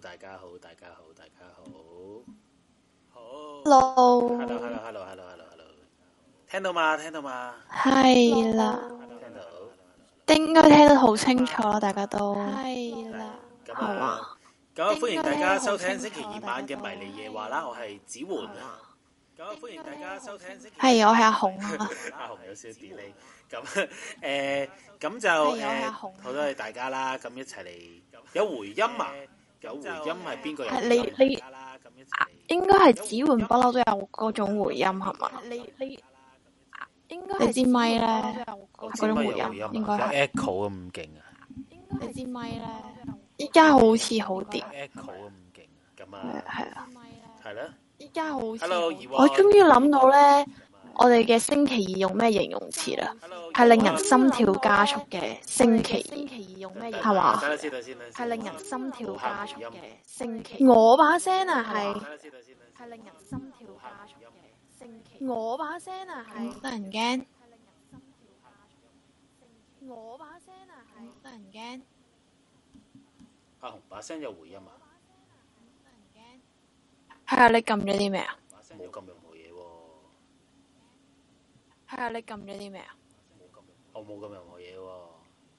大家好，大家好，大家好，好。Hello，hello，hello，hello，hello，hello，聽到嗎？聽到嗎？係啦，聽到，應該聽得好清楚，大家都係啦，咁好啊，咁歡迎大家收聽星期二晚嘅迷離夜話啦，我係子桓。咁歡迎大家收聽星期二，係我係阿紅啊，阿紅有少少 delay。咁誒，咁就誒，好多謝大家啦，咁一齊嚟有回音啊？有回音係邊個有？係你你啊，應該係指揮不嬲都有嗰種回音係嘛？你你啊，應該你支咪咧，嗰種回音應該係。Echo 咁勁啊！你支咪咧，依家好似好啲。Echo 咁勁，咁啊係啊，係啦，依家好似 Hello，我終於諗到咧。我哋嘅星期二用咩形容詞啦？係令人心跳加速嘅星期二，係嘛？係令人心跳加速嘅星期。我把聲啊係，係令人心跳加速嘅星期。我把聲啊係，得人驚。係令人心跳加速嘅星期。我把聲啊係，得人驚。阿紅把聲有回音嘛？係啊，你撳咗啲咩啊？係啊！你撳咗啲咩啊？我冇咁樣嘅嘢喎。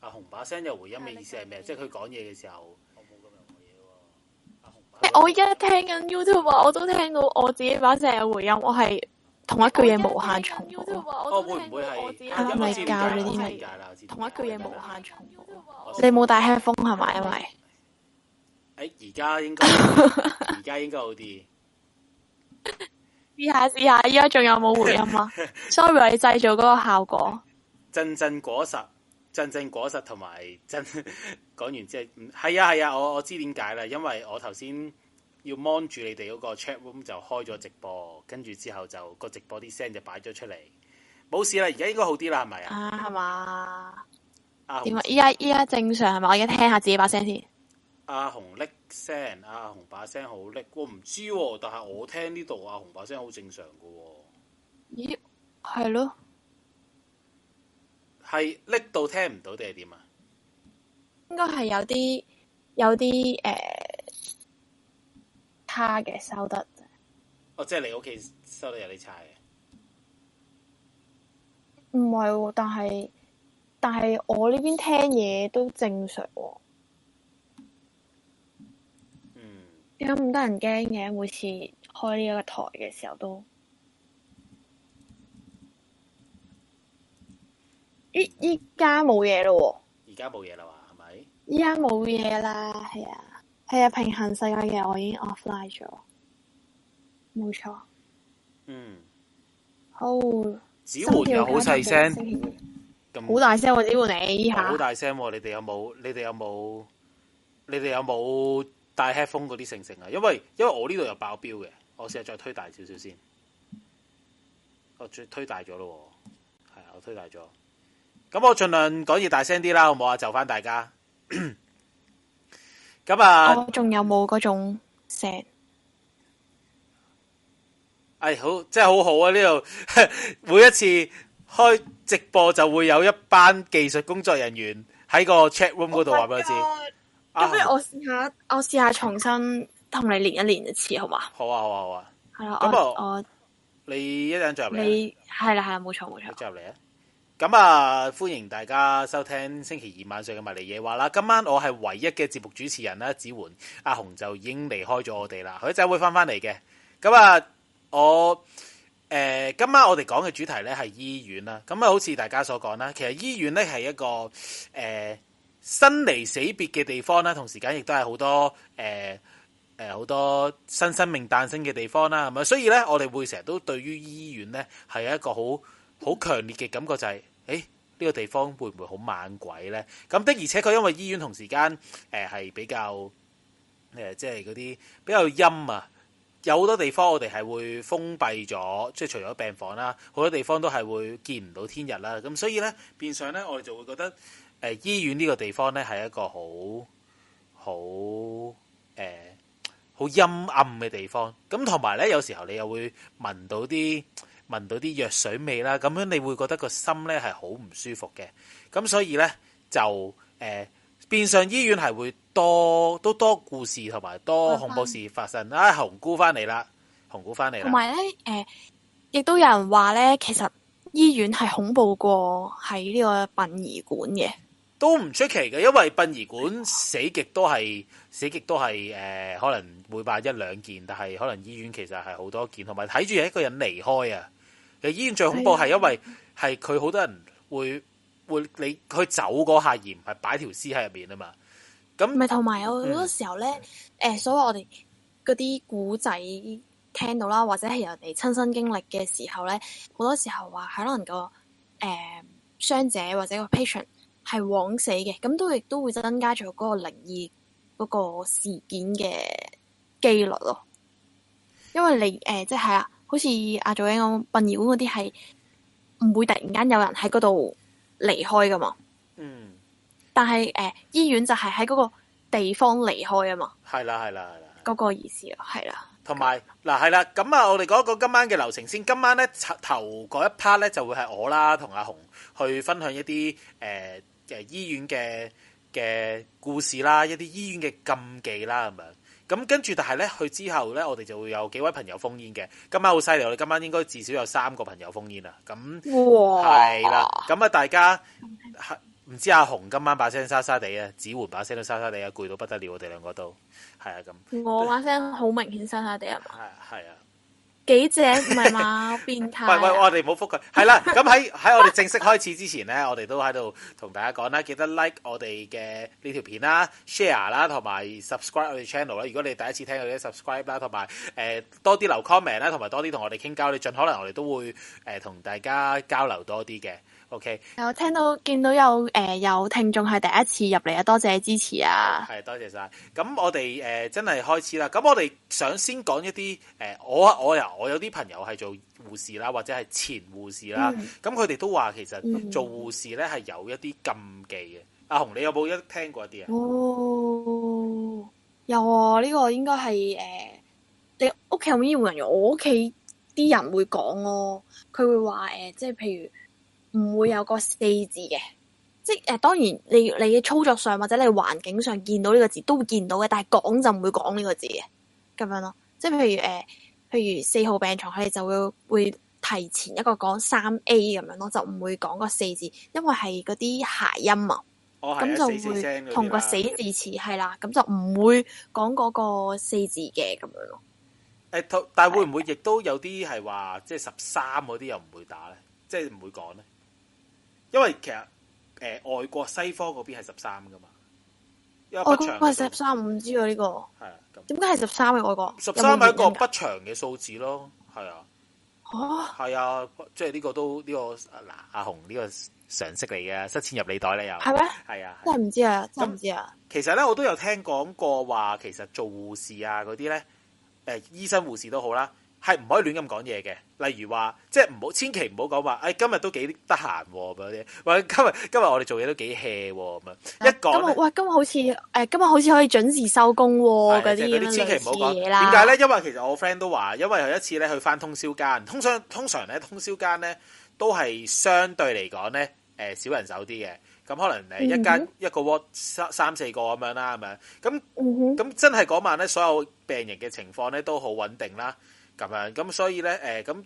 阿紅把聲又回音嘅意思係咩？即係佢講嘢嘅時候。我冇咁樣嘅嘢我而家聽緊 YouTube，我都聽到我自己把聲有回音。我係同一句嘢無限重複。YouTube 我都聽，會唔會係。係咪教咗啲咩？同一句嘢無限重複。你冇帶 headphone 係咪？因為誒，而家應該而家應該好啲。試下試下，依家仲有冇回音啊 ？sorry，你製造嗰個效果。震震果實，震震果實同埋震。講 完之後，係啊係啊，我我知點解啦，因為我頭先要 mon 住你哋嗰個 chat room 就開咗直播，跟住之後就個直播啲聲就擺咗出嚟。冇事啦，而家應該好啲啦，係咪啊？係嘛？點啊？依家依家正常係咪？我而家聽下自己把聲先。阿紅匿聲，阿紅、啊啊、把聲好匿，我、哦、唔知、哦，但係我聽呢度阿紅把聲好正常噶、哦。咦？係咯，係匿到聽唔到定係點啊？應該係有啲有啲誒差嘅收得。哦，即係你屋企收得有啲差嘅。唔係喎，但係但係我呢邊聽嘢都正常喎、哦。有咁多人驚嘅，每次開呢一個台嘅時候都依依家冇嘢咯。而家冇嘢啦，係咪？依家冇嘢啦，係啊，係啊，平衡世界嘅我已經 offline 咗，冇錯。嗯，好，使用 心跳好細聲，好那大聲喎、啊！只要你好大聲、啊，你哋有冇？你哋有冇？你哋有冇？大 headphone 嗰啲成成啊，因為因為我呢度有爆標嘅，我試下再推大少少先，我、哦、再推大咗咯，係啊，我推大咗，咁我盡量講嘢大聲啲啦，好唔好啊？就翻大家，咁 啊，我仲有冇嗰種石？哎，好，即係好好啊！呢度每一次開直播就會有一班技術工作人員喺個 chat room 嗰度話俾我知。咁不如我試下，我試下重新同你連一連一次，好嘛？好啊，好啊，好啊。係啦，咁我你一陣再入嚟。你係啦，係啦，冇錯，冇錯。再入嚟啊！咁啊，歡迎大家收聽星期二晚上嘅迷離夜話啦。今晚我係唯一嘅節目主持人啦，子桓阿紅就已經離開咗我哋啦，佢就會翻翻嚟嘅。咁啊，我誒，今晚我哋講嘅主題咧係醫院啦。咁啊，好似大家所講啦，其實醫院咧係一個誒。生離死別嘅地方啦，同時間亦都係好多誒誒好多新生命誕生嘅地方啦，係咪？所以咧，我哋會成日都對於醫院咧係有一個好好強烈嘅感覺，就是，就係誒呢個地方會唔會好猛鬼咧？咁的而且確因為醫院同時間誒係比較誒即係嗰啲比較陰啊，有好多地方我哋係會封閉咗，即係除咗病房啦，好多地方都係會見唔到天日啦。咁所以咧，變相咧我哋就會覺得。誒，醫院呢個地方呢，係一個好好誒好陰暗嘅地方。咁同埋呢，有時候你又會聞到啲聞到啲藥水味啦，咁樣你會覺得個心呢係好唔舒服嘅。咁所以呢，就誒、欸，變相醫院係會多都多，多故事同埋多恐怖事發生。啊、嗯哎，紅姑翻嚟啦，紅姑翻嚟啦。同埋呢，誒、呃，亦都有人話呢，其實醫院係恐怖過喺呢個殯儀館嘅。都唔出奇嘅，因為殯儀館死極都係死極都係誒、呃，可能會擺一兩件，但係可能醫院其實係好多件，同埋睇住一個人離開啊！其實醫院最恐怖係因為係佢好多人會會你去走嗰下而唔係擺條屍喺入面啊嘛。咁咪同埋有好多時候咧，誒、嗯呃，所以我哋嗰啲古仔聽到啦，或者係人哋親身經歷嘅時候咧，好多時候話可能個誒傷、呃、者或者個 patient。係枉死嘅，咁都亦都會增加咗嗰個靈異嗰個事件嘅幾率咯。因為你誒，即係啊，好似阿祖英咁殯儀館嗰啲係唔會突然間有人喺嗰度離開噶嘛。嗯。但係誒、呃，醫院就係喺嗰個地方離開啊嘛。係啦，係啦，係啦。嗰個意思咯，係啦。同埋嗱，係啦，咁啊，我哋講一講今晚嘅流程先。今晚咧頭嗰一 part 咧就會係我啦，同阿紅去分享一啲誒。呃誒醫院嘅嘅故事啦，一啲醫院嘅禁忌啦，咁樣咁跟住，但係咧，佢之後咧，我哋就會有幾位朋友 phone in 嘅。今晚好犀利，我哋今晚應該至少有三個朋友 phone in< 哇>啊！咁係啦，咁啊，大家唔知阿紅今晚把聲沙沙地啊，子桓把聲都沙沙地啊，攰到不得了，我哋兩個都係啊咁。我把聲好明顯沙沙地啊！係啊！係啊！幾正？唔係嘛？變態？唔 喂，喂，我哋唔好覆佢。係啦，咁喺喺我哋正式開始之前咧，我哋都喺度同大家講啦，記得 like 我哋嘅呢條片啦，share 啦，同埋 subscribe 我哋 channel 啦。如果你第一次聽嘅，subscribe 啦，同埋誒多啲留 comment 啦，同埋多啲同我哋傾偈，你盡可能，我哋都會誒同大家交流多啲嘅。OK，我聽到見到有誒、呃、有聽眾係第一次入嚟啊，多謝支持啊！係多謝晒！咁我哋誒、呃、真係開始啦。咁我哋想先講一啲誒、呃，我我又我有啲朋友係做護士啦，或者係前護士啦。咁佢哋都話其實做護士咧係有一啲禁忌嘅。嗯、阿紅，你有冇一聽過一啲啊？哦，有啊！呢、呢個應該係誒、呃、你屋企有冇醫護人員？我屋企啲人會講咯、啊，佢會話誒、呃，即係譬如。唔會有個四字嘅，即係誒、呃，當然你你嘅操作上或者你環境上見到呢個字都會見到嘅，但係講就唔會講呢個字嘅咁樣咯。即係譬如誒、呃，譬如四號病床，佢哋就會會提前一個講三 A 咁樣咯，就唔會講個四字，因為係嗰啲諧音、哦、啊，咁就會同個死字詞係啦，咁就唔會講嗰個四字嘅咁樣咯。誒、哦、啊、但係會唔會亦都有啲係話即係十三嗰啲又唔會打咧，即係唔會講咧？因為其實誒、呃、外國西方嗰邊係十三噶嘛，因為長、哦那個、13, 不祥係十三唔知啊呢、這個係啊，點解係十三嘅外國？十三係一個不祥嘅數字咯，係啊，哦，係啊，即係呢個都呢、這個嗱阿、啊、紅呢個常識嚟嘅，塞錢入你袋你又係咩？係嗎啊，真係唔知啊，真唔知，真唔知啊。其實咧，我都有聽講過話，其實做護士啊嗰啲咧，誒、呃、醫生護士都好啦，係唔可以亂咁講嘢嘅。例如話，即係唔好，千祈唔好講話。哎，今日都幾得閒喎咁樣。喂，今日今日我哋做嘢都幾 hea 喎咁樣。一講，喂，今日好似，誒，今日好似可以準時收工喎嗰啲咁樣。千祈唔好講嘢。點解咧？因為其實我 friend 都話，因為有一次咧，去返通宵間，通常通常咧，通宵間咧都係相對嚟講咧，誒少人手啲嘅。咁可能誒一間一個鍋三三四個咁樣啦，係咪咁？咁，咁真係嗰晚咧，所有病人嘅情況咧都好穩定啦。咁樣，咁所以咧，誒、呃，咁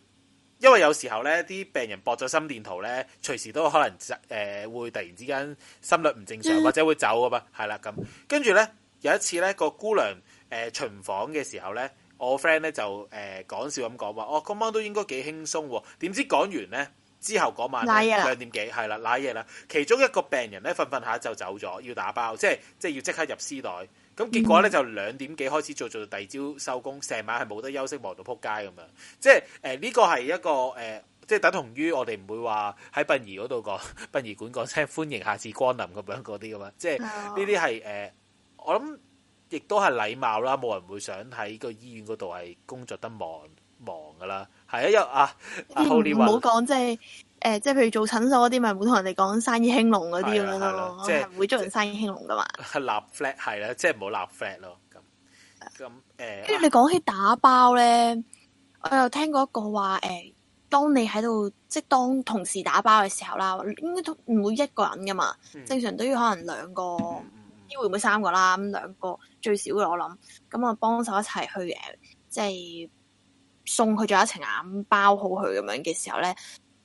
因為有時候咧，啲病人駁咗心電圖咧，隨時都可能誒、呃、會突然之間心率唔正常，或者會走噶嘛，係啦，咁跟住咧，有一次咧，個姑娘誒、呃、巡房嘅時候咧，我 friend 咧就誒講、呃、笑咁講話，我今晚都應該幾輕鬆喎，點知講完咧之後嗰晚兩呀點幾係啦，瀨嘢啦，其中一個病人咧瞓瞓下就走咗，要打包，即係即係要即刻入屍袋。咁、嗯、結果咧就兩點幾開始做，做到第二朝收工，成晚係冇得休息，忙到仆街咁樣。即係誒呢個係一個誒、呃，即係等同於我哋唔會話喺殯儀嗰度講殯儀館講聲歡迎下次光臨咁樣嗰啲咁嘛。即係呢啲係誒，我諗亦都係禮貌啦，冇人會想喺個醫院嗰度係工作得忙。忙噶啦，係啊，因為啊，唔好講即係誒，即係、呃、譬如做診所嗰啲，咪冇同人哋講生意興隆嗰啲咁樣咯，我係唔會祝人生意興隆噶嘛。立 flat 係啦，即係唔好立 flat 咯。咁咁誒，呃、跟住你講起打包咧，我又聽過一個話誒、呃，當你喺度即係當同事打包嘅時候啦，應該都唔會一個人噶嘛，嗯、正常都要可能兩個，嗯、會唔會三個啦？咁兩個最少嘅我諗，咁我幫手一齊去誒，即係。即送佢，咗一層眼包好佢咁樣嘅時候咧，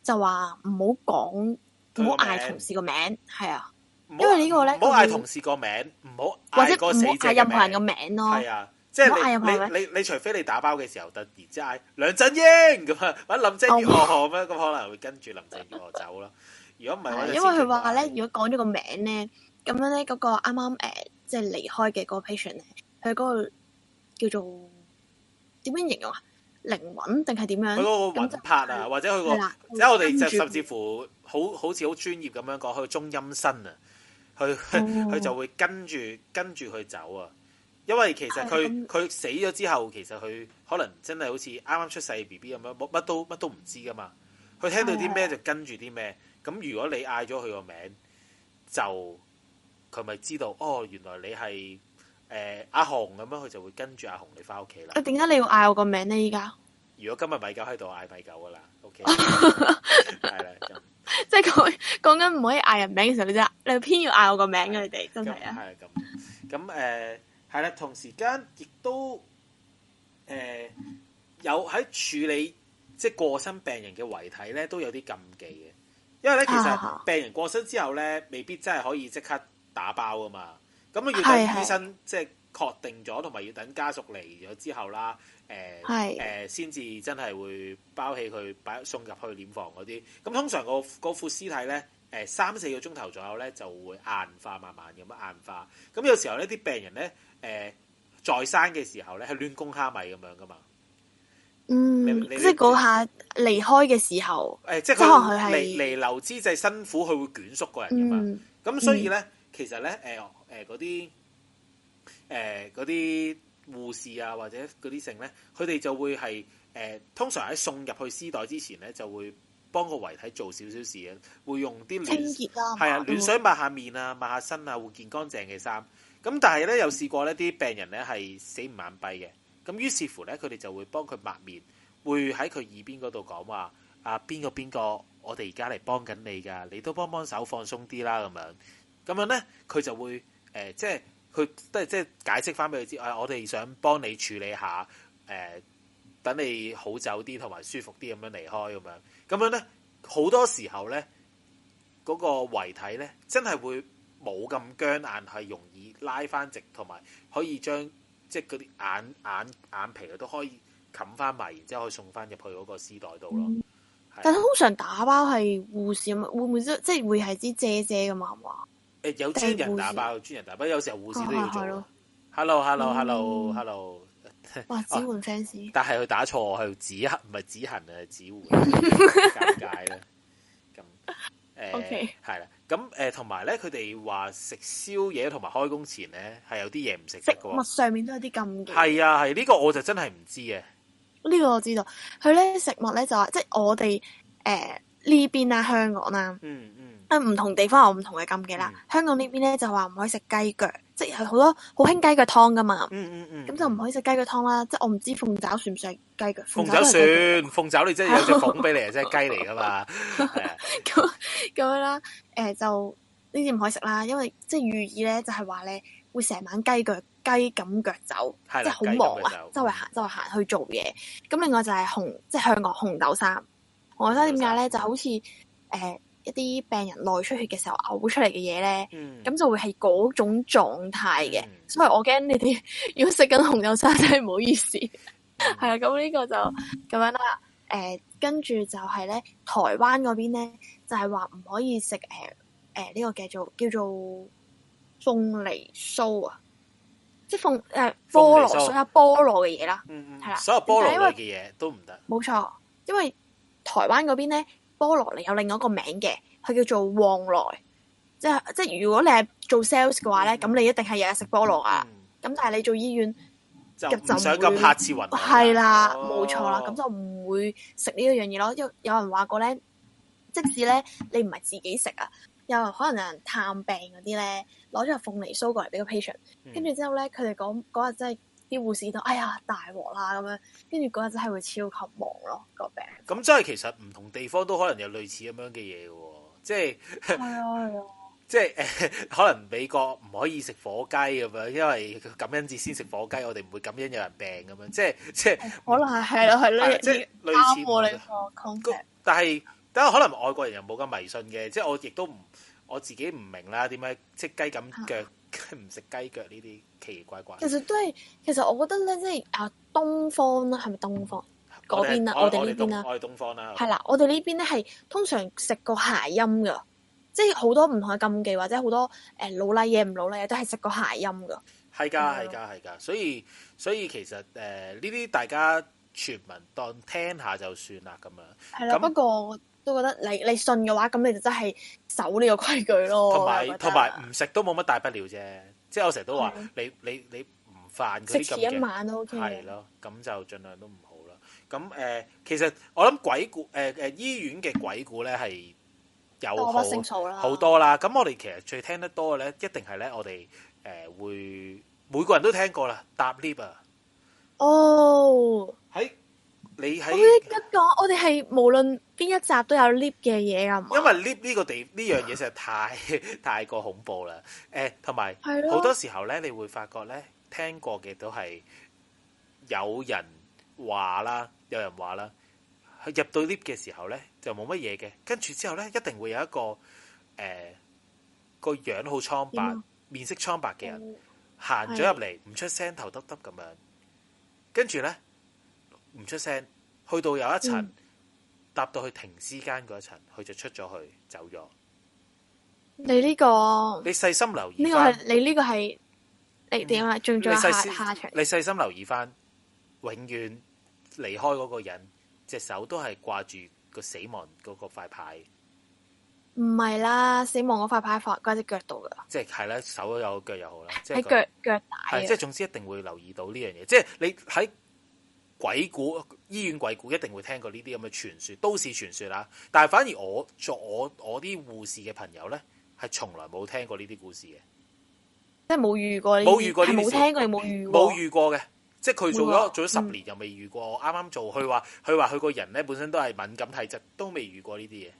就話唔好講，唔好嗌同事個名，係啊，因為呢個咧唔好嗌同事個名，唔好或者唔好嗌任何人個名咯。係啊，即係嗌任你你你，你，你除非你打包嘅時候突然之間嗌梁振英咁或者林鄭月娥咁 樣咁，可能會跟住林鄭月娥走咯。如果唔係，因為佢話咧，如果講咗個名咧，咁樣咧嗰個啱啱誒，即係離開嘅嗰個 patient 咧，佢嗰個叫做點樣，樣形容啊？靈魂定係點樣？佢嗰個魂魄啊，或者佢、個，了即係我哋就甚至乎好好似好專業咁樣講，佢中陰身啊，佢佢、哦、就會跟住跟住佢走啊。因為其實佢佢的死咗之後，其實佢可能真係好似啱啱出世 B B 咁樣，乜乜都乜都唔知噶嘛。佢聽到啲咩就跟住啲咩。咁的如果你嗌咗佢個名，就佢咪知道哦？原來你係。誒、呃，阿紅咁樣，佢就會跟住阿紅你翻屋企啦。啊，點解你要嗌我個名咧？依家在如果今日米九喺度，嗌米九噶啦，OK。 係啦， 即係講講緊唔可以嗌人名嘅時候，你就你偏要嗌我個名嘅，你哋真係啊。係咁，咁誒，係啦、呃。同時間亦都誒、呃，有喺處理即係、就是、過身病人嘅遺體咧，都有啲禁忌嘅。因為咧，其實病人過身之後咧，未必真係可以即刻打包㗎嘛。咁、嗯、要等醫生即係確定咗，同埋要等家屬嚟咗之後啦。誒、呃、誒，先至的、呃、真係會包起佢，擺送入去殮房嗰啲。咁、嗯、通常個副屍體咧，誒三四個鐘頭左右咧就會硬化，慢慢咁硬化。咁有時候呢啲病人咧，誒在生嘅時候咧係亂攻蝦米咁樣㗎嘛。嗯，嗯即係嗰下離開嘅時候，誒即係佢離彌留之際辛苦，佢會捲縮個人㗎嘛。咁、嗯嗯、所以咧，其實咧，誒、呃。誒嗰啲誒啲護士啊，或者嗰啲性咧，佢哋就會係誒、呃、通常喺送入去屍袋之前咧，就會幫個遺體做少少事嘅，會用啲清潔啊，係啊，暖水抹下面啊，抹下身啊，會見乾淨嘅衫。咁但係咧，又試過咧，啲病人咧係死唔眼閉嘅。咁於是乎咧，佢哋就會幫佢抹面，會喺佢耳邊嗰度講話啊，邊個邊個，我哋而家嚟幫緊你㗎，你都幫幫手放鬆啲啦，咁樣咁樣咧，佢就會。誒，即係佢都係即係解釋翻俾佢知，誒、哎，我哋想幫你處理下，誒、哎，等你好走啲同埋舒服啲咁樣離開咁樣，咁樣咧好多時候咧，嗰、那個遺體咧真係會冇咁僵硬，係容易拉翻直，同埋可以將即係嗰啲眼眼眼皮啊都可以冚翻埋，然之後可以送翻入去嗰個屍袋度咯、嗯。但係通常打包係護士，會唔會即係會係支遮遮噶嘛？係咪？誒、欸，有專人打爆，專人打爆，有時候護士都要做。Hello，Hello，Hello，Hello。哇！指換 fans，但係佢打錯，係指痕，唔係指痕啊，指換，尷 尬啦。咁 誒、嗯，係、嗯、啦。咁誒 Okay.、嗯，同埋咧，佢哋話食宵夜同埋開工前咧，係有啲嘢，唔食。食物上面都有啲禁忌。係啊，係呢、這個我就真係唔知啊。呢個我知道，佢咧食物咧就話、是，即係我哋誒呢邊啊，香港啊。嗯。唔同地方有唔同嘅禁忌啦。香港呢邊咧就話唔可以食雞腳，即係好多好興雞腳湯噶嘛。咁就唔可以食雞腳湯啦。即係我唔知鳳爪算唔算雞腳？鳳爪算，鳳爪你真係有隻孔俾你，即係雞嚟噶嘛。咁咁樣啦。誒，就呢啲唔可以食啦，因為即係寓意咧，就係話咧會成晚雞腳雞咁腳走，即係好忙啊，周圍行周圍行去做嘢。咁另外就係紅，即係香港紅豆沙。我唔知點解咧，就好似誒。一啲病人內出血嘅時候嘔出嚟嘅嘢咧，咁就會係嗰種狀態嘅，所以我驚你哋如果食緊紅豆沙，真係唔好意思。係啊，咁呢個就咁樣啦。誒，跟住就係咧，台灣嗰邊咧就係話唔可以食誒誒，呢個叫做叫做鳳梨酥啊，即係鳳誒菠蘿所有菠蘿嘅嘢啦，係啦，所有菠蘿嘅嘢都唔得。冇錯，因為台灣嗰邊咧。菠蘿嚟，有另外一個名嘅。佢叫做旺來，即係即係如果你係做 sales 嘅話咧，咁、mm hmm. 你一定係日日食菠蘿啊。咁、mm hmm. 但係你做醫院就唔想咁拍次雲係啦，冇錯啦，咁、哦、就唔會食呢一樣嘢咯。因有，有人話過咧，即使咧你唔係自己食啊，又可能有人探病嗰啲咧，攞咗個鳳梨酥過嚟俾個 patient，跟住、mm hmm. 之後咧，佢哋講嗰日真係。啲護士都哎呀大鑊啦咁樣，跟住嗰日真係會超級忙咯、個病。咁即係其實唔同地方都可能有類似咁樣嘅嘢喎，即係係啊係啊，即係誒可能美國唔可以食火雞咁樣，因為感恩節先食火雞，我哋唔會感恩有人病咁樣，即係即係可能係咯係類似類似我哋 concept 但係但係可能外國人又冇咁迷信嘅，即係我亦都唔我自己唔明啦，點解即雞咁腳？ 佢唔食雞腳呢啲奇奇怪怪，其實都係，其實我覺得咧，即係啊東方啦，係咪東方嗰邊啊，我哋呢邊啊，我哋東，東方啦，啊。係啦，我哋呢邊咧係通常食個諧音噶，即係好多唔同嘅禁忌，或者好多誒老例嘢唔老例嘢都係食個諧音噶。係噶係噶係噶，所以所以其實誒呢啲大家全民當聽下就算啦咁樣。係啦的那，不過。都覺得你你信嘅話，咁你就真係守呢個規矩咯。同埋同埋唔食都冇乜大不了啫，即係我成日都話你你你唔犯佢咁嘅。食遲一晚都 OK。係咯，咁就盡量都唔好啦。咁誒，其實我諗鬼故誒誒醫院嘅鬼故咧係有好好多啦。咁我哋其實最聽得多嘅咧，一定係咧我哋誒會每個人都聽過啦，搭 lift 啊。哦。喺你喺。我一講，我哋係無論。邊一集都有 lift 嘅嘢，咁因為 lift 呢個地呢樣嘢實在太太過恐怖啦。誒，同埋好多時候咧，你會發覺咧，聽過嘅都係有人話啦，有人話啦，入到 lift 嘅時候咧就冇乜嘢嘅，跟住之後咧一定會有一個誒個樣好蒼白，面色蒼白嘅人行咗入嚟，唔出聲，頭耷耷咁樣，跟住咧唔出聲，去到有一層。搭到去停屍間嗰一層，佢就出咗去走咗。你呢個？你細心留意，呢個係你呢個係你點啊？中咗下場。你細心留意翻，永遠離開嗰個人隻手都係掛住個死亡嗰個塊牌。唔係啦，死亡嗰塊牌放喺隻腳度噶。即係係啦，手又好，腳又好啦。喺腳腳底。即係總之，一定會留意到呢樣嘢。即係你喺。鬼故醫院鬼故，一定會聽過呢啲咁嘅傳說，都市傳說啦。但係反而我做我我啲護士嘅朋友咧，係從來冇聽過呢啲故事嘅，即係冇遇過呢啲，係冇聽過又冇遇冇遇過嘅。即係佢做咗做咗十年又未遇過。遇過嗯、我啱啱做佢話佢話佢個人咧本身都係敏感體質，都未遇過呢啲嘢。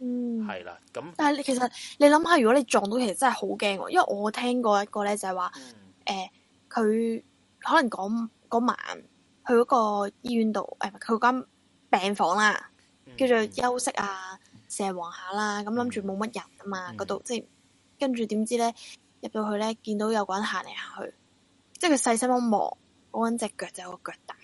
嗯，係啦，咁但係你其實你諗下，如果你撞到，其實真係好驚。因為我聽過一個咧，就係話誒，佢、呃呃、可能講嗰晚。去嗰個醫院度，誒、啊，佢間病房啦，叫做休息啊，蛇王下啦，咁諗住冇乜人啊嘛，嗰度即係，跟住點知咧，入到去咧見到有個人行嚟行去，即係佢細心咁望，嗰、那個人隻腳就有個腳帶，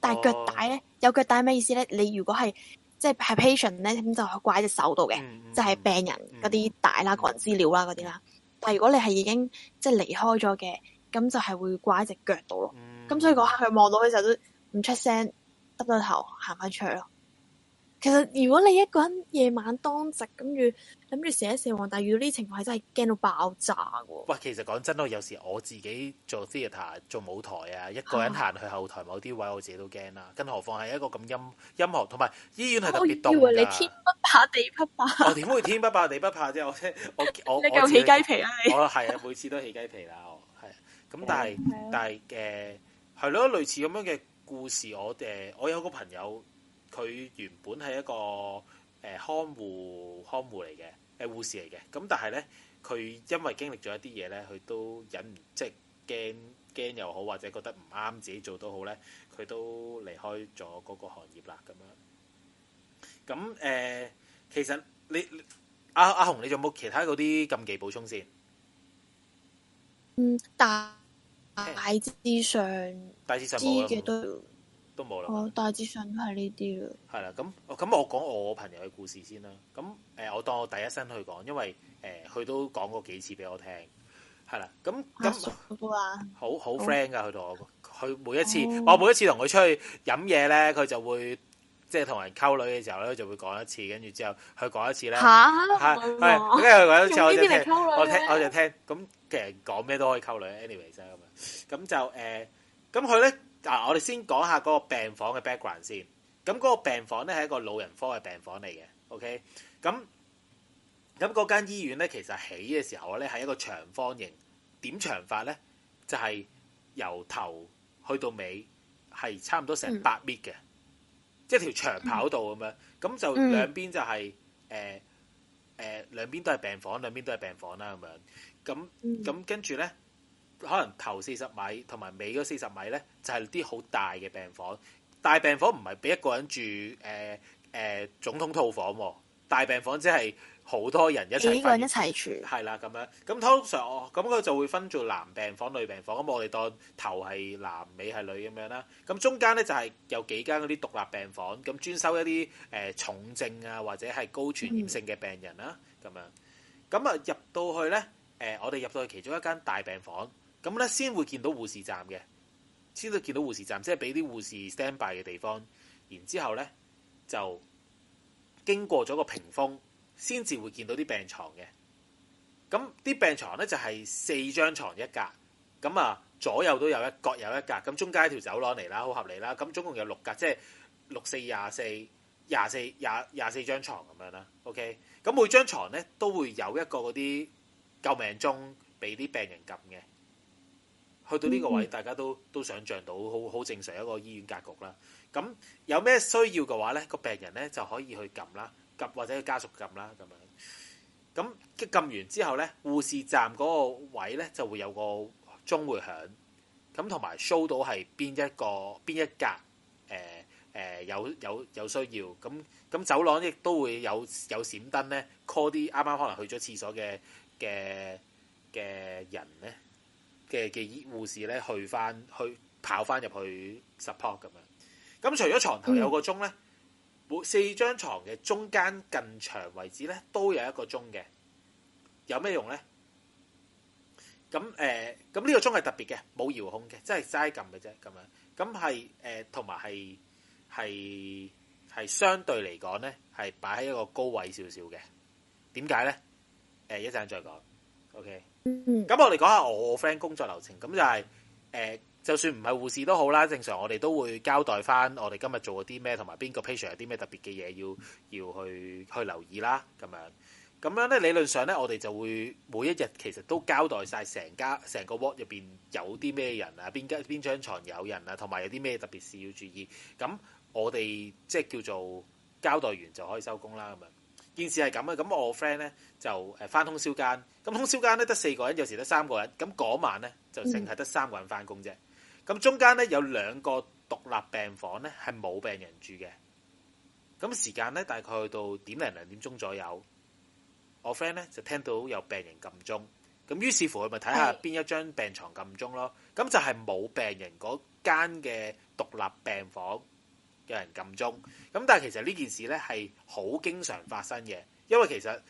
但係腳帶咧，有腳帶咩意思咧？你如果係即係 patient 咧，咁就掛喺隻手度嘅，即係、嗯、病人嗰啲帶啦、嗯、個人資料啦嗰啲啦，但係如果你係已經即係離開咗嘅，咁就係會掛喺隻腳度咯，咁所以嗰刻佢望到嘅時候都。嗯嗯唔出聲，耷低頭行翻出去咯。其實如果你一個人夜晚當值，諗住諗住蛇一蛇王，但係遇到呢啲情況真係驚到爆炸噶。喂，其實講真咯，有時我自己做 theater 做舞台啊，一個人行去後台某啲位，我自己都驚啦。更何況係一個咁音音樂同埋醫院係特別多噶。我以為你天不怕地不怕。我 點、哦、會天不怕地不怕啫？我我我我起雞皮啊！我係你 啊，每次都起雞皮啦。哦，係。咁但係 但係嘅係咯，類似咁樣嘅。故事我誒，我有個朋友，佢原本係一個誒看護看護嚟嘅，係護士嚟嘅。咁但係咧，佢因為經歷咗一啲嘢咧，佢都忍唔即係驚驚又好，或者覺得唔啱自己做都好咧，佢都離開咗嗰個行業啦。咁樣咁誒，其實你阿阿紅，你仲有冇其他嗰啲禁忌補充先？嗯，但。大致上，知嘅都都冇啦。哦，大致上都係呢啲啦。係啦，咁咁我講我朋友嘅故事先啦。咁誒，我當我第一身去講，因為誒，佢都講過幾次俾我聽。係啦，咁咁好好 friend 噶，佢同我，佢每一次，我每一次同佢出去飲嘢咧，佢就會即係同人溝女嘅時候咧，就會講一次，跟住之後佢講一次咧，吓，係，係，跟住佢講一次，我聽，我就聽。咁其實講咩都可以溝女，anyways 啊咁樣。咁就誒，咁佢咧，嗱、啊，我哋先講下嗰個病房嘅 background 先。咁嗰個病房咧係一個老人科嘅病房嚟嘅，OK？咁咁嗰間醫院咧，其實起嘅時候咧係一個長方形，點長法咧就係、是、由頭去到尾係差唔多成百米嘅，即係、嗯、條長跑道咁樣。咁、嗯、就兩邊就係誒誒，兩邊都係病房，兩邊都係病房啦咁樣。咁咁跟住咧。可能頭四十米同埋尾嗰四十米咧，就係啲好大嘅病房。大病房唔係俾一個人住，誒誒總統套房喎。大病房只係好多人一齊瞓，一齊住。係啦，咁樣咁通常我咁佢就會分做男病房、女病房。咁我哋當頭係男，尾係女咁樣啦。咁中間咧就係有幾間嗰啲獨立病房，咁專收一啲誒重症啊，或者係高傳染性嘅病人啦。咁樣咁啊入到去咧，誒我哋入到去其中一間大病房。咁咧，先會見到護士站嘅，先至見到護士站，即係俾啲護士 stand by 嘅地方。然之後咧，就經過咗個屏風，先至會見到啲病床嘅。咁啲病床咧就係四張床一格，咁啊，左右都有一格，各有一格。咁中間一條走廊嚟啦，好合理啦。咁總共有六格，即係六四廿四廿四廿廿四張床咁樣啦。OK，咁每張床咧都會有一個嗰啲救命鐘俾啲病人撳嘅。去到呢個位，大家都都想像到，好好正常一個醫院格局啦。咁有咩需要嘅話咧，個病人咧就可以去撳啦，撳或者去家屬撳啦，咁樣。咁撳完之後咧，護士站嗰個位咧就會有個鐘會響，咁同埋 show 到係邊一個邊一格，誒誒有有有需要。咁咁走廊亦都會有有閃燈咧，call 啲啱啱可能去咗廁所嘅嘅嘅人咧，嘅嘅醫護士咧，去返去跑返入去 support 咁樣。咁除咗床頭有個鐘咧，每四張床嘅中間近牆位置咧，都有一個鐘嘅。有咩用咧？咁誒，咁呢個鐘係特別嘅，冇遙控嘅，即係齋撳嘅啫咁樣。咁係誒，同埋係係係相對嚟講咧，係擺喺一個高位少少嘅。點解咧？誒，一陣再講。OK。咁、嗯、我哋講下我 friend 工作流程，咁就係、是、誒、呃，就算唔係護士都好啦，正常我哋都會交代翻我哋今日做咗啲咩，同埋邊個 patient 有啲咩特別嘅嘢要要去去留意啦，咁樣，咁樣咧理論上咧，我哋就會每一日其實都交代晒成家成個 work 入邊有啲咩人啊，邊間邊張床有人啊，同埋有啲咩特別事要注意，咁我哋即係叫做交代完就可以收工啦，咁樣。件事係咁嘅，咁我 friend 咧就誒翻通宵間，咁通宵間咧得四個人，有時得三個人，咁嗰晚咧就淨係得三個人翻工啫。咁中間咧有兩個獨立病房咧係冇病人住嘅，咁時間咧大概去到點零兩點鐘左右，我 friend 咧就聽到有病人撳鐘，咁於是乎佢咪睇下邊一張病牀撳鐘咯，咁就係冇病人嗰間嘅獨立病房。有人撳鐘，咁但係其實呢件事咧係好經常發生嘅，因為其實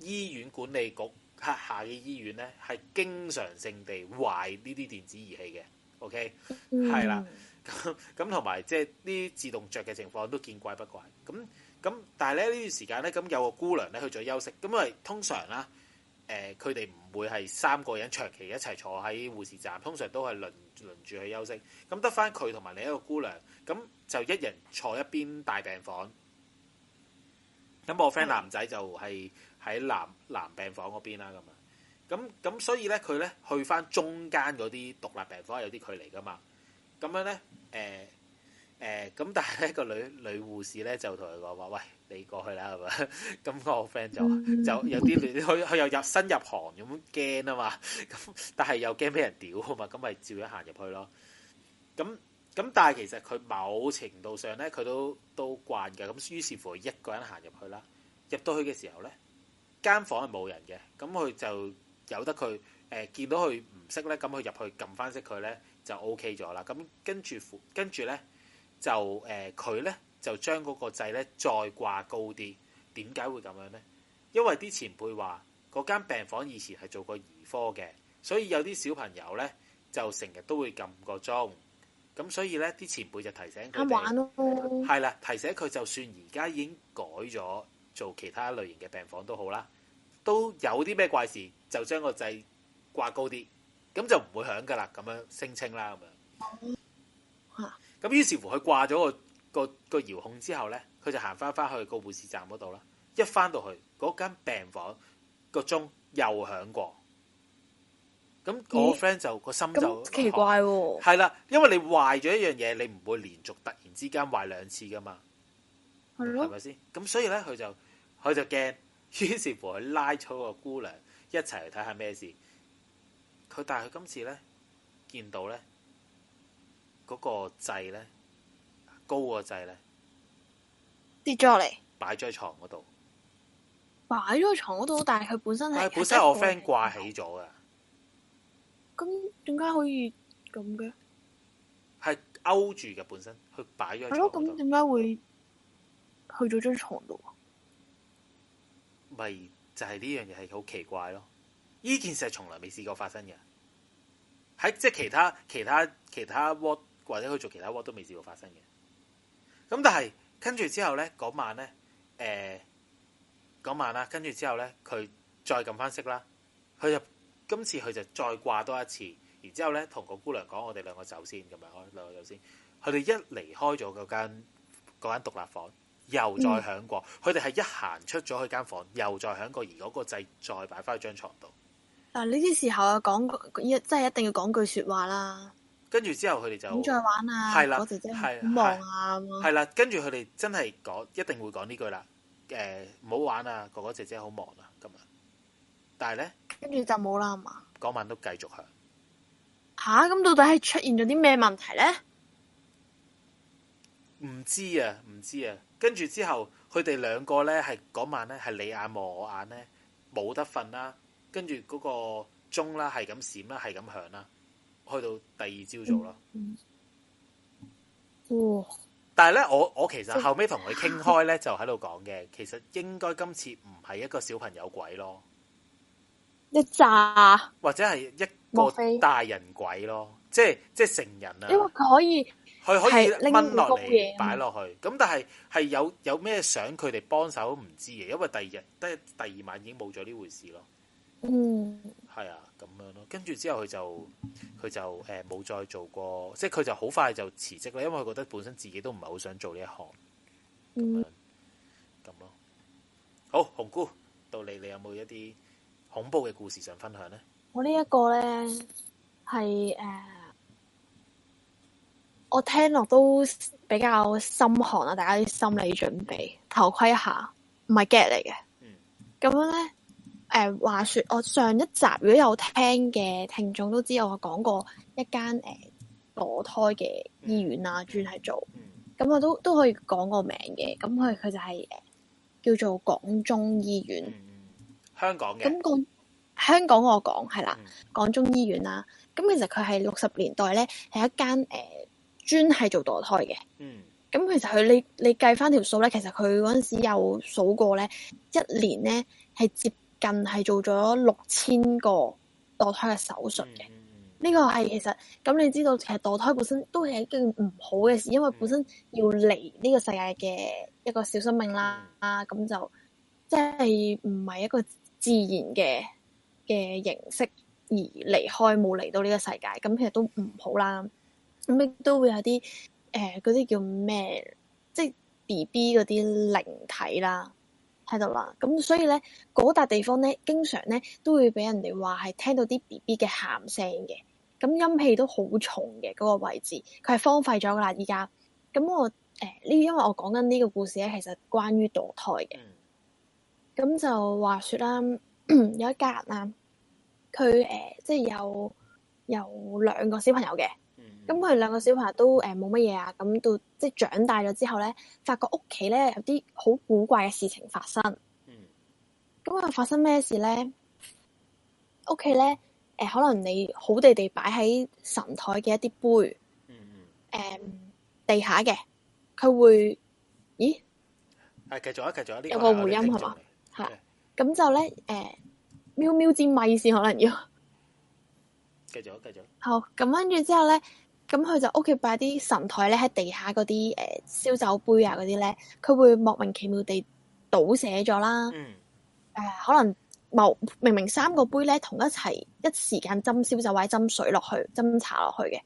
醫院管理局轄下嘅醫院咧係經常性地壞呢啲電子儀器嘅，OK，係啦、嗯，咁同埋即係啲自動着嘅情況都見怪不怪，咁咁但係咧呢段時間咧，咁有個姑娘咧去咗休息，咁因為通常啦。誒，佢哋唔會係三個人長期一齊坐喺護士站，通常都係輪輪住去休息。咁得翻佢同埋另一個姑娘，咁就一人坐一邊大病房。咁我 friend 男仔就係喺男，嗯，男病房嗰邊啦，咁啊。咁咁所以咧，佢咧去翻中間嗰啲獨立病房有啲距離噶嘛。咁樣咧，誒、呃、誒、咁、呃、但係咧個女女護士咧就同佢講話，喂。你過去啦，係咪？咁我 friend 就就有啲亂，佢佢又入新入行咁驚啊嘛，咁但係又驚俾人屌啊嘛，咁咪照樣行入去咯。咁咁但係其實佢某程度上咧，佢都都慣嘅。咁於是乎，一個人行入去啦。入到去嘅時候咧，間房係冇人嘅。咁佢就由得佢誒見到佢唔識咧，咁佢入去撳翻識佢咧就 OK 咗啦。咁跟住附跟住咧就誒佢咧。就將嗰個掣咧再掛高啲，點解會咁樣呢？因為啲前輩話嗰間病房以前係做過兒科嘅，所以有啲小朋友咧就成日都會撳個鐘，咁所以咧啲前輩就提醒佢哋。玩咯，係啦，提醒佢就算而家已經改咗做其他類型嘅病房都好啦，都有啲咩怪事就將個掣掛高啲，咁就唔會響噶啦，咁樣聲稱啦，咁樣。咁、嗯、於是乎佢掛咗個。個個遙控之後咧，佢就行翻翻去個護士站嗰度啦。一翻到去，嗰間病房個鐘又響過。咁我 friend 就個咦心就奇怪喎。哦。係啦，因為你壞咗一樣嘢，你唔會連續突然之間壞兩次噶嘛。係咯，係咪先？咁所以咧，佢就佢就驚，於是乎佢拉咗個姑娘一齊嚟睇下咩事。佢但係佢今次咧見到咧嗰，那個掣咧。高個掣咧跌咗落嚟，擺咗喺床嗰度，擺咗喺床嗰度，但係佢本身係本身我 friend 掛起咗㗎，咁點解可以咁嘅？係勾住嘅本身佢擺咗喺床度，咁點解會去咗張床度啊？咪就係呢樣嘢係好奇怪咯，呢件事係從來未試過發生嘅，喺即係其他其他其他 ward 或者去做其他 ward 都未試過發生嘅。咁但係跟住之後咧，嗰晚咧，誒、呃、嗰晚啦、啊，跟住之後咧，佢再撳翻息啦，佢就今次佢就再掛多一次，然之後咧，同個姑娘講：我哋兩個走先，咁樣，我兩個走先。佢哋一離開咗嗰間嗰間獨立房，又再響過。佢哋係一行出咗去間房，又再響過，而嗰個掣再擺翻喺張床度。嗱、啊，呢啲時候又、啊、講一真係一定要講句説話啦。跟住之後佢哋就，係啦，係係啦。玩啊，哥哥姐姐好忙啊。係啦，跟住佢哋真係講，一定會講呢句啦。誒、呃，唔好玩啊，哥哥姐姐好忙啊。咁啊，但係咧，跟住就冇啦嘛。嗰晚都繼續響。吓、啊，咁到底係出現咗啲咩問題咧？唔知啊，唔知啊。跟住之後，佢哋兩個咧，係嗰晚咧，係你眼望我眼咧，冇得瞓啦。跟住嗰個鐘啦，係咁閃啦，係咁響啦。去到第二朝早咯。但係咧，我我其實後尾同佢傾開咧，就喺度講嘅，其實應該今次唔係一個小朋友鬼咯，一扎或者係一個大人鬼咯，即係即係成人啊。因為佢可以佢可以掹落嚟擺落去，咁但係係有有咩想佢哋幫手都唔知嘅，因為第二即係第二晚已經冇咗呢回事咯。嗯。係啊。咁樣咯，跟住之後佢就佢就誒冇、欸、再做過，即係佢就好快就辭職啦，因為佢覺得本身自己都唔係好想做呢一行。咁咯、嗯。好，紅姑到你，你有冇一啲恐怖嘅故事想分享咧？我呢一個咧係誒，我聽落都比較心寒啊！大家啲心理準備，頭盔下，唔係 get 嚟嘅。嗯，咁樣咧。誒，uh, 話說我上一集如果有聽嘅聽眾都知，我講過一間誒墮胎嘅醫院啦，啊，專係、mm hmm. 做，咁、mm hmm. 我都都可以講個名嘅。咁佢佢就係、是 uh, 叫做廣中醫院，mm hmm. 香港嘅。咁個香港我講係啦，廣、mm hmm. 中醫院啦。咁其實佢係六十年代咧，係一間誒專係做墮胎嘅。嗯、mm。咁、hmm. 其實佢你你計翻條數咧，其實佢嗰陣時有數過咧，一年咧係接。近係做咗六千個墮胎嘅手術嘅，呢個係其實咁，你知道其實墮胎本身都係一件唔好嘅事，因為本身要嚟呢個世界嘅一個小生命啦，咁就即係唔係一個自然嘅嘅形式而離開，冇嚟到呢個世界，咁其實都唔好啦，咁亦都會有啲誒嗰啲叫咩，即係 BB 嗰啲靈體啦。喺度啦，咁所以咧，嗰笪地方咧，經常咧都會俾人哋話係聽到啲 B B 嘅喊聲嘅，咁陰氣都好重嘅嗰個位置，佢係荒廢咗噶啦依家。咁我誒呢，因為我講緊呢個故事咧，其實關於墮胎嘅。咁就話說啦， 有一家人啊，佢誒即係有有兩個小朋友嘅。咁佢哋兩個小朋友都誒冇乜嘢啊，咁到即係長大咗之後咧，發覺屋企咧有啲好古怪嘅事情發生。嗯，咁啊發生咩事咧？屋企咧誒，可能你好地地擺喺神台嘅一啲杯，誒、嗯，地下嘅佢會咦？係繼續啊，繼續啊，有個回音係嘛？吓，咁就咧誒，喵喵至咪先可能要，繼、嗯嗯、續啊，繼續。好，咁跟住之後咧。咁佢就屋企擺啲神台咧，喺地下嗰啲誒燒酒杯啊嗰啲咧，佢會莫名其妙地倒瀉咗啦。嗯。誒、呃，可能某明明三個杯咧同一齊一時間斟燒酒或者斟水落去斟茶落去嘅，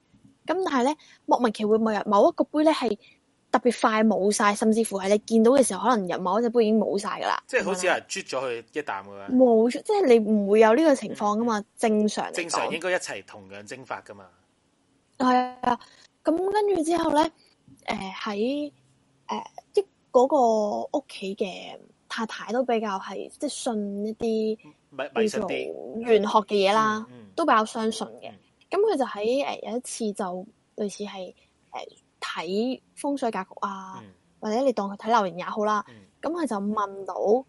咁但係咧莫名其妙每日某一個杯咧係特別快冇晒，甚至乎係你見到嘅時候，可能入某一隻杯已經冇晒噶啦。即係好似係啜咗佢一啖咁樣。冇即係你唔會有呢個情況噶嘛？嗯、正常。正常應該一齊同樣蒸發噶嘛？係啊，咁跟住之後咧，誒喺誒即嗰個屋企嘅太太都比較係即係信一啲叫做玄學嘅嘢啦，嗯嗯、都比較相信嘅。咁佢就喺誒、呃、有一次就類似係誒睇風水格局啊，嗯、或者你當佢睇流年也好啦。咁佢、嗯嗯、就問到誒、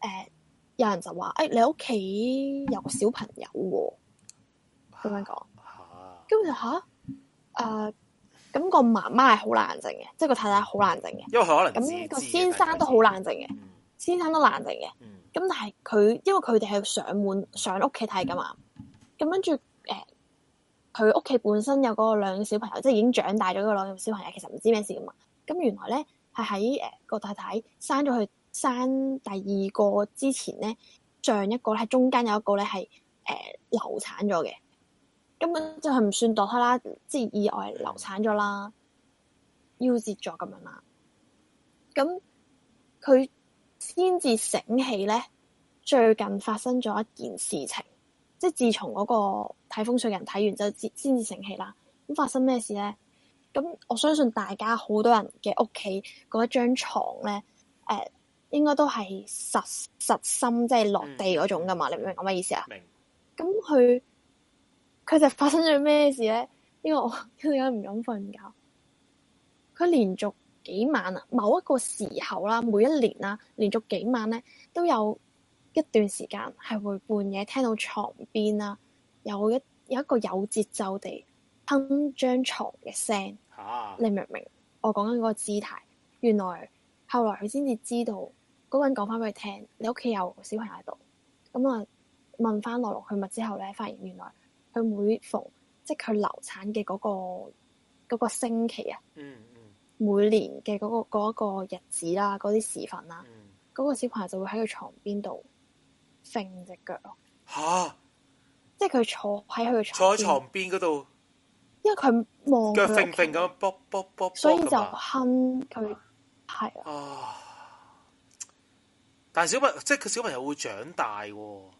呃、有人就話誒、哎、你屋企有個小朋友喎、啊？咁樣講，跟住吓？誒，咁、uh, 個媽媽係好冷靜嘅，即係個太太好冷靜嘅，因為可能咁個先生都好冷靜嘅，嗯、先生都冷靜嘅。咁、嗯、但係佢，因為佢哋係上門上屋企睇噶嘛，咁跟住誒，佢屋企本身有嗰兩個小朋友，即係已經長大咗嗰兩個小朋友，其實唔知咩事噶嘛。咁原來咧係喺誒個太太生咗佢生第二個之前咧，像一個喺中間有一個咧係誒流產咗嘅。根本就係唔算墮胎啦，即係意外流產咗啦，夭折咗咁樣啦。咁佢先至醒起咧，最近發生咗一件事情，即係自從嗰個睇風水人睇完之後，先至醒起啦。咁發生咩事咧？咁我相信大家好多人嘅屋企嗰一張床咧，誒、呃，應該都係實實心，即係落地嗰種噶嘛？嗯、你明唔明我咩意思啊？明白。咁佢。佢就發生咗咩事咧？因為我一陣間唔敢瞓覺。佢連續幾晚啊，某一個時候啦，每一年啦，連續幾晚咧，都有一段時間係會半夜聽到床邊啦，有一有一個有節奏地哼張床嘅聲。吓，你明唔明？我講緊嗰個姿態。原來後來佢先至知道嗰個人講翻俾佢聽，你屋企有小朋友喺度。咁啊，問翻來龍去脈之後咧，發現原來。佢每逢即係佢流產嘅嗰、嗰個、嗰個星期啊，嗯嗯、每年嘅嗰、嗰個、嗰個日子啦、啊，嗰啲時分啦、啊，嗰、嗯、個小朋友就會喺佢床邊度揈隻腳咯。吓、啊！即係佢坐喺佢坐床邊嗰度，因為佢望腳揈揈咁卜卜卜，踏踏踏，所以就哼佢係啊。的但係小朋友即係佢小朋友會長大嘅、啊。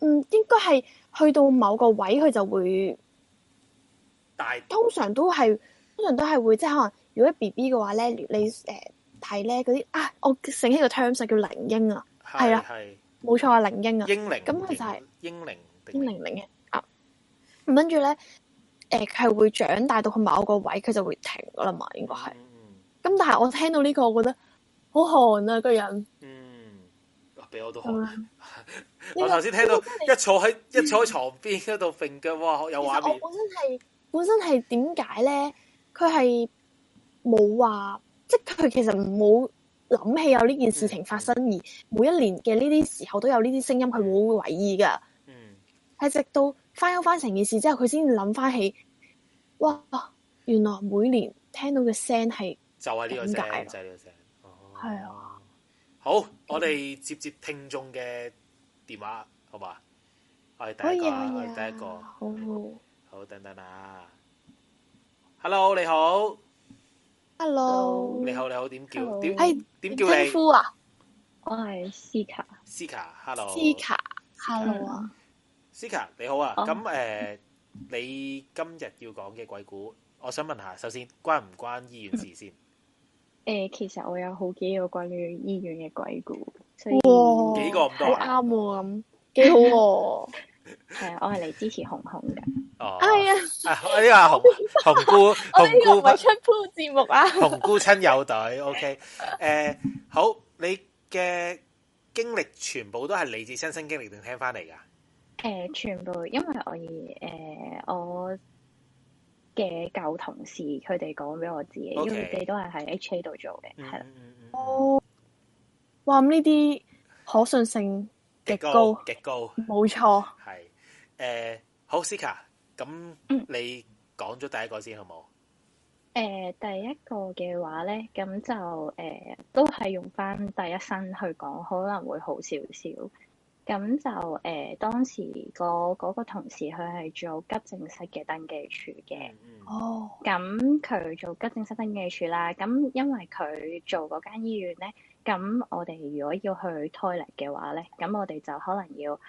嗯，應該係。去到某個位，佢就會，通常都係，通常都係會，即係可能，如果 B B 嘅話咧，你誒睇咧嗰啲啊，我醒起個 terms 叫靈嬰啊，係啦，冇錯啊，靈嬰啊，嬰靈，咁佢就係，嬰靈，嬰靈靈嘅，咁跟住咧，誒，佢係會長大到去某個位，佢就會停噶啦嘛，應該係，咁但係我聽到呢個，我覺得好寒啊個人。俾我都好。嗯、 我頭先聽到一坐喺、嗯、一坐喺床邊嗰度揈腳，哇，有畫面。我本身係本身係點解咧？佢係冇話，即係佢其實冇諗起有呢件事情發生，嗯嗯、而每一年嘅呢啲時候都有呢啲聲音，佢會唔會為意噶。嗯，係直到翻翻成件事之後，佢先至諗翻起，哇！原來每年聽到嘅聲係就係呢個解就係、是、呢個聲，係、哦、啊。好，我哋接接聽眾嘅電話，好嘛？我係第一個，oh, yeah, yeah. 我係第一個，oh, yeah. 好，好等等啊！Hello，你好，Hello，你好你好，點叫？點誒 Hello.？點叫你？你啊、我係 Sika，Sika，Hello，Sika，Hello，Sika，你好啊！咁誒、oh. 呃，你今日要講嘅鬼故，我想問下，首先關唔關醫院事先？ 誒、呃，其實我有好幾個關於醫院嘅鬼故，所以哇幾個咁多，好啱咁，幾好。係啊，啊 呃、我係嚟支持紅紅嘅。哦，係、 哎、呀啊，呢、這個紅紅 姑紅 姑咪出鋪節目啊。紅姑親友隊，OK。誒、呃，好，你嘅經歷全部都係嚟自親身經歷定聽翻嚟噶？誒、呃，全部，因為我而誒、呃，我。嘅舊同事，佢哋講俾我知嘅，Okay. 因為佢哋都係喺 HA 度做嘅，係啦、嗯嗯嗯嗯。哦，哇！呢啲可信性極高，極高，冇錯。係錯，誒、呃，好，Sika，咁，ika, 你講咗第一個先、嗯、好冇嗎？誒、呃，第一個嘅話咧，咁就誒、呃，都係用返第一身去講，可能會好少少。咁就誒、呃、當時個嗰個同事，佢係做急症室嘅登記處嘅。Mm hmm. 哦，咁佢做急症室登記處啦。咁因為佢做嗰間醫院咧，咁我哋如果要去廁所嘅話咧，咁我哋就可能要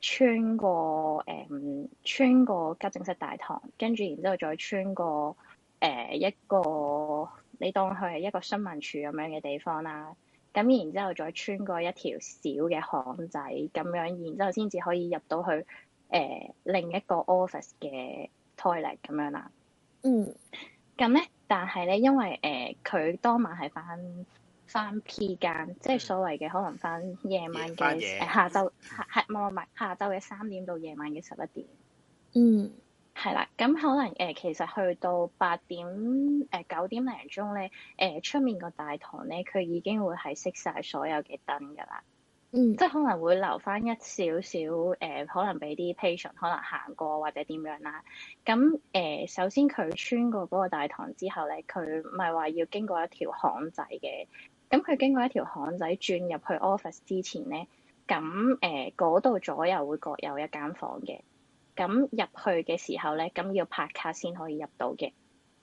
穿過誒、呃、穿過急症室大堂，跟住然之後再穿過誒、呃、一個你當佢係一個詢問處咁樣嘅地方啦。咁然之後再穿過一條小嘅巷仔咁樣，然之後先至可以入到去誒、呃、另一個 office 嘅 toilet 咁樣啦。嗯，咁咧，但係咧，因為誒佢、呃、當晚係翻翻 P 間，嗯、即係所謂嘅可能翻夜晚嘅下晝，下係唔唔唔，下晝嘅三點到夜晚嘅十一點。嗯。係啦，咁可能誒、呃，其實去到八點誒九、呃、點零鐘咧，誒、呃、出面個大堂咧，佢已經會係熄晒所有嘅燈噶啦，嗯，即係可能會留翻一少少誒，可能俾啲 patient 可能行過或者點樣啦。咁、呃、誒，首先佢穿過嗰個大堂之後咧，佢唔係話要經過一條巷仔嘅。咁佢經過一條巷仔轉入去 office 之前咧，咁誒嗰度左右會各有一間房嘅。咁入去嘅時候咧，咁要拍卡先可以入到嘅。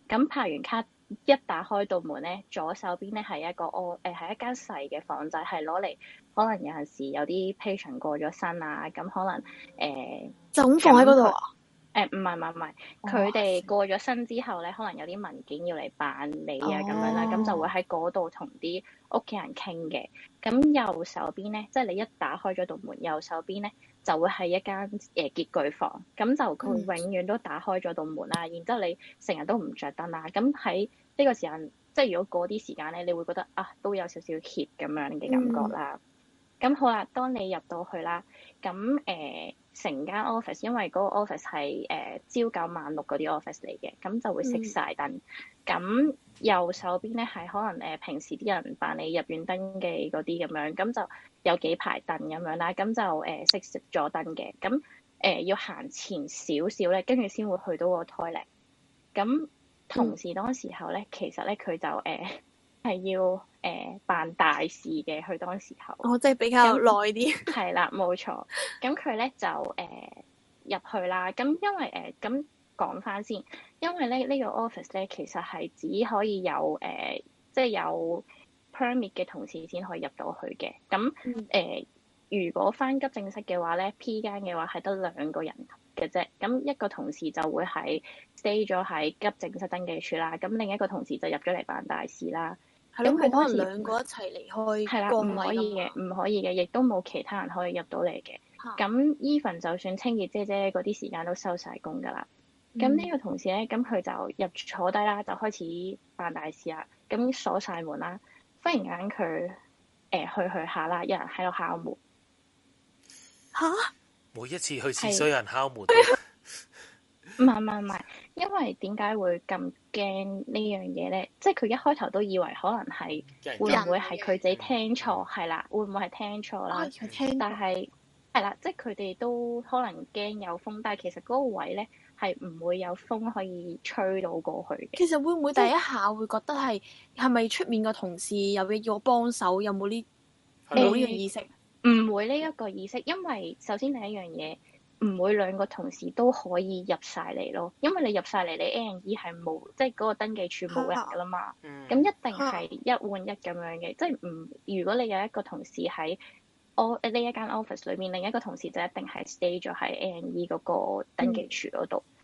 咁拍完卡一打開到門咧，左手邊咧係一個我誒，係、呃、一間細嘅房仔，係攞嚟可能有陣時有啲 patient 過咗身啊，咁可能誒、呃、就咁放喺嗰度啊。誒唔係唔係唔係，佢哋、欸、過咗身之後咧，塞可能有啲文件要嚟辦理啊咁樣啦，咁、哦、就會喺嗰度同啲屋企人傾嘅。咁右手邊咧，即、就、係、是、你一打開咗道門，右手邊咧就會係一間誒潔具房。咁就佢永遠都打開咗道門啦、啊，嗯、然之後你成日都唔着燈啦、啊。咁喺呢個時間，即、就、係、是、如果嗰啲時間咧，你會覺得啊都有少少怯 e 咁樣嘅感覺啦。咁、嗯、好啦，當你入到去啦，咁誒。呃成間 office，因為嗰個 office 係誒朝九晚六嗰啲 office 嚟嘅，咁就會熄晒燈。咁、嗯、右手邊咧係可能誒平時啲人辦理入院登記嗰啲咁樣，咁就有幾排凳咁樣啦。咁就誒熄咗燈嘅。咁、呃、誒、呃、要行前少少咧，跟住先會去到個 toilet。咁同時當時候咧，其實咧佢就誒。呃嗯係要誒、呃、辦大事嘅，佢當時候我、哦、即係比較耐啲。係啦，冇錯。咁佢咧就誒入、呃、去啦。咁因為誒咁講翻先，因為咧呢、這個 office 咧其實係只可以有誒、呃、即係有 permit 嘅同事先可以入到去嘅。咁誒、呃、如果翻急症室嘅話咧，P 間嘅話係得兩個人嘅啫。咁一個同事就會喺 stay 咗喺急症室登記處啦。咁另一個同事就入咗嚟辦大事啦。咁佢、嗯、可能兩個一齊離開，係啦，唔可以嘅，唔可以嘅，亦都冇其他人可以入到嚟嘅。咁 Even、啊、就算清潔姐姐嗰啲時間都收晒工噶啦。咁呢、嗯、個同事咧，咁佢就入坐低啦，就開始辦大事啦。咁鎖晒門啦，忽然間佢誒、呃、去去下啦，有人喺度敲門。嚇、啊！每一次去時都有人敲門。 唔係唔係唔係，因為點解會咁驚呢樣嘢咧？即係佢一開頭都以為可能係會唔會係佢自己聽錯，係怕啦，會唔會係聽錯啦？啊、但係係啦，即係佢哋都可能驚有風，但係其實嗰個位咧係唔會有風可以吹到過去嘅。其實會唔會第一下會覺得係係咪出面個同事又要我幫手？有冇呢？冇呢個意識，唔、欸、會呢一個意識，因為首先第一樣嘢。唔會兩個同事都可以入晒嚟咯，因為你入晒嚟，你 A&E 係冇即係嗰個登記處冇人噶啦嘛，咁、啊嗯、一定係一換一咁樣嘅，即係唔如果你有一個同事喺 o 呢一間 office 裏面，另一個同事就一定係 stay 咗喺 A&E 嗰個登記處嗰度。嗯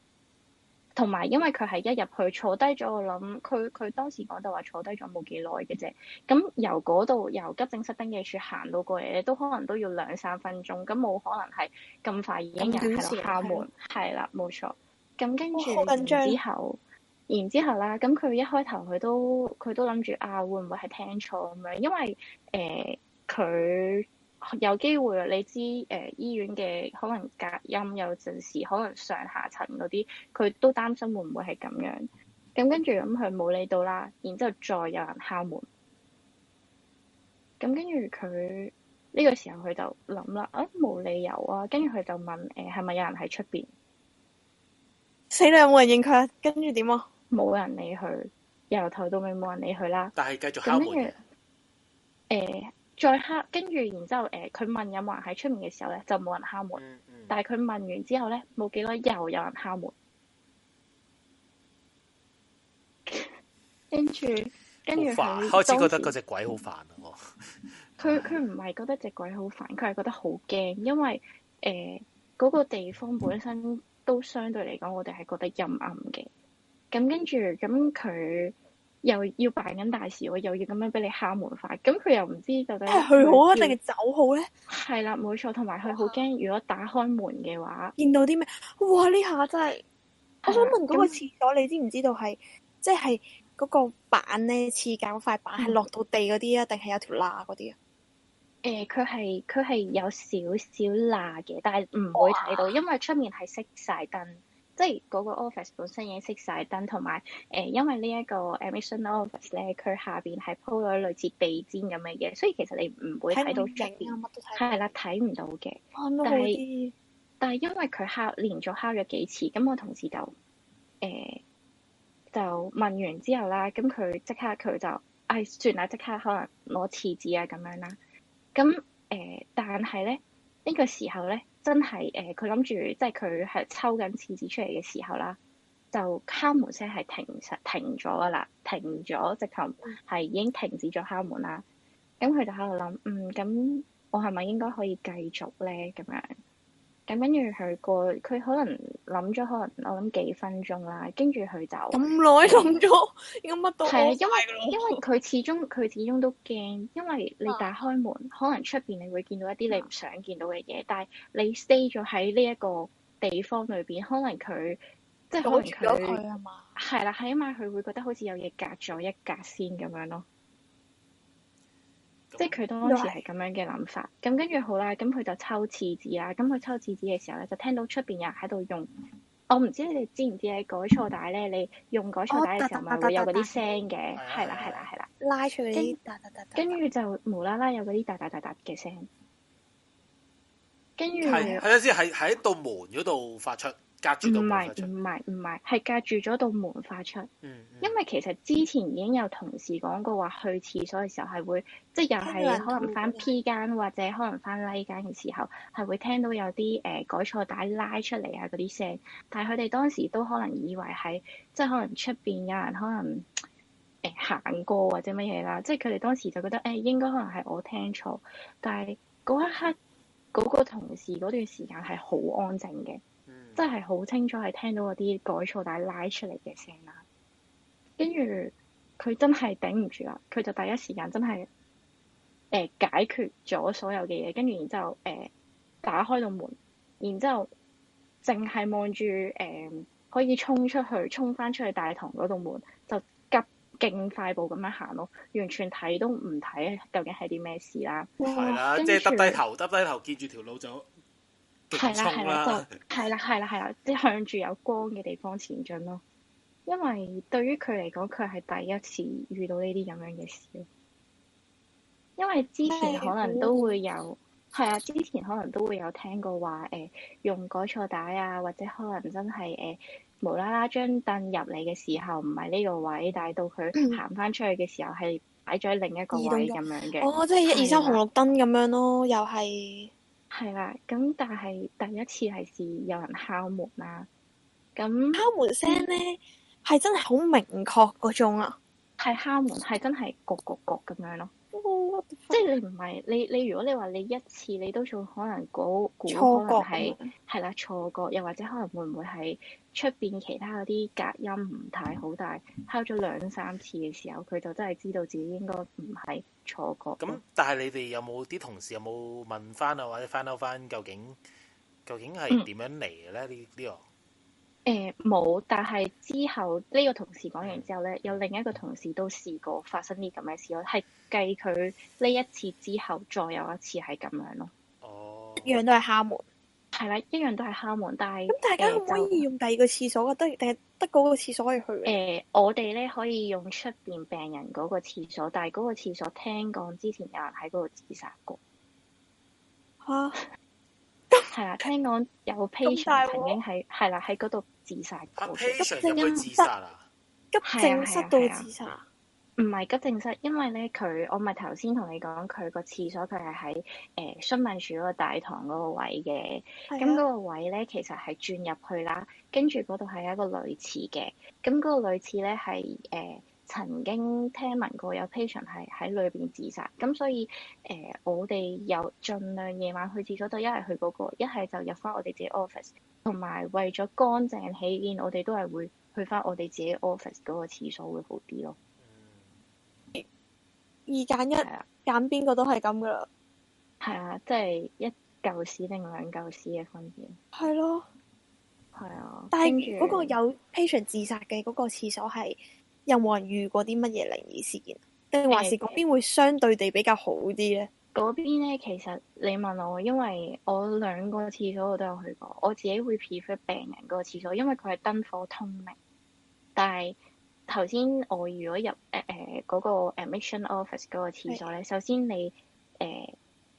同埋，因為佢係一入去坐低咗，我諗佢佢當時講就話坐低咗冇幾耐嘅啫。咁由嗰度由急症室登記處行到過嚟咧，都可能都要兩三分鐘。咁冇可能係咁快已經有人喺度敲門。係啦、嗯，冇、啊、錯。咁跟住之後，然之後啦，咁佢一開頭佢都佢都諗住啊，會唔會係聽錯咁樣？因為誒佢。呃有機會你知誒、呃、醫院嘅可能隔音有陣時，可能上下層嗰啲，佢都擔心會唔會係咁樣。咁跟住咁佢冇理到啦，然之後再有人敲門。咁跟住佢呢個時候，佢就諗啦，啊，冇理由啊！跟住佢就問誒，係、呃、咪有人喺出邊？死啦！有冇人應佢？跟住點啊？冇人理佢，由頭到尾冇人理佢啦。但係繼續敲門。誒。呃再敲，跟住然之後，誒佢問有冇人喺出面嘅時候咧，就冇人敲門。嗯嗯、但係佢問完之後咧，冇幾耐又有人敲門。 跟住，跟住佢開始覺得嗰隻鬼好煩咯。佢佢唔係覺得隻鬼好煩，佢係覺得好驚、喔， 因為誒嗰、呃嗰個地方本身都相對嚟講，我哋係覺得陰暗嘅。咁跟住，咁佢。又要辦緊大事喎，又要咁樣俾你敲門快，咁佢又唔知到底係去好定係走好咧？係啦， 冇錯，同埋佢好驚，如果打開門嘅話，見到啲咩？哇！呢下真係，啊、我想問嗰個廁所，啊、你知唔知道係、嗯、即係嗰個板咧？次教嗰塊板係落到地嗰啲啊，定係、嗯、有條罅嗰啲啊？誒、呃，佢係佢係有少少罅嘅，但係唔會睇到，哇因為出面係熄晒燈。即係嗰個 office 本身已經熄晒燈，同埋誒，因為呢一個 emission office 咧，佢下邊係鋪咗類似地氈咁嘅嘢，所以其實你唔會睇到、啊。睇係啦，睇唔到嘅。安得、哦、但係因為佢敲連續敲咗幾次，咁我同事就誒、呃、就問完之後啦，咁佢即刻佢就唉、哎，算啦，即刻可能攞廁紙啊咁樣啦。咁誒、呃，但係咧呢、呢個時候咧。真係誒，佢諗住即係佢係抽緊廁紙出嚟嘅時候啦，就敲門聲係停實停咗噶啦，停咗，直頭佢係已經停止咗敲門啦。咁佢就喺度諗，嗯，咁、嗯、我係咪應該可以繼續咧？咁樣。咁跟住佢過，佢可能諗咗可能我諗幾分鐘啦，跟住佢就咁耐諗咗，依家乜都係啊，因為因為佢始終佢始終都驚，因為你打開門，啊、可能出邊你會見到一啲你唔想見到嘅嘢，啊、但係你 stay 咗喺呢一個地方裏邊，可能佢即係好阻佢啊嘛，係啦，起碼佢會覺得好似有嘢隔咗一格先咁樣咯。即係佢當時係咁樣嘅諗法，咁跟住好啦，咁佢就抽廁紙啦，咁佢抽廁紙嘅時候咧，就聽到出邊有人喺度用，我唔知你哋知唔知喺改錯帶咧？你用改錯帶嘅時候咪會有嗰啲聲嘅，係啦係啦係啦，拉出嗰啲，跟住就無啦啦有嗰啲嗒嗒嗒嗒嘅聲，跟住係係一啲係喺一度門嗰度發出。唔係唔係唔係，係隔住咗道門發出。因為其實之前已經有同事講過話，去廁所嘅時候係會即係、就是、又係可能翻 P 間或者可能翻拉間嘅時候，係會聽到有啲誒、呃、改錯帶拉出嚟啊嗰啲聲。但係佢哋當時都可能以為係即係可能出邊有人可能誒行過或者乜嘢啦。即係佢哋當時就覺得誒、欸、應該可能係我聽錯，但係嗰一刻嗰、那個同事嗰段時間係好安靜嘅。真係好清楚係聽到嗰啲改錯帶拉出嚟嘅聲啦，跟住佢真係頂唔住啦，佢就第一時間真係誒、呃、解決咗所有嘅嘢，跟住然之後誒打開道門，然之後淨係望住誒可以衝出去、衝返出去大堂嗰道門，就急勁快步咁樣行咯，完全睇都唔睇究竟係啲咩事啦。係啦、啊，著即係耷低頭、耷低頭見住條路就。係啦，係啦，就係啦，係啦，係啦，即係向住有光嘅地方前進咯。因為對於佢嚟講，佢係第一次遇到呢啲咁樣嘅事。因為之前可能都會有，係啊，之前可能都會有聽過話，誒，用改錯帶啊，或者可能真係誒，無啦啦將凳入嚟嘅時候唔係呢個位，但到佢行翻出去嘅時候係擺咗喺另一個位咁樣嘅。哦，即係一二三紅綠燈咁樣咯，又係。係啦，咁但係第一次係試有人敲門啊，咁敲門聲咧係真係好明確嗰種啊，係敲門係真係嗰嗰嗰咁樣咯，oh, 即係你唔係你你如果你話你一次你都仲可能估估可能係係啦錯覺，又或者可能會唔會係？出邊其他嗰啲隔音唔太好，但係敲咗兩三次嘅時候，佢就真係知道自己應該唔係錯覺。咁，但係你哋有冇啲同事有冇問翻啊，或者 follow 翻究竟究竟係點樣嚟嘅咧？呢呢個誒冇，但係之後呢、呢個同事講完之後咧，嗯、有另一個同事都試過發生啲咁嘅事咯，係計佢呢一次之後再有一次係咁樣咯，一、哦、樣都係敲門。係啦，一樣都係敲門，但係咁大家可唔可以用第二個廁所？得定係得嗰個廁所可以去？誒、欸，我哋咧可以用出邊病人嗰個廁所，但係嗰個廁所聽講之前有人喺嗰度自殺過。吓、啊，係 啦，聽講有 patient 曾經喺係啦喺嗰度自殺過。A patient 都會自殺、啊、急症室度自殺。唔係急症室，因為咧佢我咪頭先同你講，佢個廁所佢係喺誒詢問處嗰個大堂嗰個位嘅。咁嗰個位咧，其實係轉入去啦，跟住嗰度係一個女廁嘅。咁嗰個女廁咧係誒曾經聽聞過有 patient 係喺裏邊自殺，咁所以誒、呃、我哋又盡量夜晚去廁所度，一係去嗰個，一係就入翻我哋自己 office。同埋為咗乾淨起見，我哋都係會去翻我哋自己 office 嗰個廁所會好啲咯。二揀一，揀邊個都係咁噶啦。係啊，即係一舊屎定兩舊屎嘅分別。係咯，係啊。但係嗰個有 patient 自殺嘅嗰個廁所係有冇人遇過啲乜嘢靈異事件？定還是嗰邊會相對地比較好啲咧？嗰邊咧，其實你問我，因為我兩個廁所我都有去過，我自己會 prefer 病人嗰個廁所，因為佢係燈火通明，但係。頭先我如果入誒誒嗰個 admission office 嗰個廁所咧，的首先你誒、呃、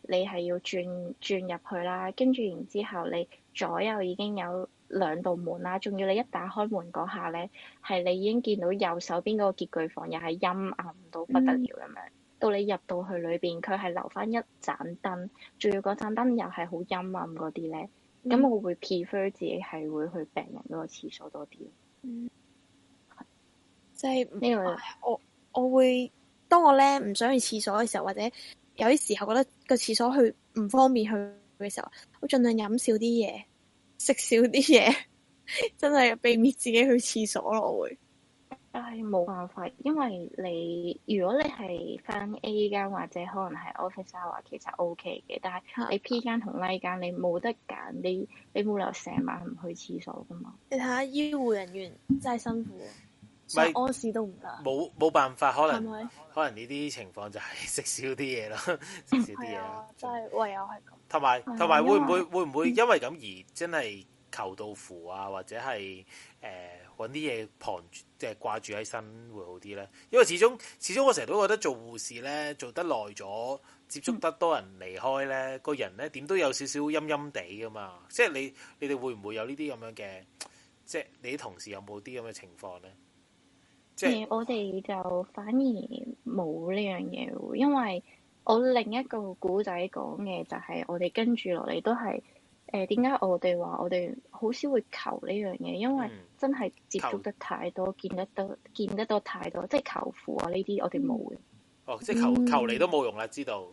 你係要轉轉入去啦，跟住然之後你左右已經有兩道門啦，仲要你一打開門嗰下咧，係你已經見到右手邊嗰個潔具房又係陰暗到不得了咁樣，嗯、到你入到去裏邊，佢係留翻一盞燈，仲要嗰盞燈又係好陰暗嗰啲咧，咁、嗯、我會 prefer 自己係會去病人嗰個廁所多啲。嗯。即係位我我會當我咧唔想去廁所嘅時候，或者有啲時候覺得個廁所去唔方便去嘅時候，我盡量飲少啲嘢，食少啲嘢，真係避免自己去廁所咯。我會，但係冇辦法，因為你如果你係翻 A 間或者可能係 office hour，其實 OK 嘅，但係你 P 間同 L 間，你冇得揀，你你冇理由成晚唔去廁所噶嘛。你睇下醫護人員真係辛苦。唔係，屙屎都唔得。冇冇辦法，可能係咪可能呢啲情況就係食少啲嘢咯，食少啲嘢。係 啊，真就唯有係咁。同埋同埋，會唔會會唔會因為咁而真係求到符啊？或者係誒揾啲嘢傍即係掛住喺身會好啲咧？因為始終始終我成日都覺得做護士咧，做得耐咗，接觸得多人離開咧，個人咧點都有少少陰陰地㗎嘛。即係你你哋會唔會有呢啲咁樣嘅？即係你啲同事有冇啲咁嘅情況咧？嗯、我哋就反而冇呢樣嘢，因為我另一個古仔講嘅就係我哋跟住落嚟都係，誒點解我哋話我哋好少會求呢樣嘢？因為真係接觸得太多，見得多見得多太多，即係求符啊呢啲我哋冇嘅。哦，即係求求你都冇用啦，嗯、知道。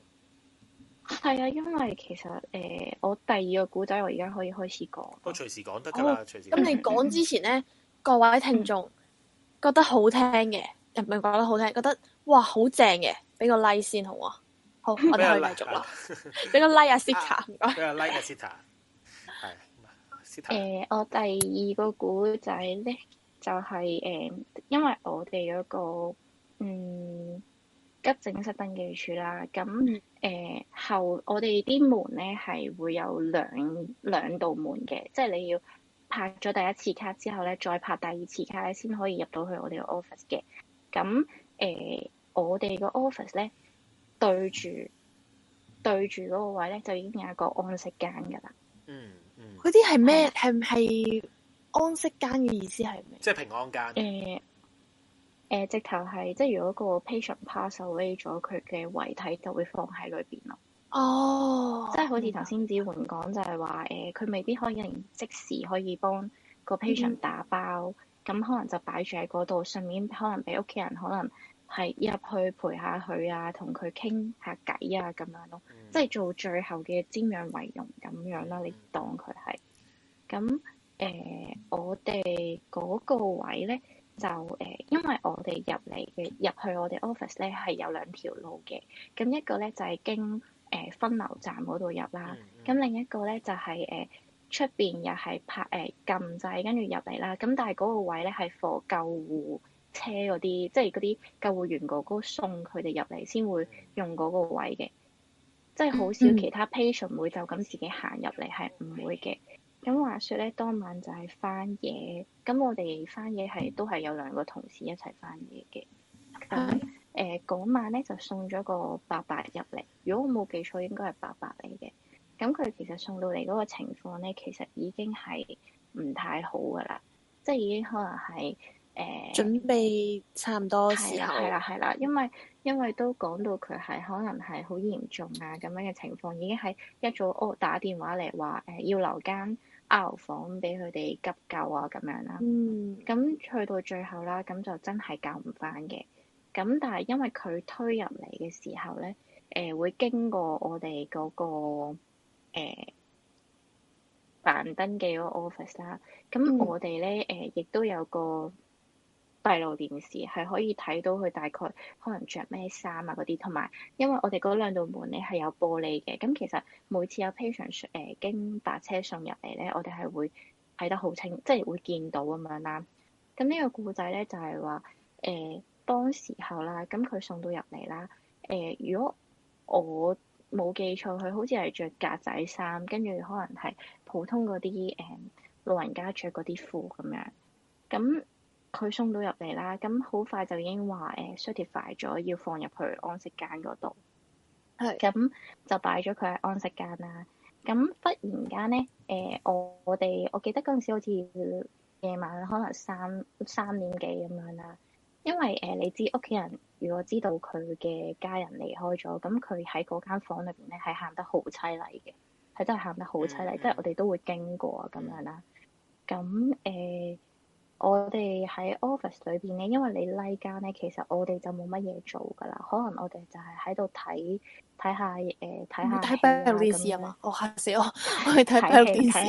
係啊，因為其實誒、呃，我第二個古仔我而家可以開始講。都隨時講得噶啦，咁、哦嗯嗯、你講之前咧，各位聽眾。嗯覺得好聽嘅，唔係覺得好聽，覺得哇好正嘅，俾個 like 先好啊！好，我哋可以繼續啦。俾個、like, 個 like 啊 Sita，t 俾、啊、個 like 啊 Sita，係。誒、呃，我第二個古仔咧，就係、是、誒、呃，因為我哋嗰、那個嗯急症室登記處啦，咁誒、呃、後我哋啲門咧係會有兩兩道門嘅，即係你要。拍咗第一次卡之後咧，再拍第二次卡咧，先可以入到去我哋個 office 嘅。咁誒、呃，我哋個 office 咧，對住對住嗰個位咧，就已經有一個安息間噶啦。嗯啲係咩？係唔係安息間嘅意思係咩、呃呃？即係平安間。誒誒，直頭係即係如果個 patient pass away 咗，佢嘅遺體就會放喺裏邊咯。哦，oh, 即係好似頭先子煥講，就係話誒，佢、呃、未必可以即時可以幫個 patient 打包，咁、嗯、可能就擺住喺嗰度，順便可能俾屋企人可能係入去陪下佢啊，同佢傾下偈啊咁樣咯，嗯、即係做最後嘅瞻仰遺容咁樣啦，嗯、你當佢係。咁誒、呃，我哋嗰個位咧就誒、呃，因為我哋入嚟嘅入去我哋 office 咧係有兩條路嘅，咁一個咧就係、是、經。誒、呃、分流站嗰度入啦，咁、mm hmm. 另一個咧就係誒出邊又係拍誒撳掣，跟住入嚟啦。咁但係嗰個位咧係 for 救護車嗰啲，即係嗰啲救護員哥、那、哥、個那個、送佢哋入嚟先會用嗰個位嘅，即係好少其他 patient、mm hmm. 會就咁自己行入嚟，係唔會嘅。咁話說咧，當晚就係返夜，咁我哋返夜係都係有兩個同事一齊返夜嘅。嗰、呃、晚呢就送咗個伯伯入嚟，如果我冇記錯，應該係伯伯嚟嘅。咁佢其實送到嚟嗰個情況呢，其實已經係唔太好㗎喇，即係已經可能係誒、呃、準備差唔多時候係啦係啦，因為因為都講到佢係可能係好嚴重啊咁樣嘅情況，已經喺一早屋、哦、打電話嚟話誒要留間 R 房俾佢哋急救啊，咁樣啦。嗯，咁去到最後啦，咁就真係救唔翻嘅。咁但係因為佢推入嚟嘅時候咧，誒、呃、會經過我哋嗰、那個誒、呃、辦登記嗰 office 啦。咁我哋咧誒亦都有個閉路電視，係可以睇到佢大概可能着咩衫啊嗰啲。同埋因為我哋嗰兩道門咧係有玻璃嘅，咁其實每次有 patient 誒、呃、經白車送入嚟咧，我哋係會睇得好清，即係會見到咁樣啦。咁呢個故仔咧就係話誒。呃當時候啦，咁佢送到入嚟啦。誒、呃，如果我冇記錯，佢好似係着格仔衫，跟住可能係普通嗰啲誒老人家着嗰啲褲咁樣。咁佢送到入嚟啦，咁好快就已經話誒 certify 咗，呃、要放入去安息間嗰度。係咁是就擺咗佢喺安息間啦。咁忽然間咧，誒、呃、我哋我，我記得嗰陣時好似夜晚可能三三點幾咁樣啦。因為誒、呃，你知屋企人如果知道佢嘅家人離開咗，咁佢喺嗰間房裏邊咧係喊得好凄厲嘅，佢真係喊得好凄厲，mm hmm. 即係我哋都會經過啊咁樣啦，咁誒。呃我哋喺 office 裏邊咧，因為你 like 間咧，其實我哋就冇乜嘢做噶啦，可能我哋就係喺度睇睇下誒，睇下閉路電視啊嘛，我吓死我，我去睇閉路電視，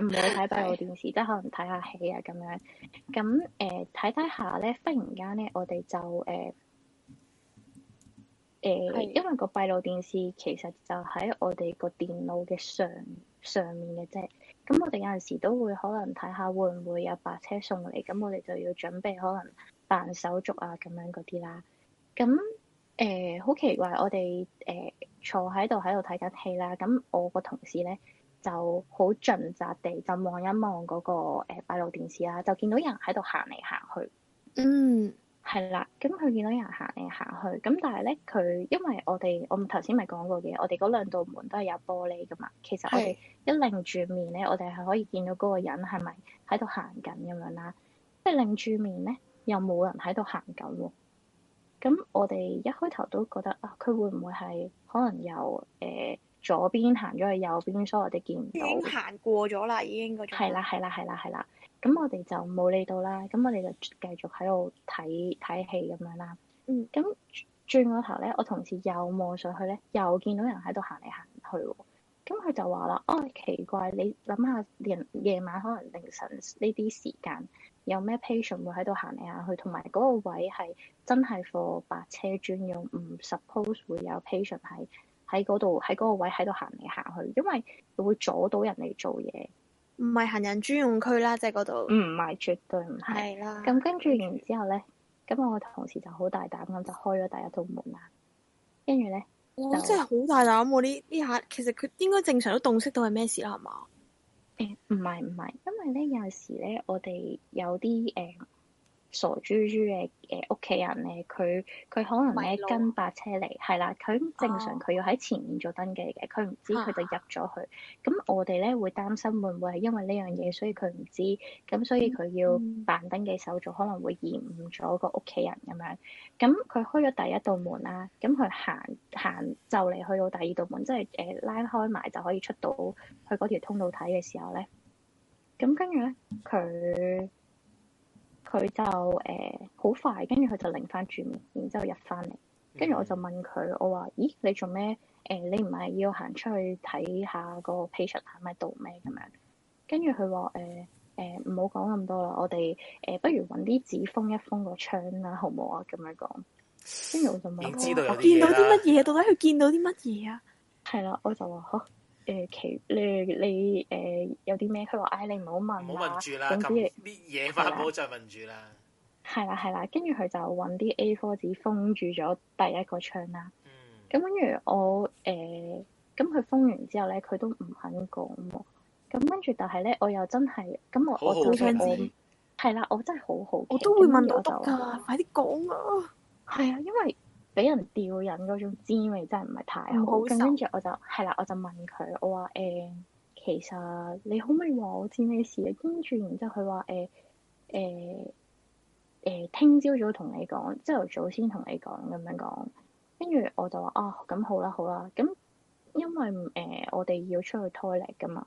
唔係睇閉路電視，即係可能睇下戲啊咁樣。咁誒睇睇下咧，忽然間咧，我哋就誒誒，呃、的因為個閉路電視其實就喺我哋個電腦嘅上上面嘅啫。咁我哋有陣時都會可能睇下會唔會有白車送嚟，咁我哋就要準備可能辦手續啊，咁樣嗰啲啦。咁誒好奇怪，我哋誒、呃、坐喺度喺度睇緊戲啦，咁我個同事咧就好盡責地就望一望嗰個誒、呃、閉路電視啦，就見到人喺度行嚟行去。嗯。係啦，咁佢見到有人行嚟行去，咁但係咧佢，因為我哋我唔頭先咪講過嘅，我哋嗰兩道門都係有玻璃噶嘛，其實我哋一擰住面咧，我哋係可以見到嗰個人係咪喺度行緊咁樣啦。即係擰住面咧，又冇人喺度行緊喎。咁我哋一開頭都覺得啊，佢會唔會係可能由誒、呃、左邊行咗去右邊，所以我哋見唔到。已經行過咗啦，已經嗰種。係啦，係啦，係啦，係啦。咁我哋就冇理到啦，咁我哋就繼續喺度睇睇戲咁樣啦。嗯，咁轉個頭咧，我同事又望上去咧，又見到人喺度行嚟行去，啊。咁佢就話啦，哦，奇怪，你諗下，夜夜晚可能凌晨呢啲時間，有咩 patient 會喺度行嚟行去？同埋嗰個位係真係貨白車專用唔 suppose 會有 patient 喺喺嗰度喺嗰個位喺度行嚟行去，因為會阻到人嚟做嘢。唔係行人專用區啦，即係嗰度。唔係，絕對唔係。係啦的。咁跟住然之後咧，咁的我個同事就好大膽咁就開咗第一道門啦。跟住咧，哇、哦！就真係好大膽喎、啊！呢呢下其實佢應該正常都洞悉到係咩事啦，係嘛、嗯？誒，唔係唔係，因為咧有陣時咧，我哋有啲誒。嗯傻豬豬嘅誒屋企人咧，佢佢可能咧跟白車嚟，係啦，佢正常佢、oh. 要喺前面做登記嘅，佢唔知佢就入咗去，咁、oh. 我哋咧會擔心會唔會係因為呢樣嘢，所以佢唔知，咁所以佢要辦登記手續，可能會延誤咗個屋企人咁樣。咁佢開咗第一道門啦，咁佢行行就嚟去到第二道門，即係誒拉開埋就可以出到去嗰條通道睇嘅時候咧，咁跟住咧佢。佢就誒好、呃、快，跟住佢就擰翻轉面，然之後入翻嚟，跟住我就問佢，我話：咦，你做咩？誒、呃，你唔係要行出去睇下個 patient 係咪到咩咁樣？跟住佢話：誒、呃、誒，唔好講咁多啦，我哋誒、呃、不如揾啲紙封一封個窗啦，好唔好啊？咁樣講，跟住我就問：我、啊、見到啲乜嘢？到底佢見到啲乜嘢啊？係啦、 嗯，我就話：好、啊。」誒、呃，其你你誒有啲咩？佢話唉，你唔好、呃、哎、問。唔好問住啦，咁啲啲嘢話唔好再問住啦。係啦係啦，跟住佢就搵啲 A4 紙封住咗第一個窗啦。咁跟住我誒，咁、呃、佢封完之後咧，佢都唔肯講喎。咁跟住，但係咧，我又真係，咁我好好、啊、我好想知。係啦，我真係好好。我都會問到篤噶，快啲講啊！係啊，因為。俾人吊癮嗰種滋味真係唔係太好，咁，跟住、嗯、我就係啦，我就問佢，我話誒、欸，其實你可唔可以話我知咩事啊？欸欸、跟住，然之後佢話誒誒誒，聽朝早同你講，朝頭早先同你講咁樣講。跟住我就話哦，咁好啦，好啦。咁因為誒、呃，我哋要出去 toilet 㗎嘛，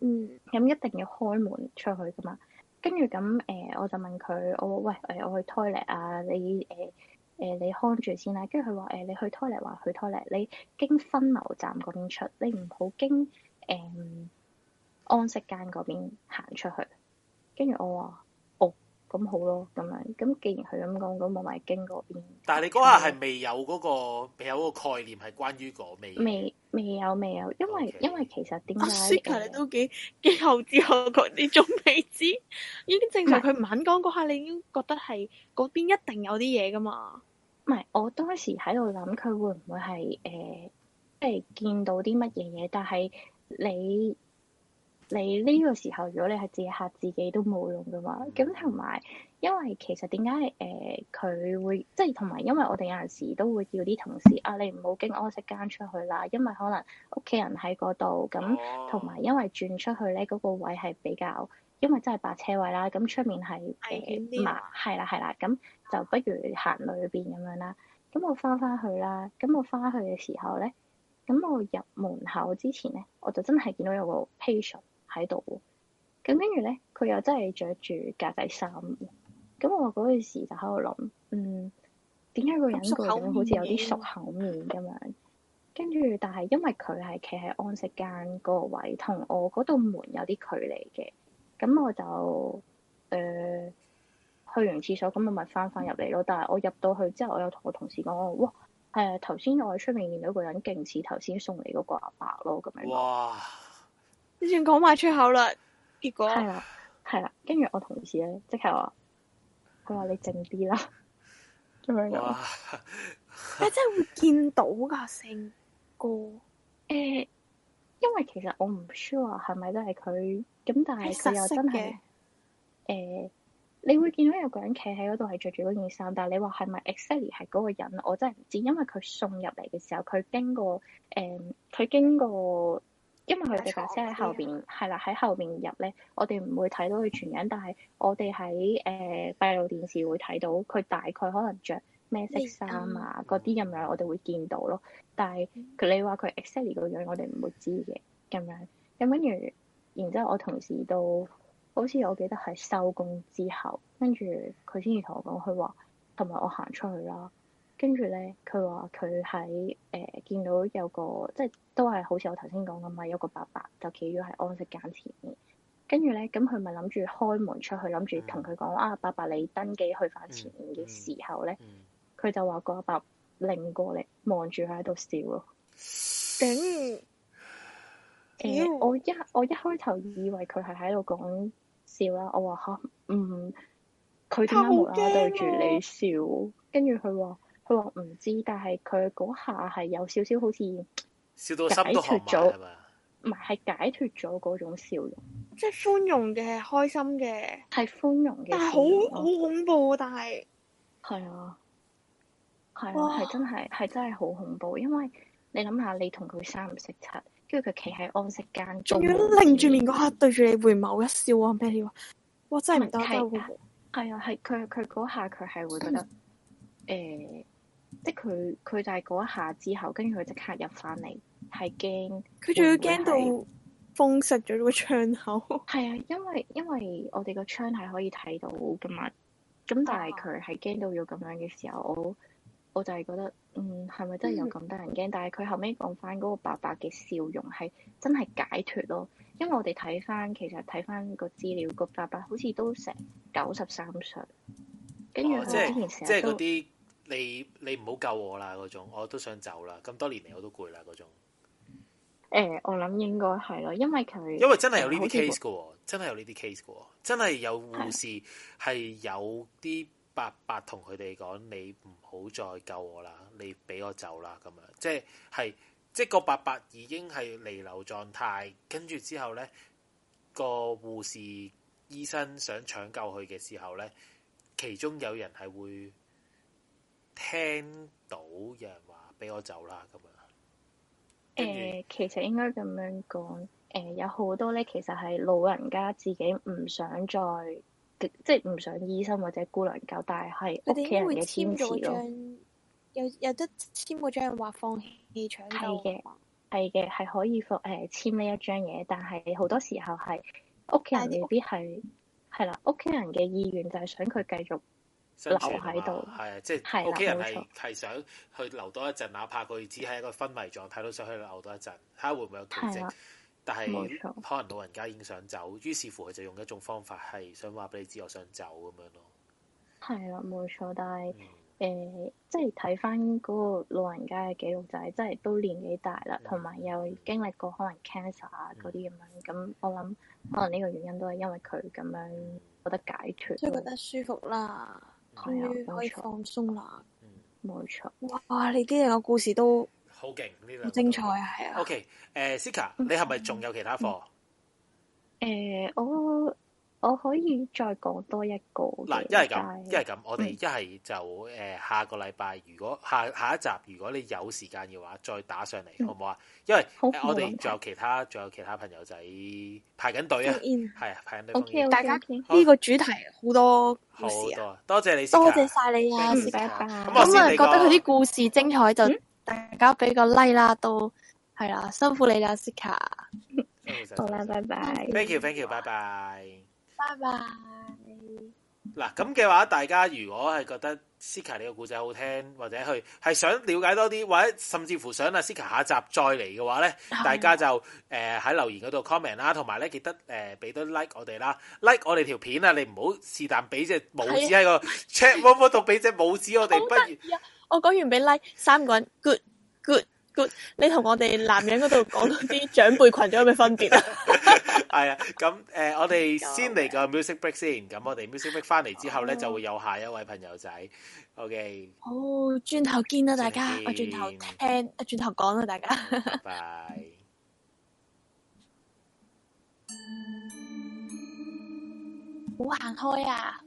嗯，咁一定要開門出去㗎嘛。跟住咁誒，我就問佢，我話喂誒、呃，我去 toilet 啊，你誒。呃誒、呃，你看住先啦、啊。跟住佢話誒，你去 toilet 或去 toilet，你經分流站嗰邊出，你唔好經誒、呃、安息間嗰邊行出去。跟住我話，哦，咁好咯，咁樣。咁既然佢咁講，咁我咪經嗰邊。但係你嗰下係未有嗰、那個未這樣 有、那個、有個概念係關於嗰味。未未有未有，因為 Okay. 因為其實點解 Okay.、啊？你都幾幾後知後覺呢種未知，已經正常。佢唔肯講嗰下，你已經 覺得係嗰邊一定，一定有啲嘢㗎嘛。唔係，我當時喺度諗佢會唔會係誒，即係、呃呃、見到啲乜嘢嘢？但係你你呢個時候，如果你係自己嚇自己，都冇用噶嘛。咁同埋，因為其實點解誒佢會，即係同埋，因為我哋有陣時都會叫啲同事啊，你唔好經安息間出去啦，因為可能屋企人喺嗰度。咁同埋，因為轉出去咧，嗰、嗰個位係比較，因為真係泊車位啦。咁出面係誒麻，係、呃、啦係啦咁。就不如行裏邊咁樣啦。咁我翻返去啦。咁我翻去嘅時候咧，咁我入門口之前咧，我就真係見到有個 patient 喺度。咁跟住咧，佢又真係着住格仔衫。咁我嗰陣時就喺度諗，嗯，點解個人背影好似有啲熟口面咁樣？跟住、啊，但係因為佢係企喺安息間嗰個位，同我嗰度門有啲距離嘅，咁我就誒。呃去完廁所咁咪咪翻翻入嚟咯，但係我入到去之後，我又同我同事講我話，哇，誒頭先我喺出面見到個人，勁似頭先送你嗰個阿伯咯，咁樣。哇！你仲講埋出口啦？結果係啦，係啦、啊，跟住、啊、我同事咧即係話，佢話你靜啲啦，咁樣。哇！你 真係會見到噶，成哥？誒、欸，因為其實我唔 sure 係咪都係佢，咁但係佢又真係誒。欸你會見到有個人企喺嗰度，係着住嗰件衫，但係你話係咪 exactly 係嗰個人，我真係唔知，因為佢送入嚟嘅時候，佢經過誒，佢、嗯、經過，因為佢部架車喺後邊，係啦，喺後邊入咧，我哋唔會睇到佢全人，但係我哋喺誒閉路電視會睇到佢大概可能着咩色衫啊，嗰啲咁樣，我哋會見到咯。但係你話佢 exactly 個樣，我哋唔會知嘅咁樣。咁跟住，然之後我同事都。好似我記得係收工之後，跟住佢先至同我講，佢話同埋我行出去啦。跟住咧，佢話佢喺誒見到有個即係都係好似我頭先講咁啊，有個伯伯就企咗喺安息間前面。跟住咧，咁佢咪諗住開門出去，諗住同佢講啊，伯伯你登記去返前面嘅時候咧，佢就話個阿伯擰過嚟望住佢喺度笑咯。頂！誒，我一我一開頭以為佢係喺度講笑啦！我話吓，嗯，佢點解無啦啦對住你笑，跟住佢話，佢話唔知，但係佢嗰下係有少少好似笑到解脫咗，唔係、啊，係、嗯、解脫咗嗰種笑容，即係寬容嘅、開心嘅，係寬容嘅，但係好好恐怖。但係是係啊，係啊，係哇真係，係真係好恐怖。因為你諗下，你同佢三唔識七。跟住佢企喺安息間，仲要擰住面嗰刻對住你回眸一笑啊！咩料？我真係唔得，係啊，係佢佢嗰下佢係會覺得誒、嗯呃，即係佢佢就係嗰一下之後，跟住佢即刻入翻嚟，係驚佢仲要驚到封實咗個窗口。係 啊，因為因為我哋個窗係可以睇到噶嘛，咁、嗯、但係佢係驚到要咁樣嘅時候。我就係覺得，嗯，係咪真係有咁得人驚？嗯、但係佢後尾講翻嗰個爸爸嘅笑容係真係解脫咯，因為我哋睇翻其實睇翻個資料，個爸爸好似都成九十三歲，跟住佢之前成日都。哦、即係即係嗰啲，你你唔好救我啦，嗰種我都想走啦，咁多年嚟我都攰啦，嗰種。呃、我諗應該係咯，因為佢。因為真係有呢啲 case 㗎喎、嗯，真係有呢啲 case 㗎喎，真係有護士係的有啲。伯伯同佢哋講：你唔好再救我啦，你俾我走啦咁樣，即係即個伯伯已經係彌留狀態。跟住之後咧，個護士醫生想搶救佢嘅時候咧，其中有人係會聽到有人話：俾我走啦咁樣。誒、呃，其實應該咁樣講，誒、呃、有好多咧，其實係老人家自己唔想再。即係唔想醫生或者姑娘救，但係屋企人會簽咗咯。張又有得簽個張話放棄搶救嘅。係嘅，係可以放誒、呃、簽呢一張嘢。但係好多時候係屋企人未必係係啦，屋企是的人嘅意願就係想佢繼續留喺度。係啊，即係屋企人係係想去留多一陣，哪怕佢只係一個昏迷狀態都想去留多一陣。睇下會唔會有救？但係可能老人家已經想走，於是乎佢就用一種方法係想話俾你知我想走咁樣咯。係啦，冇錯。但係誒、嗯呃，即係睇翻嗰個老人家嘅記錄，就係真係都年紀大啦，同埋、嗯、又經歷過可能 cancer 嗰啲咁樣。咁、嗯、我諗可能呢個原因都係因為佢咁樣覺得解脫，即係、嗯、覺得舒服啦，終於可以放鬆啦。冇錯、嗯。哇！你啲人嘅故事都～好勁！呢個好精彩啊，係啊。OK，誒，Sika，你係咪仲有其他課？誒，我我可以再講多一個。嗱，一係咁，一係咁，我哋一係就誒，下個禮拜如果下下一集如果你有時間嘅話，再打上嚟好唔好啊？因為我哋仲有其他仲有其他朋友仔排緊隊啊，係啊，排緊隊。OK，大家呢個主題好多故事啊，多謝你，多謝晒你啊，Sika。咁啊，覺得佢啲故事精彩就。大家俾個 like 啦，都係啦，辛苦你啦，Sika，好啦，拜拜，thank you，thank you，拜拜，拜拜。嗱，咁嘅話，大家如果係覺得 Sika 呢個故仔好聽，或者去係想了解多啲，或者甚至乎想阿 Sika 下一集再嚟嘅話咧，大家就誒喺留言嗰度 comment 啦，同埋咧記得誒俾多 like 我哋啦的，like 我哋條片啊，你唔好是但俾隻拇指喺個 check box 度俾隻拇指我哋，不如。 我講完俾 like，三個人 good good good，你同我哋男人嗰度講啲長輩群仲有咩分別啊？係啊，咁誒，我哋先嚟個 music break 先，咁我哋 music break 翻嚟之後咧就會有下一位朋友仔。OK，好，轉頭見啊大家，我轉頭聽，轉頭講啊大家。拜拜。好行開啊！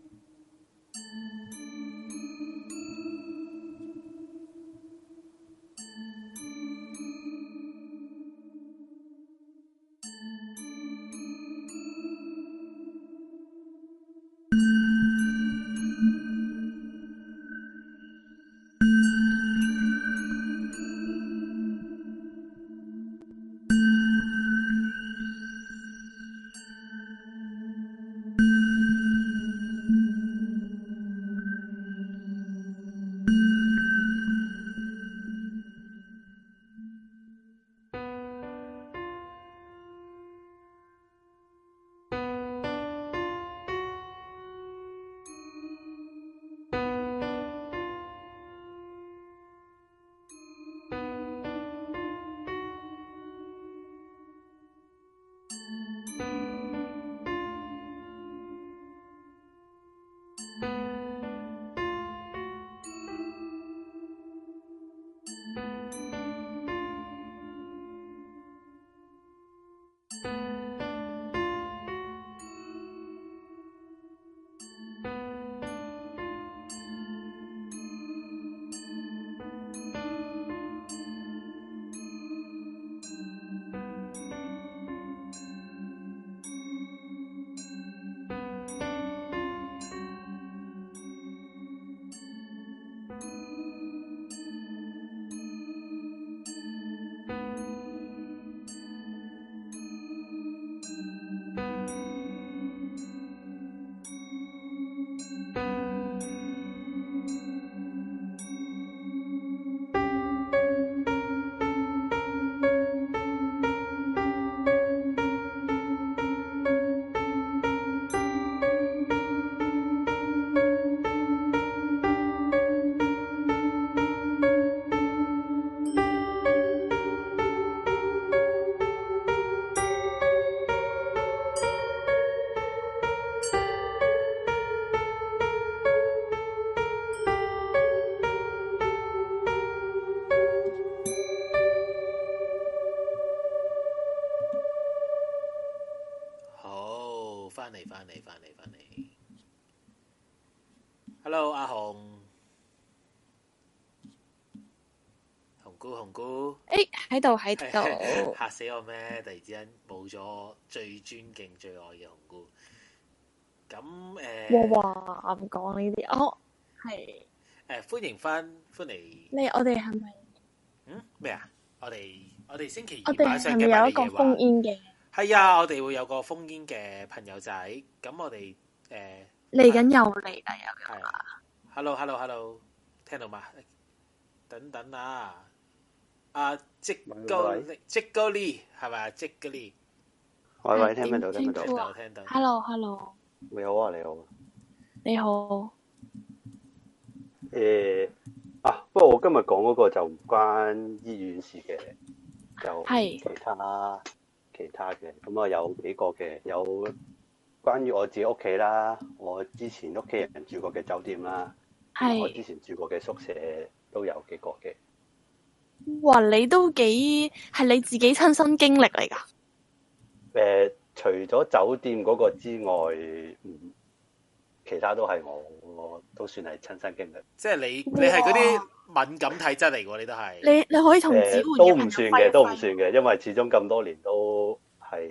度喺度嚇死我咩？突然之間冇咗最尊敬、最愛嘅紅姑。咁誒，我唔講呢啲。哦係誒，歡迎翻，歡迎你。我哋係咪嗯咩啊？我哋我哋星期二晚上有一個 phone in 嘅。係啊，我哋會有個 phone in 嘅朋友仔。咁我哋誒嚟緊又嚟啦，又又啊！Hello，Hello，Hello，聽到嘛？等等啊！阿、uh, Jigoli，Jigoli 係咪？Jigoli，喂，喂，聽唔聽到？聽到，Hello，Hello，你好啊，hello, hello. 你好，你好、uh, the，誒，啊，不過我今日講嗰個就唔關醫院事嘅，就係其他其他嘅，咁啊有幾個嘅，有關於我自己屋企啦，我之前屋企人住過嘅酒店啦，係，我之前住過嘅宿舍都有幾個嘅。哇！你都幾係你自己親身經歷嚟㗎？誒、啊，除咗酒店嗰個之外，嗯、其他都係我，我都算係親身經歷。即係你，你係嗰啲敏感體質嚟嘅，你都係。你你可以同子桓都唔算嘅，都唔算嘅，因為始終咁、啊、多年都係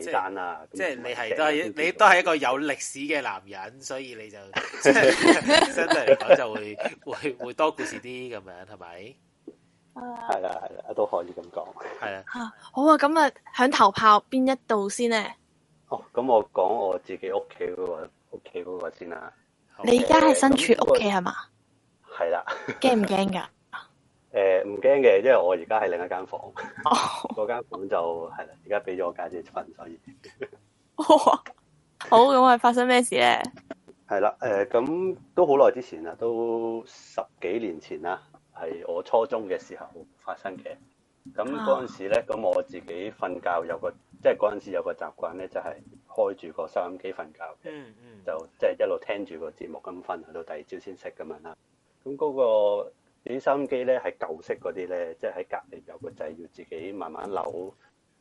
幾單啦、啊。即係你係都係，你都係一個有歷史嘅男人，所以你就即係相對嚟講就會會會多故事啲咁樣，係咪？係啦，係啦，都可以咁講，係啦。好啊，今日響頭炮邊一度先咧？哦，咁我講我自己屋企嗰個屋企個先啦。你而家係身處屋企係嘛？係啦。驚唔驚㗎？誒，唔驚嘅，因為我而家係另一間房間，嗰間房就係啦，而家俾咗我家姐瞓，所以。好，咁係發生咩事咧？係啦，誒，咁都好耐之前啦，都十幾年前啦。係我初中嘅時候發生嘅，咁嗰陣時咧，咁我自己瞓覺有個，即係嗰陣時有個習慣咧，就係開住個收音機瞓覺，嗯嗯，就即係一路聽住個節目咁瞓，去到第二朝先醒咁樣啦。咁嗰個啲收音機咧係舊式嗰啲咧，即係喺隔離有個掣要自己慢慢扭，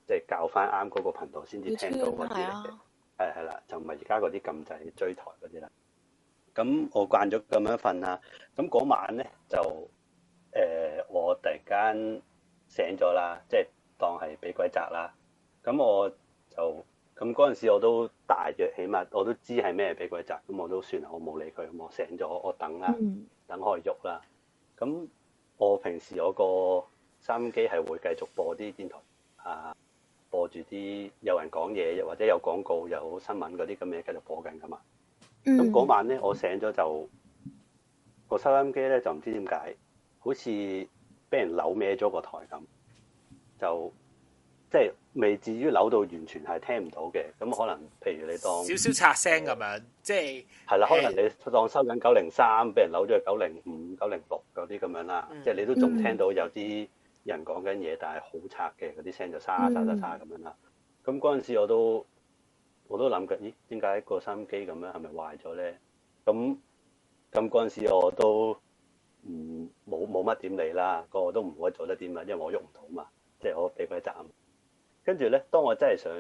即係校翻啱嗰個頻道先至聽到嗰啲嚟嘅，係係啦，就唔係而家嗰啲撳掣追台嗰啲啦。咁我慣咗咁樣瞓啦，咁嗰晚咧就。誒、呃，我突然間醒咗啦，即係當係俾鬼壓啦。咁我就咁嗰陣時我都大約，起碼我都知係咩俾鬼壓，咁我都算啦，我冇理佢。我醒咗，我等啦，等開喐啦。咁我平時我個收音機係會繼續播啲電台啊，播住啲有人講嘢，又或者有廣告、有新聞嗰啲咁嘅繼續播緊㗎嘛。咁嗰晚咧，我醒咗就個收音機咧就唔知點解。好似俾人扭歪咗個台咁，就即係未至於扭到完全係聽唔到嘅，咁可能譬如你當少少擦聲咁樣，即係係啦。可能你當收緊九零三，俾人扭咗去九零五、九零六嗰啲咁樣啦，即係你都仲聽到有啲人講緊嘢，但係好擦嘅嗰啲聲就沙沙沙沙咁樣啦。咁嗰陣時我都我都諗緊，咦，點解個收音機咁樣係咪壞咗咧？咁咁嗰陣時我都。唔冇冇乜點理啦，個個都唔會做得點啊，因為我喐唔到嘛，即、就、係、是、我被鬼斬跟住咧，當我真係想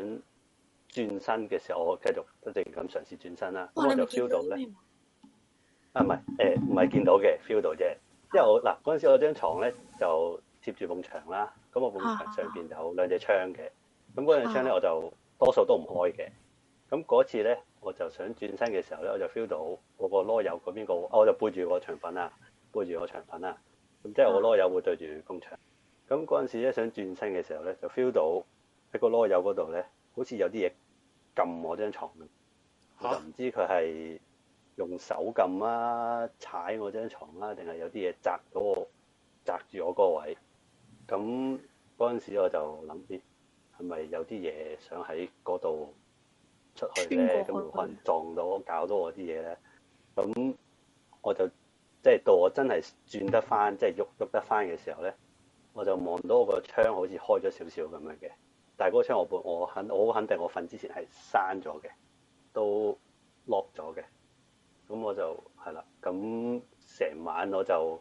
轉身嘅時候，我繼續都正咁嘗試轉身啦。咁、哦、我就 feel 到咧？到啊唔係誒，唔係見到嘅，feel 到啫。因為我嗱嗰陣時我張床咧就貼住埲牆啦，咁我埲牆上邊有兩隻窗嘅，咁嗰隻窗咧我就多數都唔開嘅。咁嗰次咧，我就想轉身嘅時候咧，我就 feel 到我個囉柚嗰邊個，我就背住個牆粉啊。對住我牆面啦，咁即係我籮柚會對住工場。咁嗰陣時咧，想轉身嘅時候咧，就 feel 到喺個籮柚嗰度咧，好似有啲嘢撳我張床、啊、就唔知佢係用手撳啊、踩我張床啦，定係有啲嘢砸到我、砸住我嗰個位。咁嗰陣時我就諗啲係咪有啲嘢想喺嗰度出去咧，咁可能撞到我，搞到我啲嘢咧。咁我就～即係到我真係轉得翻，即係喐喐得翻嘅時候咧，我就望到我個窗好似開咗少少咁樣嘅。但係嗰窗我我肯我好肯定，我瞓之前係閂咗嘅，都 lock 咗嘅。咁我就係啦。咁成晚我就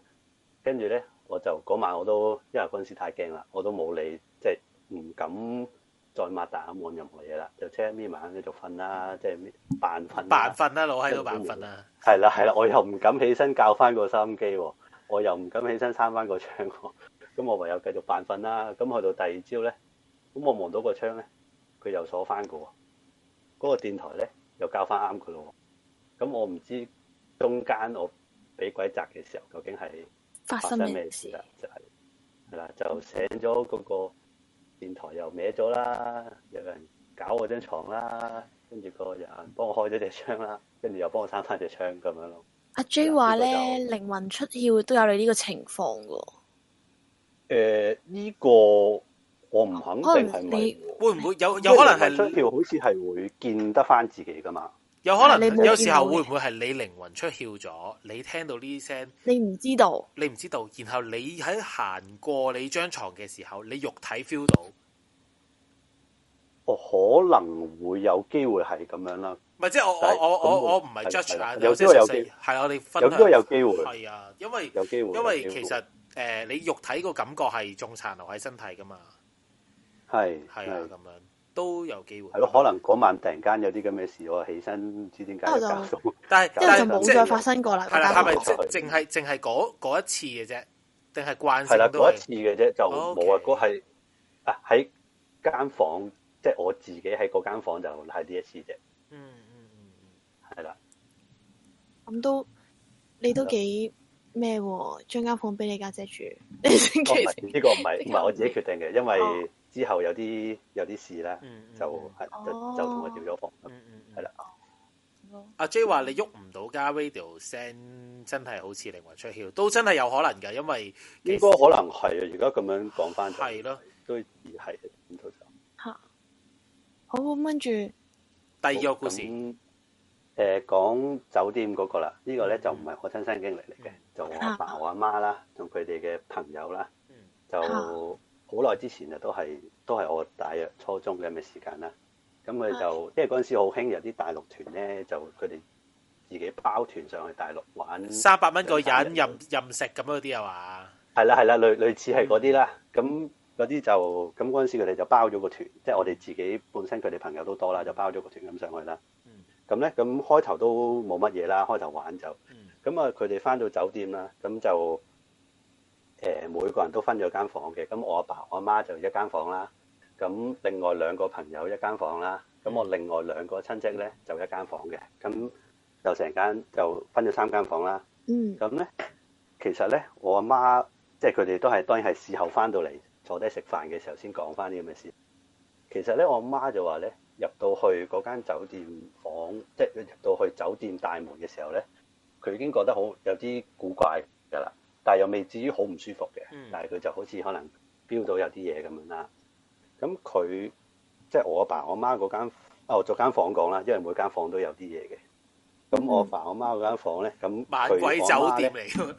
跟住咧，我就嗰晚我都因為嗰陣時太驚啦，我都冇理，即係唔敢。再擘大眼望任何嘢啦，就遮眯埋眼繼續瞓啦，即係咩扮瞓？扮瞓啦，我喺度扮瞓啦。係啦係啦，我又唔敢起身教翻個收音機，我又唔敢起身閂翻個窗，咁我唯有繼續扮瞓啦。咁去到第二朝咧，咁我望到個窗咧，佢又鎖翻個，嗰個電台咧又教翻啱佢咯。咁我唔知中間我俾鬼砸嘅時候究竟係發生咩事啦，事就係係啦，就醒咗嗰個。電台又歪咗啦，有人搞我張床啦，跟住個人幫我開咗隻窗啦，跟住又幫我閂翻隻窗咁樣咯。阿 J 話咧靈魂出竅都有你呢個情況噶。誒呢、呃呢個我唔肯定係咪會唔會有有可能係出竅，好似係會見得翻自己噶嘛。有可能有時候會唔會係你靈魂出竅咗？你聽到呢啲聲，你唔知道，你唔知道。然後你喺行過你張床嘅時候，你肉體 feel 到。哦，可能會有機會係咁樣啦。唔係，即係我我我我我唔係 judge 啊。有啲有機，係我哋分享。有啲有機會，係啊，因為有機會，因為其實誒，你肉體個感覺係仲殘留喺身體噶嘛。係係啊，咁樣。都有機會，係咯？可能嗰晚突然間有啲咁嘅事，我起身唔知點解，但係即係就冇再發生過啦。係啦，係咪即係淨係淨係嗰一次嘅啫？定係慣性都係嗰一次嘅啫，就冇啊！嗰係啊喺間房，即係我自己喺嗰間房就係呢一次啫。嗯嗯嗯，係啦。咁都你都幾咩？將間房俾你家姐住？呢個唔係唔係我自己決定嘅，因為。之後有啲有啲事啦，就係就就同佢調咗房，係啦。阿 J 話你喐唔到加 radio 聲，真係好似靈魂出竅，都真係有可能噶，因為應該可能係啊。而家咁樣講翻係咯，都係咁就吓。好，咁跟住第二個故事，誒，講酒店嗰個啦。呢個咧就唔係我親身經歷嚟嘅，就我阿爸、我阿媽啦，同佢哋嘅朋友啦，就。好耐之前啊，都係都係我大約初中嘅咩時間啦。咁佢就，啊、因為嗰陣時好興有啲大陸團咧，就佢哋自己包團上去大陸玩。三百蚊個人任任食咁嗰啲啊嘛。係啦係啦，類類似係嗰啲啦。咁嗰啲就咁嗰陣時佢哋就包咗個團，即係我哋自己本身佢哋朋友都多啦，就包咗個團咁上去啦。嗯。咁咧，咁開頭都冇乜嘢啦，開頭玩就。嗯。咁啊，佢哋返到酒店啦，咁就。誒每個人都分咗間房嘅，咁我阿爸，爸我阿媽就一間房啦，咁另外兩個朋友一間房啦，咁我另外兩個親戚咧就一間房嘅，咁就成間就分咗三間房啦。嗯，咁咧其實咧我阿媽即係佢哋都係當然係事後翻到嚟坐低食飯嘅時候先講翻呢咁嘅事。其實咧我阿媽就話咧入到去嗰間酒店房，即係到去酒店大門嘅時候咧，佢已經覺得好有啲古怪㗎啦。但係又未至於好唔舒服嘅，但係佢就好似可能標到有啲嘢咁樣啦。咁佢即係我阿爸我媽嗰間，哦做間房講啦，因為每間房都有啲嘢嘅。咁我阿爸我媽嗰間房咧，咁猛鬼酒店嚟㗎。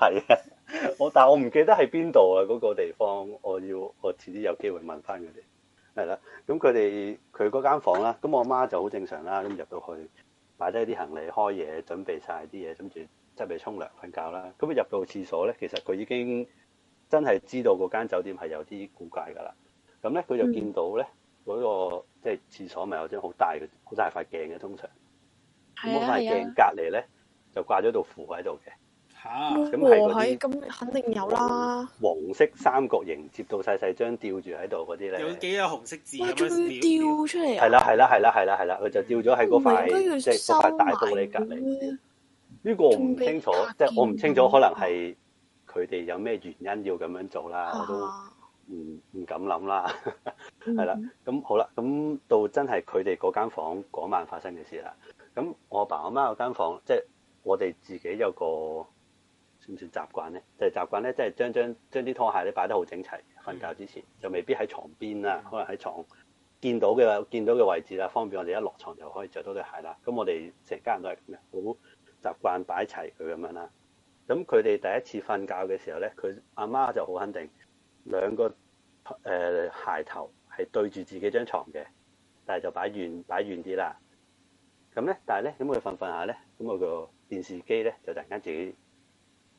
係 啊，我但係我唔記得喺邊度啊，嗰、嗰個地方我要我遲啲有機會問翻佢哋。係啦、啊，咁佢哋佢嗰間房啦，咁我阿媽就好正常啦，咁入到去擺低啲行李，開嘢，準備晒啲嘢，諗住，就嚟沖涼瞓覺啦，咁啊入到廁所咧，其實佢已經真係知道嗰間酒店係有啲古怪噶啦。咁咧佢就見到咧，嗰個即係廁所咪有張好大嘅好大塊鏡嘅，通常。係啊。塊鏡隔離咧就掛咗道符喺度嘅。咁黃喺咁肯定有啦。黃色三角形接到細細張吊住喺度嗰啲咧。有幾個紅色字。哇！仲要吊出嚟啊！係啦係啦係啦係啦係啦，佢就吊咗喺嗰塊即係嗰塊大鏡嘅隔離。呢個我唔清楚，即係我唔清楚，可能係佢哋有咩原因要咁樣做啦，啊、我都唔唔敢諗啦。係 啦的，咁、嗯、好啦，咁到真係佢哋嗰間房嗰晚發生嘅事啦。咁我阿爸媽、就係、我阿媽嗰間房，即係我哋自己有個算唔算習慣咧？就係、係、習慣咧，即、就、係、係、將將將啲拖鞋咧擺得好整齊，瞓的覺之前就未必喺床邊啦，的可能喺床見，見到嘅見到嘅位置啦，方便我哋一落床就可以着到對鞋啦。咁我哋成家人都係咁嘅，好。好好好習慣擺齊佢咁樣啦，咁佢哋第一次瞓覺嘅時候咧，佢阿媽就好肯定兩個誒、呃、鞋頭係對住自己張床嘅，但係就擺遠擺遠啲啦。咁咧，但係咧，咁佢瞓瞓下咧，咁我個電視機咧就突然間自己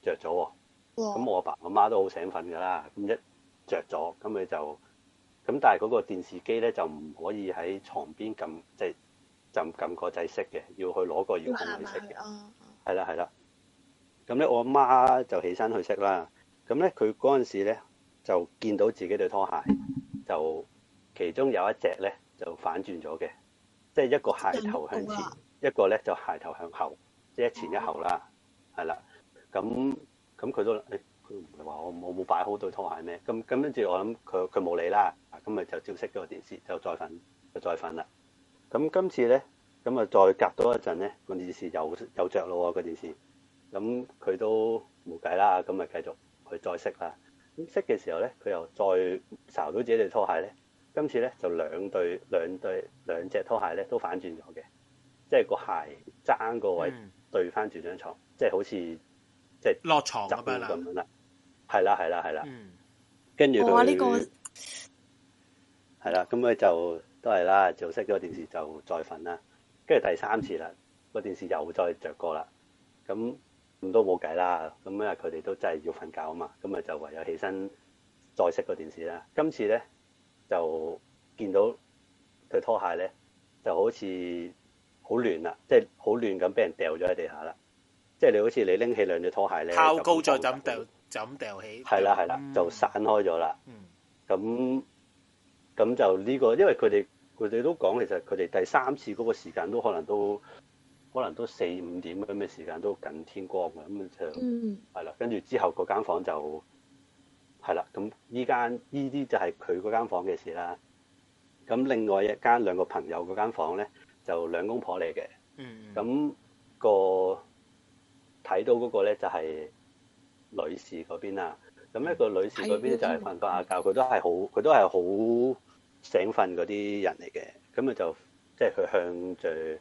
着咗喎。咁 Yeah. 我阿爸阿媽都好醒瞓㗎啦，咁一着咗，咁佢就咁，但係嗰個電視機咧就唔可以喺床邊撳，即係。就唔撳個仔熄嘅，要去攞個遙控嚟熄嘅。係啦係啦，咁咧我阿媽就起身去熄啦。咁咧佢嗰陣時咧就見到自己對拖鞋，就其中有一隻咧就反轉咗嘅，即係一個鞋頭向前，一個咧就鞋頭向後，即係一前一後啦。係啦，咁咁佢都佢唔係話我冇冇擺好對拖鞋咩？咁咁跟住我諗佢佢冇理啦。咁咪就照熄咗個電視，就再瞓就再瞓啦。咁今次咧，咁啊再隔多一陣咧，個電視又又着咯啊，個電視，咁佢都冇計啦，咁咪繼續去再熄啦。咁熄嘅時候咧，佢又再巢到自己對拖鞋咧。今次咧就兩對兩對兩隻拖鞋咧都反轉咗嘅，即係個鞋踭個位對翻住張床，即係好似即係落床咁樣啦。係啦係啦係啦，跟住佢。嗯、哇！呢、這個係啦，咁咪就。都係啦，就熄咗電視就再瞓啦。跟住第三次啦，個電視又再着過啦。咁咁都冇計啦。咁啊，因為佢哋都真係要瞓覺啊嘛。咁啊，就唯有起身再熄個電視啦。今次咧就見到對拖鞋咧就好似、就是、好亂啦，即係好亂咁俾人掉咗喺地下啦。即係你好似你拎起兩隻拖鞋咧，拋高再就咁掉就咁掉起。係啦係啦，就散開咗啦。嗯，咁。咁就呢個，因為佢哋佢哋都講，其實佢哋第三次嗰個時間都可能都，可能都四五點咁嘅時間都近天光啊，咁就係啦。跟住之後嗰間房就係啦，咁依間依啲就係佢嗰間房嘅事啦。咁另外一間兩個朋友嗰間房咧，就兩公婆嚟嘅。咁、mm. 個睇到嗰個咧就係女士嗰邊啊。咁一個女士嗰邊就係瞓瞓下覺，佢中文都係好，佢都係好，醒瞓嗰啲人嚟嘅，咁啊就即係佢向住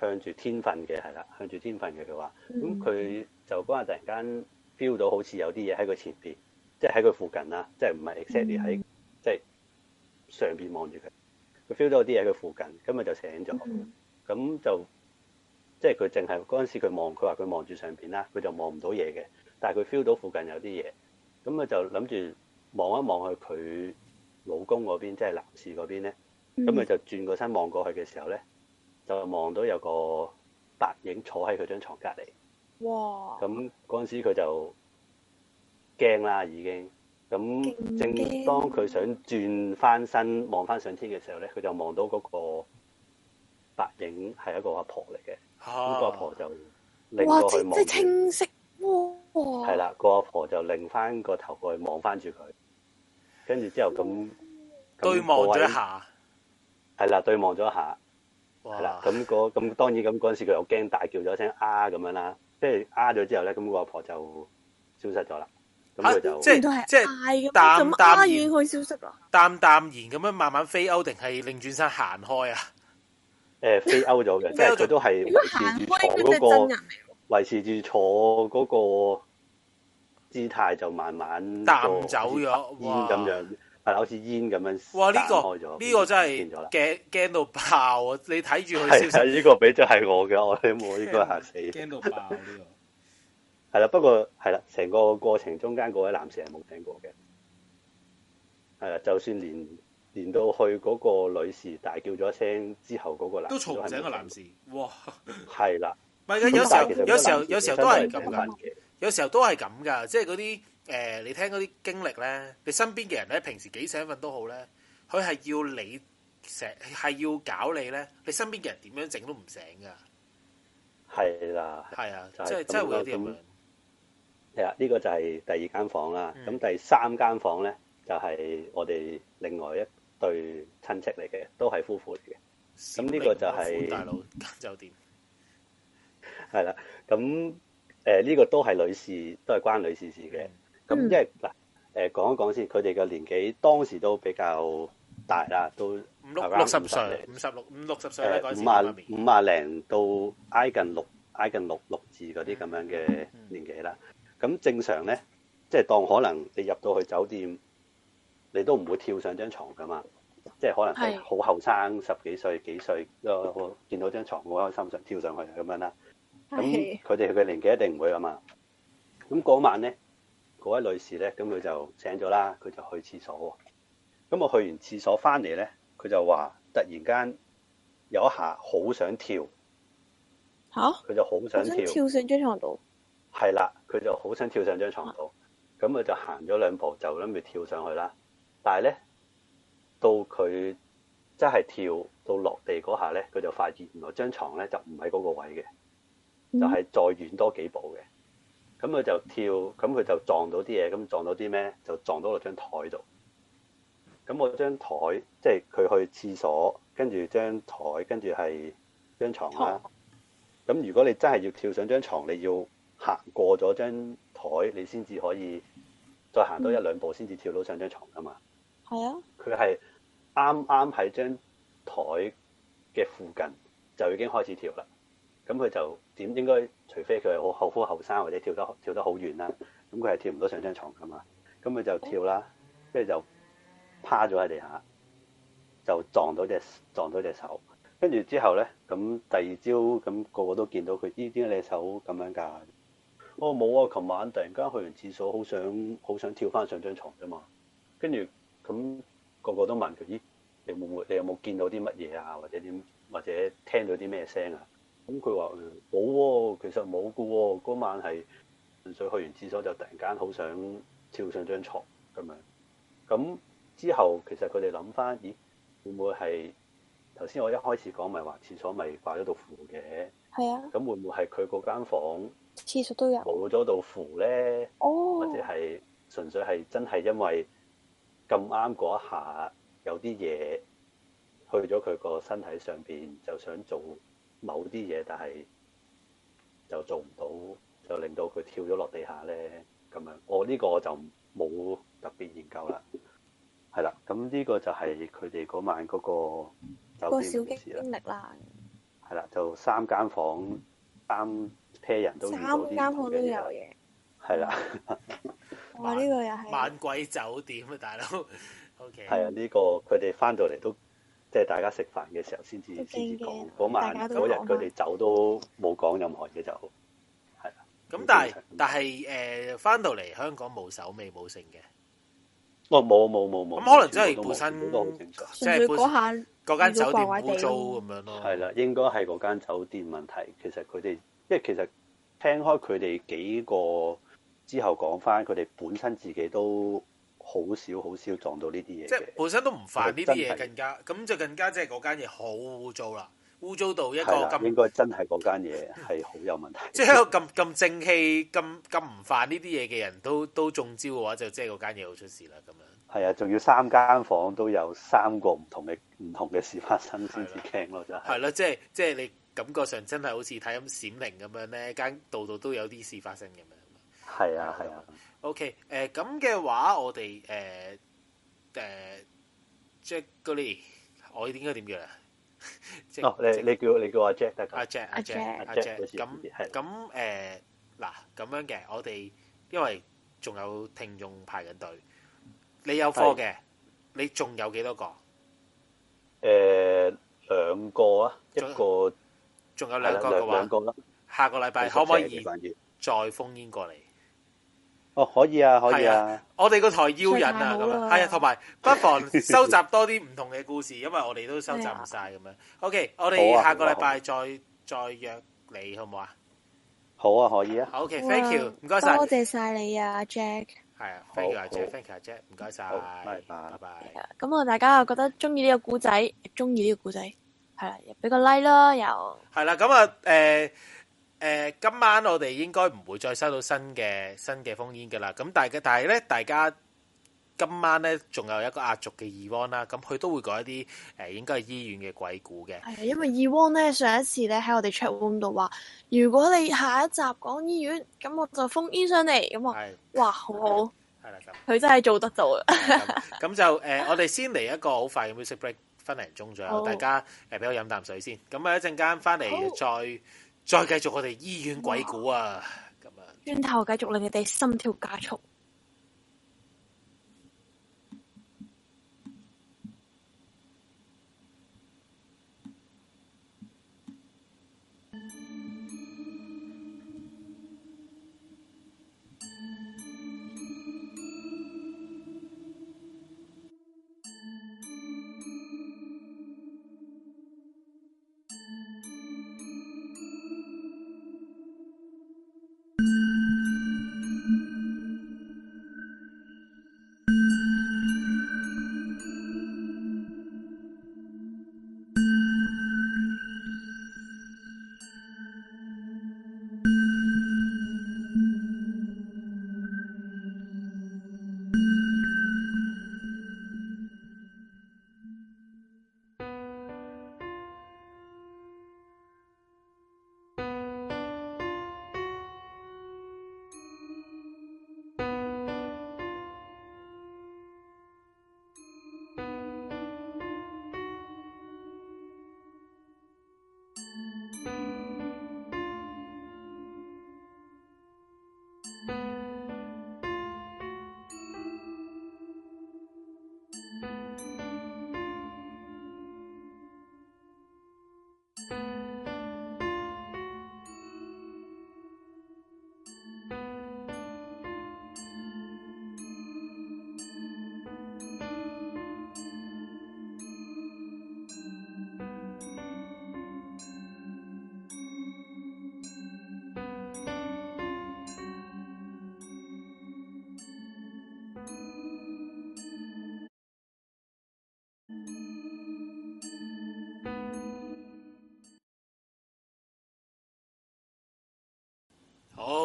向住天瞓嘅係啦，向住天瞓嘅佢話，咁佢就嗰日突然間 feel 到好似有啲嘢喺佢前邊，即係喺佢附近啦，即係唔係 exactly 喺即係上邊望住佢，佢 feel 到有啲嘢喺佢附近，咁啊就醒咗，咁就即係佢淨係嗰陣時佢望，佢話佢望住上邊啦，佢就望唔到嘢嘅，但係佢 feel 到附近有啲嘢，咁啊就諗住望一望佢佢。老公嗰邊即係男士嗰邊咧，咁佢、嗯、就轉個身望過去嘅時候咧，就望到有個白影坐喺佢張牀隔離。哇！咁嗰陣時佢就驚啦，已經咁。正當佢想轉翻身望翻上天嘅時候咧，佢就望到嗰個白影係一個阿婆嚟嘅。咁個阿婆就擰過去望。哇！即即清晰喎。係啦，個阿婆就擰翻個頭過去望翻住佢。跟住之後咁對望咗一下，係啦，對望咗一下，係啦哇。咁咁、那個、當然咁嗰陣時佢又驚，大叫咗聲啊咁樣啦。即係啊咗之後咧，咁、那個阿婆就消失咗啦。咁佢就、啊、即係即係淡淡然佢消失咯。淡淡然咁樣慢慢 fade out 定係擰轉身行開啊？誒、欸， fade out 咗嘅，即係佢都係維持住坐嗰、那個，維持住坐嗰、那個。姿態就慢慢淡走咗，煙咁樣，係啦，好似煙咁樣，哇！呢個呢個真係驚，驚到爆啊！你睇住佢，係啊，呢個俾咗係我嘅，我諗我呢個吓死，驚到爆呢個，係啦，不過係啦，成個過程中間嗰位男士係冇聽過嘅，係啦，就算連連到去嗰個女士大叫咗一聲之後，嗰個男都嘈唔醒個男士，哇，係啦，唔係嘅，有時候有時候有時候都係咁嘅。有時候都係咁噶，即係嗰啲誒，你聽嗰啲經歷咧，你身邊嘅人咧，平時幾醒瞓都好咧，佢係要你醒，係要搞你咧，你身邊嘅人點樣整都唔醒噶。係啦，係、就、啊、是，即係真係會有啲咁樣。係啊，呢、這個就係第二間房啦。咁第三間房咧，就係、是、我哋另外一對親戚嚟嘅，都係夫婦嚟嘅。咁呢、嗯、個就係、是。大佬間酒店。係啦，咁。誒呢、呃這個都係女士，都係關女士事嘅。咁即係嗱，誒、嗯嗯呃、講一講先，佢哋嘅年紀當時都比較大啦，都五六六十歲，五十六五六十歲嗰時五啊零到挨近六挨近六六字嗰啲咁樣嘅年紀啦。咁、嗯嗯、正常咧，即係當可能你入到去酒店，你都唔會跳上張床㗎嘛。即係可能係好後生，的十幾歲幾歲，見到張床，好開心，上跳上去咁樣啦。咁佢哋佢嘅年紀一定唔會㗎嘛。咁嗰晚咧，嗰位女士咧，咁佢就醒咗啦。佢就去廁所喎。咁我去完廁所翻嚟咧，佢就話突然間有一下好想跳吓，佢、啊、就好想跳跳上張床度。係啦，佢就好想跳上張床度。咁佢就行咗、啊、兩步，就諗住跳上去啦。但係咧到佢真係跳到落地嗰下咧，佢就發現原來張床咧就唔喺嗰個位嘅。就係再遠多幾步嘅，咁佢就跳，咁佢就撞到啲嘢，咁撞到啲咩？就撞到落張台度。咁我張台，即係佢去廁所，跟住張台，跟住係張床啦。咁、啊、如果你真係要跳上張床，你要行過咗張台，你先至可以再行多一兩步，先至跳到上張床噶嘛。係啊。佢係啱啱喺張台嘅附近，就已經開始跳啦。咁佢就點？應該，除非佢係好後好後生或者跳得跳得好遠啦，咁佢係跳唔到上張床噶嘛。咁佢就跳啦，跟住就趴咗喺地下，就撞到隻撞到隻手。跟住之後咧，咁第二朝，咁、那個個都見到佢，咦，點解你隻手咁樣㗎？啊。哦，冇啊！琴晚突然間去完廁所，好想好想跳翻上張床啫嘛。跟住咁個個都問佢：咦，你冇冇？你有冇見到啲乜嘢啊？或者點？或者聽到啲咩聲啊？咁佢話冇喎，其實冇嘅喎。嗰晚係純粹去完廁所就突然間好想跳上張床咁樣。咁之後其實佢哋諗翻，咦，會唔會係頭先我一開始講咪話廁所咪掛咗道符嘅？係啊。咁會唔會係佢嗰間房廁所都有冇咗道符咧？哦。或者係純粹係真係因為咁啱嗰一下有啲嘢去咗佢個身體上邊就想做某啲嘢，但係就做唔到，就令到佢跳咗落地下咧咁樣。我呢個就冇特別研究啦。係啦，咁呢個就係佢哋嗰晚嗰個酒店嘅經歷啦。係啦，就三間房，三 pair 人都，三間房都有嘢。係啦是的， 哇！呢、這個又係晚，晚鬼酒店啊，大佬。OK。係、這、啊、個，呢個佢哋翻到嚟都。即係大家食飯嘅時候先至先至講嗰晚嗰日佢哋走都冇講任何嘢，就係啦。咁但係但係誒翻到嚟香港冇手尾冇剩嘅。哦，冇冇冇冇。咁可能真係本身即係本身嗰間酒店付租咁樣咯。係啦，應該係嗰間酒店問題。其實佢哋，因為其實聽開佢哋幾個之後講翻，佢哋本身自己都。好少好少撞到呢啲嘢，即係本身都唔犯呢啲嘢，更加咁就更加即係嗰間嘢好污糟啦，污糟到一個咁應該真係嗰間嘢係好有問題，即係、嗯就是、一個咁咁正氣、咁咁唔犯呢啲嘢嘅人都都中招嘅話，就即係嗰間嘢好出事啦。咁樣係啊，仲要三間房都有三個唔同嘅唔同嘅事發生，先至驚咯，就係係咯，即係即係你感覺上真係好似睇咁閃靈咁樣咧，間度度都有啲事發生咁樣。係啊，係啊。OK，誒，咁嘅話我哋誒誒，Jacky，我點應該點叫啊？哦，你你叫你叫阿 Jack 得噶。阿 Jack，阿 Jack，阿 Jack。咁咁誒，嗱，咁樣嘅，我哋因為仲有聽眾排緊隊，你有科嘅，你仲有幾多個？誒，兩個啊，一個，仲有兩個嘅話，下個禮拜可唔可以再封煙過嚟？哦，可以啊，可以啊。我哋個台邀人啊，咁樣，係啊，同埋不妨收集多啲唔同嘅故事，因為我哋都收集唔晒咁樣。OK，我哋下個禮拜再再約你好唔好啊？好啊，可以啊。OK，thank you，唔該晒，多謝晒你啊，Jack。係啊，thank you，Jack，thank you，Jack，唔該晒，拜拜，拜拜。咁啊，大家又，覺得中意呢個故仔，中意呢個故仔，係啦，俾個 like 啦，又係啦，咁啊，誒。誒，今晚我哋應該唔會再收到新嘅新嘅封煙噶啦。咁但係但係咧，大家今晚咧仲有一個壓軸嘅二汪啦。咁佢都會講一啲誒，應該係醫院嘅鬼故嘅。係啊，因為二汪咧上一次咧喺我哋 chat room 度話，如果你下一集講醫院，咁我就封煙上嚟。咁啊，哇，好好，係啦，咁佢真係做得到啊。咁就誒，我哋先嚟一個好快嘅 music break，分零鐘左右，大家誒俾我飲啖水先。咁啊一陣間翻嚟再。再繼續我哋醫院鬼故啊！咁啊哇，轉樣頭繼續令你哋心跳加速。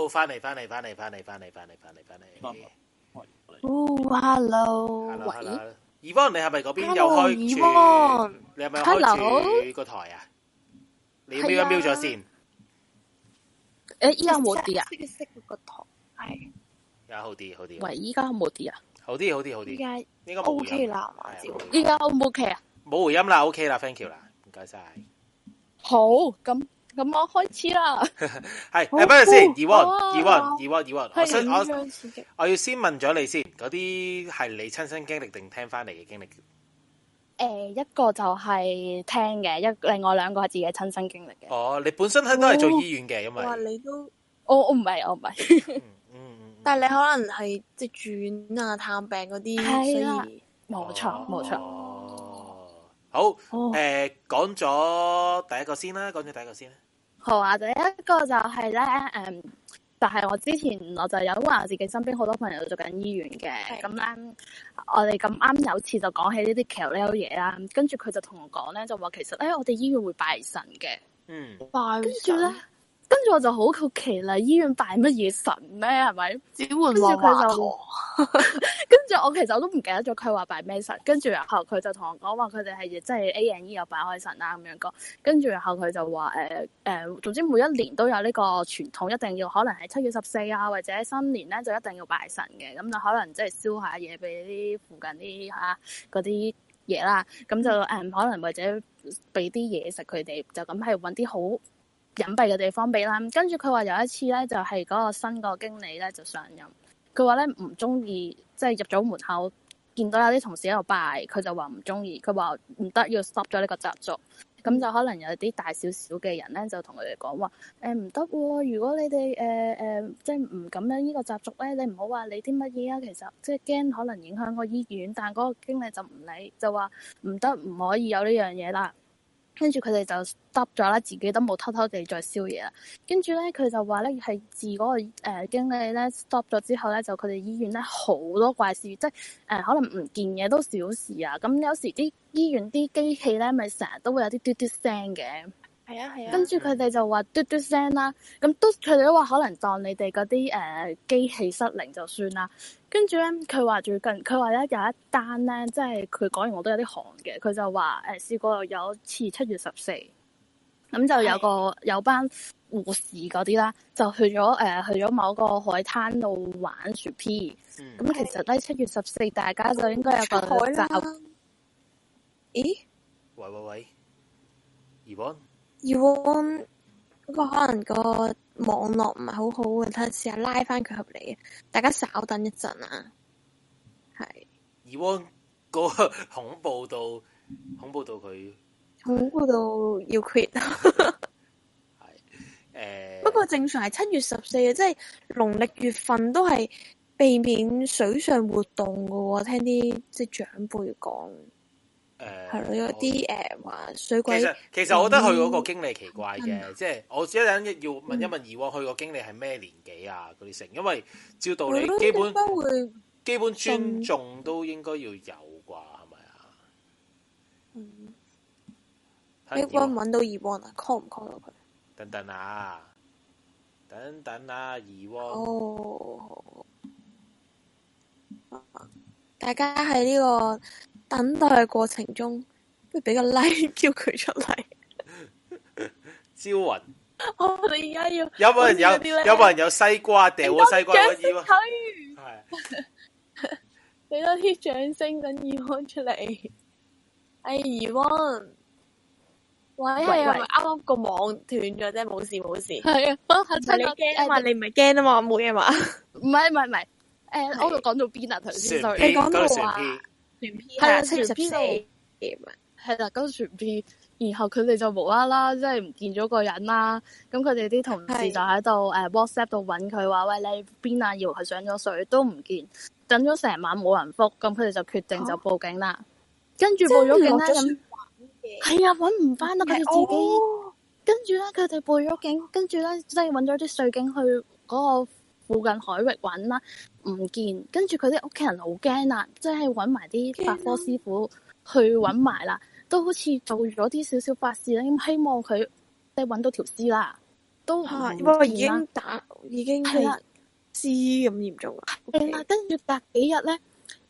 翻嚟翻嚟翻嚟翻嚟翻嚟翻嚟翻嚟。唔唔。Oh hello，喂。Yvonne，你係咪嗰邊又開住？你係咪開住個台啊？你瞄一瞄咗先。誒，依家冇啲啊。識識個台係。而家好啲好啲。喂，依家冇啲啊。好啲好啲好啲。依家依家 OK 啦，依家 OK 啊。冇回音啦，OK 啦，thank you 啦，唔該晒。好咁。咁我開始啦，係 誒 festivals， 不先二 o n 二 o n 二 one 想我要先問咗你先，嗰啲係你親身經歷定聽翻嚟嘅經歷？誒，一個就係聽嘅，一另外兩個係自己親身經歷嘅。哦，你本身喺都係做醫院嘅，因為、哦、你都、哦、我我唔係我唔係， 但係你可能係即係轉啊、探病嗰啲，係啦，冇錯冇錯。哦，好誒，講咗第一個先啦，講咗第一個先啦。好啊，第一個就係、是、咧，誒、嗯，就係我之前我就有話自己身邊好多朋友做緊醫院嘅咁咧，我哋咁啱有次就講起呢啲橋咧嘢啦，跟住佢就同我講咧，就話其實誒、哎，我哋醫院會拜神嘅，嗯、跟拜神。跟住我就好好奇啦，醫院拜乜嘢神咧？係咪？只換話話陀。 跟住我其實我都唔記得咗佢話拜咩神。跟住然後佢就同我講話佢哋係即係 A and E 又拜開神啦，啊、咁樣講。跟住然後佢就話誒誒，總之每一年都有呢個傳統，一定要可能係七月十四啊，或者新年咧就一定要拜神嘅。咁就可能即係燒下嘢俾啲附近啲吓嗰啲嘢啦。咁就誒可能或者俾啲嘢食佢哋，就咁係搵啲好。隱蔽嘅地方俾啦，跟住佢話有一次咧，就係、是、嗰個新個經理咧就上任，佢話咧唔中意，即係、就是、入咗門口見到有啲同事喺度拜，佢就話唔中意，佢話唔得要 stop 咗呢個習俗，咁就可能有啲大少少嘅人咧就同佢哋講話，誒唔得喎，如果你哋誒誒即係唔咁樣呢個習俗咧，你唔好話你啲乜嘢啊，其實即係驚可能影響個醫院，但係嗰個經理就唔理，就話唔得，唔可以有呢樣嘢啦。跟住佢哋就 stop 咗啦，自己都冇偷偷地再燒嘢啦。跟住咧，佢就話咧係自嗰、那個誒、呃、經理咧 stop 咗之後咧，就佢哋醫院咧好多怪事，即係誒、呃、可能唔見嘢都小事啊。咁有時啲醫院啲機器咧，咪成日都會有啲嘟嘟聲嘅。係啊，係啊，跟住佢哋就話、嗯、嘟嘟聲啦，咁都佢哋都話可能當你哋嗰啲誒機器失靈就算啦。跟住咧，佢話最近佢話咧有一單咧，即係佢講完我都有啲寒嘅。佢就話誒、呃、試過有一次七月十四，咁就有個是有班護士嗰啲啦，就去咗誒、呃、去咗某個海灘度玩雪 P。咁、嗯、其實喺七是月十四，大家就應該有晒海啦。咦誒？喂喂喂，Ewan 不過可能個網絡唔係好好啊，睇下試下拉翻佢入嚟啊！大家稍等一陣啊，係。Ewan 嗰個恐怖到恐怖到佢恐怖到要 quit。 係誒，不過正常係七月十四啊，即係農曆月份都係避免水上活動噶喎，聽啲即係長輩講。誒，係咯，嗯，有啲誒話水鬼其，其實我覺得佢嗰個經理奇怪嘅。嗯、即係我一陣要問一問二旺，佢個經理係咩年紀啊？嗰啲成，因為照道理基本會基本尊重都應該要有啩，係咪啊？嗯，你有冇搵到二旺啊？call 唔 call 到佢？等等啊，等等啊，二旺。大家喺呢、這個。等待嘅過程中，都俾個 like 叫佢出嚟，招魂。我哋而家要有冇人有？有冇人有西瓜掉個西瓜？俾多啲掌聲等 Evan 出嚟。哎，Evan，喂，係咪啱啱個網斷咗啫？冇事冇事。係啊，我睇出嚟。你驚啊嘛？你唔係驚啊嘛？冇嘢嘛？唔係唔係唔係，誒，我度講到邊啊？頭先 sorry，你講到話。船 P 係啦，七月十四係啦，咁船偏，P, 然後佢哋就無啦啦，即係唔見咗個人啦。咁佢哋啲同事就喺度誒 WhatsApp 度搵佢，話，喂，你邊啊？以為佢上咗水都唔見，等咗成晚冇人復，咁佢哋就決定就報警啦。跟住報咗警啦，咁係啊，搵唔翻啦，佢哋自己。哦、跟住咧，佢哋報咗警，跟住咧，即係搵咗啲水警去過、嗰個，附近海域揾啦，唔見，跟住佢啲屋企人好驚啦，即係揾埋啲法科師傅了去揾埋啦，都好似做咗啲少少法事啦，咁希望佢即係揾到條屍啦，都係不過、啊、已經打已經係屍咁嚴重啦。跟住隔幾日咧，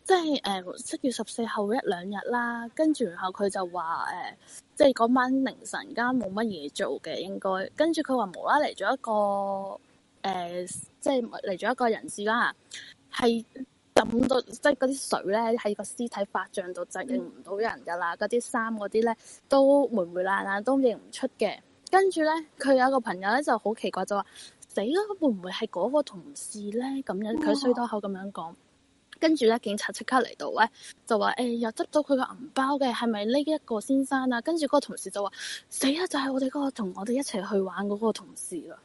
即係誒七月十四後一兩日啦，跟住然後佢就話誒、呃，即係嗰晚凌晨間冇乜嘢做嘅應該，跟住佢話無啦嚟咗一個。誒、呃，即係嚟咗一個人士啦，係抌到即係嗰啲水咧，喺個屍體發脹度就認唔到人噶啦，嗰啲衫嗰啲咧都霉霉爛爛，都認唔出嘅。跟住咧，佢有個朋友咧就好奇怪就話：死啦，會唔會係嗰個同事咧？咁樣佢衰多口咁樣講。哦、跟住咧，警察即刻嚟到咧，就話：誒、欸，又執到佢個銀包嘅，係咪呢一個先生啊？跟住嗰個同事就話：死啦，就係、是、我哋嗰、那個同我哋一齊去玩嗰個同事啦。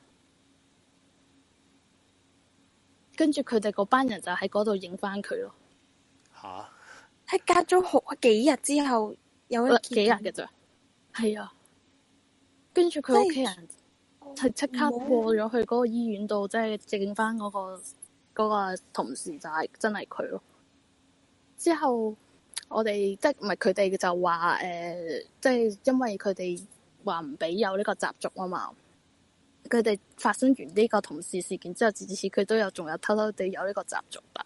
跟住佢哋嗰班人就喺嗰度影翻佢咯。吓哈？喺隔咗好幾日之後，有幾日嘅咋？係啊。跟住佢屋企人係即刻過咗去嗰個醫院度，我即係認翻嗰個、嗰個同事就係、是、真係佢咯。之後我哋即係唔係佢哋就話誒，即係、呃、因為佢哋話唔俾有呢個習俗啊嘛。佢哋發生完呢個同事事件之後，自此佢都有，仲有偷偷哋有呢個習俗㗎！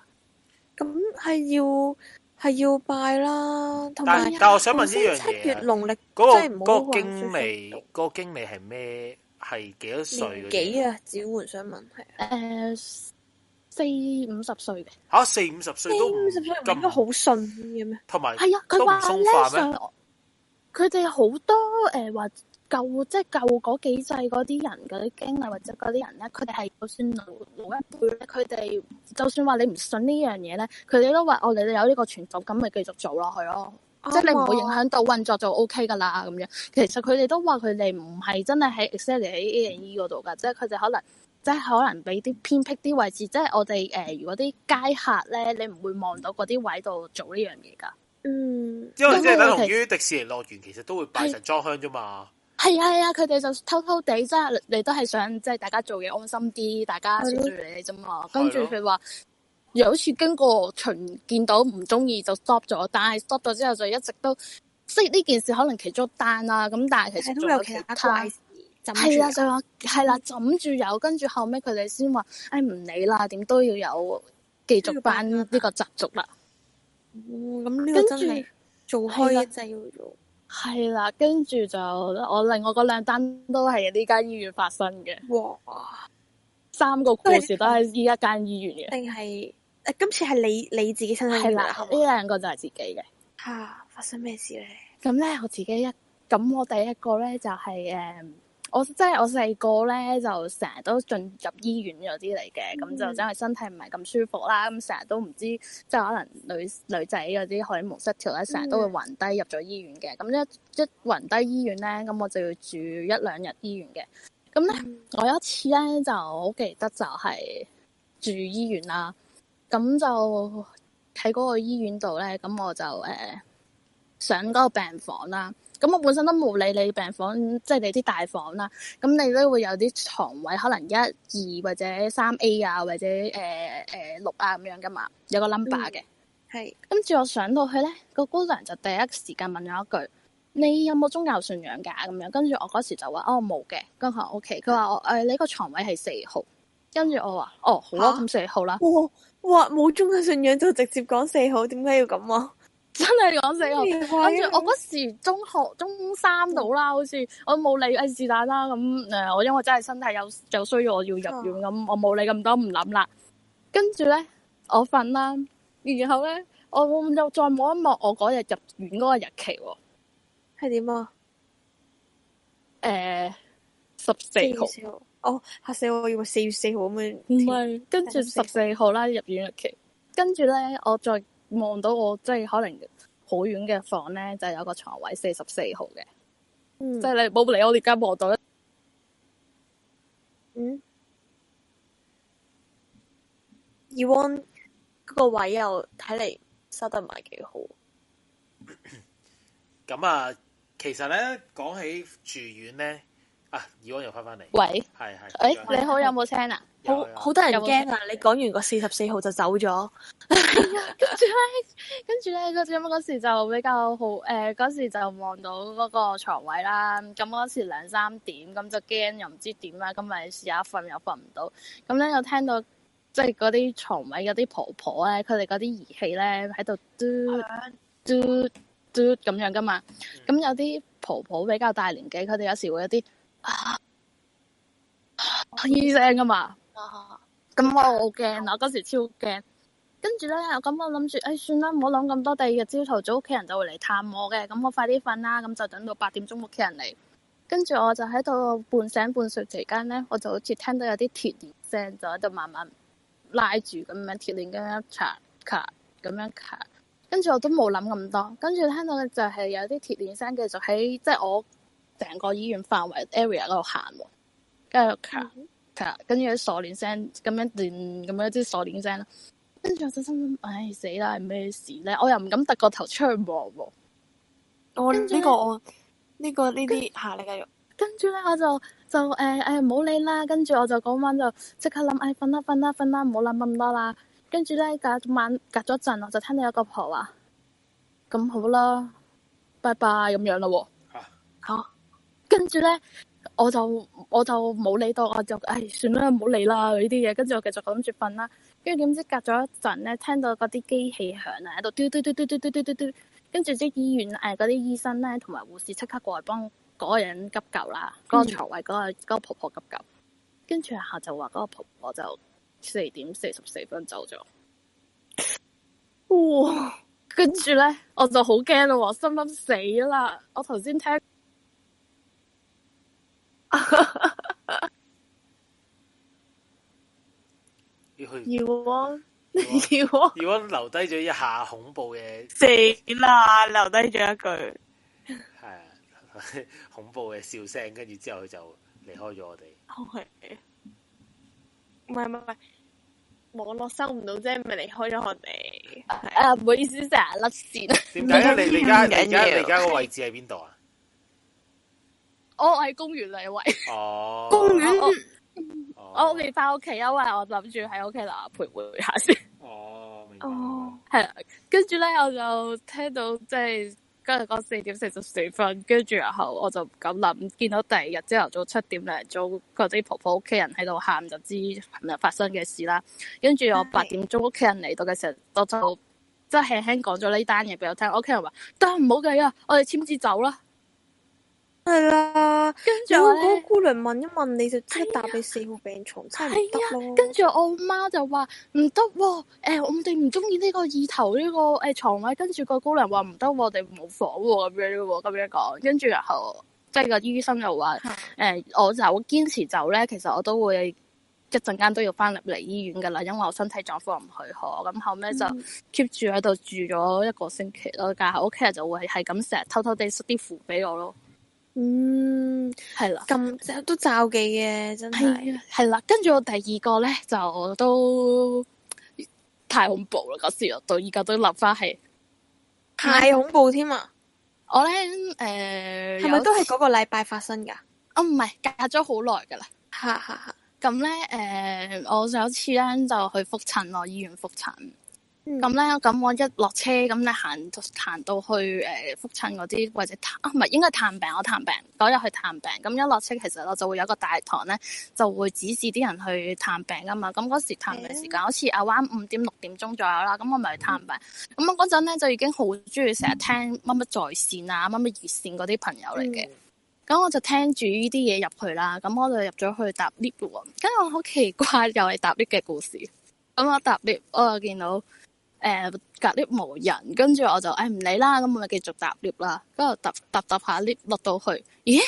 咁係要係要拜啦，同埋但係我想問呢樣嘢，七月農曆嗰個嗰個經理，嗰、這個經理係咩？係幾多歲？年幾啊？只換想問係誒、呃、四五十歲嘅吓、啊，四五十歲都咁好信嘅咩？同埋係啊，佢唔鬆化咩？佢哋好多誒話。呃舊即係舊嗰幾世嗰啲人啲經歷，或者嗰啲人咧，佢哋係就算老一輩咧，佢哋就算話你唔信呢樣嘢咧，佢哋都話我哋有呢個傳統，咁咪繼續做落去咯。哦、即係你唔會影響到運作就 O K 噶啦咁樣。其實佢哋都話佢哋唔係真係喺 Excel 喺 A and E 嗰度噶，即係佢哋可能即係可能俾啲偏僻啲位置，即係我哋誒、呃，如果啲街客咧，你唔會望到嗰啲位度做呢樣嘢噶。嗯，因為即係等於迪士尼樂園，其實都會拜神裝香啫嘛。係啊，係啊，佢哋就偷偷地即係，你都係想即係大家做嘢安心啲，大家信任你啫嘛。跟住佢話又好似經過巡見到唔中意就 stop 咗，但係 stop 咗之後就一直都即係呢件事可能其中單啦，咁但係其實都有其他係啦就話係啦枕住有，跟住後尾，佢哋先話誒唔理啦，點都要有繼續辦呢個習俗啦。咁呢個真係做開一世要做。係啦，跟住就我另外嗰兩單都係呢間醫院發生嘅。哇，三個故事都係依一間醫院嘅？定係誒，今次係你你自己身經係咪？呢的的兩個就係自己嘅。吓、啊，發生咩事咧？咁咧，我自己一咁我第一個咧就係、是、誒。嗯我即係我細個咧，就成日都進入醫院嗰啲嚟嘅，咁、mm hmm. 就因為身體唔係咁舒服啦，咁成日都唔知，即係可能女女仔嗰啲荷爾蒙失調咧，成日都會暈低入咗醫院嘅。咁、mm hmm. 一一暈低醫院咧，咁我就要住一兩日醫院嘅。咁咧，mm hmm. 我有一次咧就好記得就係住醫院啦。咁就喺嗰個醫院度咧，咁我就誒、呃、上嗰個病房啦。咁我本身都冇理你病房，即係你啲大房啦。咁你都會有啲床位，可能一二或者三 A 啊，或者誒誒六啊咁樣噶嘛，有個 number 嘅。嗯。係。跟住我上到去咧，個姑娘就第一時間問咗一句：，你有冇宗教信仰噶？咁樣。跟住我嗰時就話：，哦，冇嘅。咁佢 OK。佢話：，我、呃、誒，你個床位係四號。跟住我話：，哦，好咯，咁四號啦。哇哇，冇宗教信仰就直接講四號，點解要咁啊？真係講死我，跟住我嗰時中學中三到啦，好似我冇理，誒是但啦，咁誒、呃、我因為真係身體有有需要我要入院咁、啊，我冇理咁多唔諗啦。跟住咧我瞓啦，然後咧我又再望一望我嗰日入院嗰個日期，哦，係點啊？誒、呃，十四號，哦嚇死我！以為四月四號，咁唔係，跟住十四號啦入院日期，跟住咧我再。望到我即係可能好遠嘅房咧，就有個床位四十四號嘅，嗯、即係你冇理我哋間望到，嗯 e w 嗰個位又睇嚟收得唔係幾好，咁 啊，其實咧講起住院咧。啊！耳温又翻翻嚟。喂，係係。誒你好，有冇聲啊？好好多人驚啊！你講完個四十四號就走咗，跟住咧，跟住咧嗰陣時就比較好誒，嗰時就望到嗰個牀位啦。咁嗰時兩三點，咁就驚又唔知點啦。咁咪試下瞓又瞓唔到。咁咧又聽到即係嗰啲床位嗰啲婆婆咧，佢哋嗰啲儀器咧喺度嘟嘟嘟咁樣噶嘛。咁有啲婆婆比較大年紀，佢哋有時會有啲。啊！醫聲噶嘛？咁 我好驚啊！我嗰時超驚。跟住咧，咁我諗住，哎，算啦，唔好諗咁多。第二日朝頭早，屋企人就會嚟探我嘅。咁我快啲瞓啦。咁就等到八點鐘，屋企人嚟。跟住我就喺度半醒半睡期間咧，我就好似聽到有啲鐵鏈聲，就喺度慢慢拉住咁樣，鐵鏈咁樣嚓咔咁樣咔。跟住我都冇諗咁多。跟住聽到嘅就係有啲鐵鏈聲繼續喺，即係我。成個醫院範圍 area 嗰度行，跟住卡卡，跟住啲鎖鏈聲咁樣斷，咁樣啲鎖鏈聲咯。跟住我就心諗，唉、哎、死啦，係咩事咧？我又唔敢突個頭出去望。我呢、呢個呢、呢個呢啲跟下你繼續。跟住咧，我就就誒誒，唔好理啦。跟住我就嗰晚就即刻諗，唉、哎，瞓啦瞓啦瞓啦，唔好諗咁多啦。跟住咧，隔晚隔咗一陣，我就聽到有個婆話咁、嗯、好啦，拜拜咁樣咯。吓跟住咧，我就我就冇理到，我就唉、哎，算啦，唔好理啦呢啲嘢。跟住我繼續諗住瞓啦。跟住點知隔咗一陣咧，聽到嗰啲機器響啊，喺度嘟嘟嘟嘟嘟嘟嘟嘟。跟住啲係醫院誒，嗰、哎、啲醫生咧同埋護士即刻過嚟幫嗰個人急救啦。嗰、那個床位、那個，嗰、那個個婆婆急救。跟住下晝話嗰個婆婆就四點四十四分走咗。哇！跟住咧，我就好驚咯，心諗死啦！我頭先聽。要要啊！要啊！要啊！留低咗一下恐怖嘅死啦，留低咗一句係啊，恐怖嘅笑聲，跟住之後佢就離開咗我哋。係，唔係唔係唔係網絡收唔到啫，咪離開咗我哋。啊，唔好意思啊，成日甩線。點解你你而家而家而家個位置喺邊度啊？我喺公園嚟喂，公園？ 我未翻屋企，因為我諗住喺屋企啦，陪陪，陪下先。哦、 啊，哦，係啦， 跟住咧我就聽到即係今日嗰個四點四十四分，跟住然後我就唔敢諗。見到第二日朝頭早七點零鐘，嗰啲婆婆屋企人喺度喊，就知琴日發生嘅事啦。跟住我八點鐘屋企人嚟到嘅時候，我就即係輕輕講咗呢單嘢俾我聽。屋企人話：得唔好計啊，我哋簽字走啦。係啦，跟住個姑娘問一問，你就真係打俾四個病床，差唔多。跟住我媽就話唔得，誒、哦欸，我哋唔中意呢個二頭呢個誒床位、欸。跟住個姑娘話唔得，我哋冇房咁樣咯，咁樣講。跟住然後即係個醫生又話，誒、欸，我就堅持走咧，其實我都會一陣間都要翻嚟醫院噶啦，因為我身體狀況唔許可。咁後尾就 keep 住喺度住咗一個星期咯。但係屋企人就會係咁成日偷偷哋塞啲符俾我咯。嗯，係啦的，咁都罩忌嘅，真係係啦。跟住我第二個咧，就都太恐怖啦。嗰時到而家都諗翻起太恐怖添啊！我咧誒，係咪都係嗰個禮拜發生噶？哦，唔係隔咗好耐噶啦。咁咧誒，我有次咧就去複診，囉，醫院複診。咁咧，咁、嗯嗯、我一落車，咁咧行行到去誒復診嗰啲，或者探唔係、啊、應該探病，我探病嗰日去探病。咁一落車，其實我就會有一個大堂咧，就會指示啲人去探病噶嘛。咁嗰時探病時間、嗯、好似阿彎五點六點鐘左右啦。咁我咪去探病。咁、嗯、我嗰陣咧就已經好中意成日聽乜乜在線啊，乜乜熱線嗰啲朋友嚟嘅。咁、嗯、我就聽住呢啲嘢入去啦。咁我就入咗去搭 lift 咯。跟住我好奇怪，又係搭 lift 嘅故事。咁我搭 lift，我又見到。誒、呃，隔 lift 冇人，跟住我就誒唔、哎、理啦，咁我咪繼續搭 lift 啦。咁搭搭搭下 lift 落到去，咦、欸？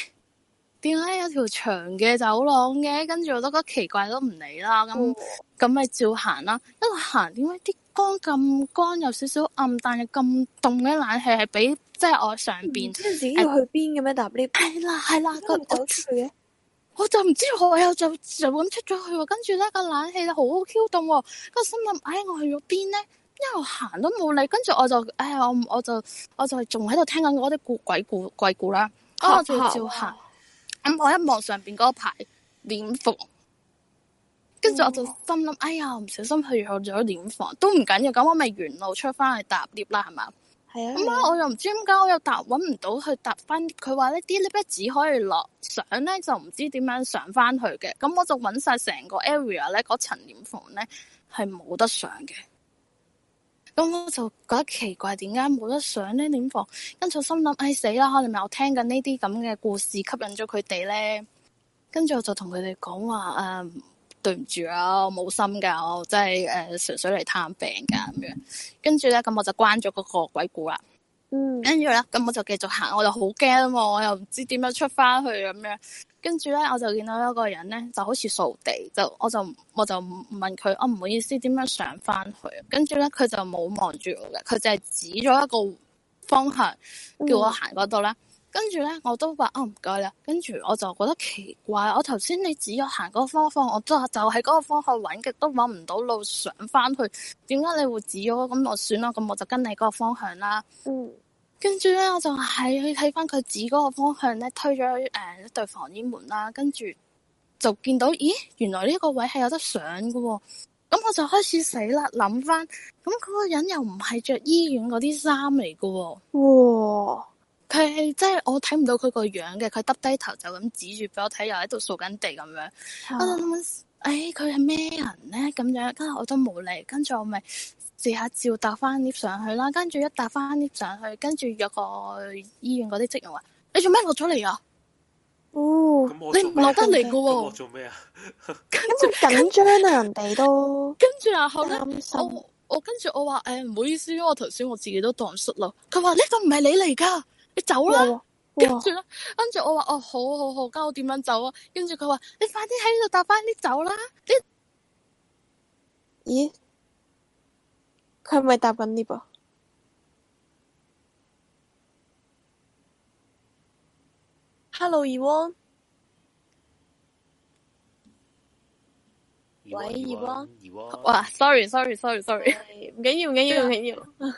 點解有條長嘅走廊嘅？跟住我都覺得奇怪，都唔理啦。咁咁咪照行啦，哦、一路行點解啲光咁乾，又少少暗但係，咁凍嘅冷氣係畀即係我上邊。唔知自己要去邊嘅咩？搭 lift 係啦係啦，個走出嘅，我就唔知我又就我就咁出咗去。跟住咧個冷氣咧好 Q 凍，跟住心諗，誒、哎，我去咗邊咧？一路行都冇理，跟住我就誒、哎，我我就我就仲喺度聽緊嗰啲故鬼故鬼故啦。照行，咁、嗯、我一望上邊嗰排殮房，跟住、哦、我就心諗，哎呀，唔小心去咗殮房都唔緊要，咁我咪原路出翻去，去搭 lift 啦，係嘛？係啊。咁啊、嗯，我又唔知點解，我又搭搵唔到去搭翻。佢話呢啲 lift 只可以落上咧，就唔知點樣上翻去嘅。咁、嗯、我就搵晒成個 area 咧，嗰層殮房咧係冇得上嘅。咁我就覺得奇怪，點解冇得上呢點房？跟住我心諗，唉、哎，死啦，可能咪我聽緊呢啲咁嘅故事吸引咗佢哋咧。跟住我就同佢哋講話，誒、嗯，對唔住啊，我冇心噶，我真係誒，純粹嚟探病噶，咁樣。跟住咧，咁我就關咗嗰個鬼故啦。嗯，跟住咧，咁我就繼續行，我就好驚啊嘛，我又唔知點樣出翻去咁樣。跟住咧，我就見到一個人咧，就好似掃地，就我就我就問佢，我、哦、唔好意思，點樣上翻去？跟住咧，佢就冇望住我嘅，佢就係指咗一個方向，叫我行嗰度咧。跟住咧，我都話哦，唔該啦。跟住我就覺得奇怪，我頭先你指咗行嗰個方向，我就就喺嗰個方向搵極都搵唔到路上翻去，點解你會指咗？咁、嗯、我算啦，咁我就跟你嗰個方向啦。嗯。跟住咧，我就喺去睇翻佢指嗰個方向咧，推咗誒、呃、對防煙門啦，跟住就見到，咦，原來呢個位係有得上嘅，咁我就開始死啦，諗翻，咁、那、嗰個人又唔係着醫院嗰啲衫嚟嘅，哇，佢係即係我睇唔到佢個樣嘅，佢耷低頭就咁指住俾我睇，又喺度掃緊地咁樣。啊我誒，佢係咩人咧？咁樣，跟係我都冇嚟，跟住我咪試下照搭翻 lift 上去啦。跟住一搭翻 lift 上去，跟住有個醫院嗰啲職員話：你做咩落咗嚟啊？哦，你唔落得嚟嘅喎。做咩啊？跟住緊張啊，人哋都跟住啊，後屘我，我跟住我話：誒、欸，唔好意思，因為我頭先我自己都當失啦。佢話：呢個唔係你嚟噶，你走啦。跟住呢，跟住我話，哦，好好好，咁我點樣走啊？跟住佢話，你快啲喺呢度搭返啲走啦。咦？佢係咪搭緊呢部？Hello，二汪。喂，二哥，哇，sorry，sorry，sorry，sorry，唔緊要，唔緊要，唔緊要。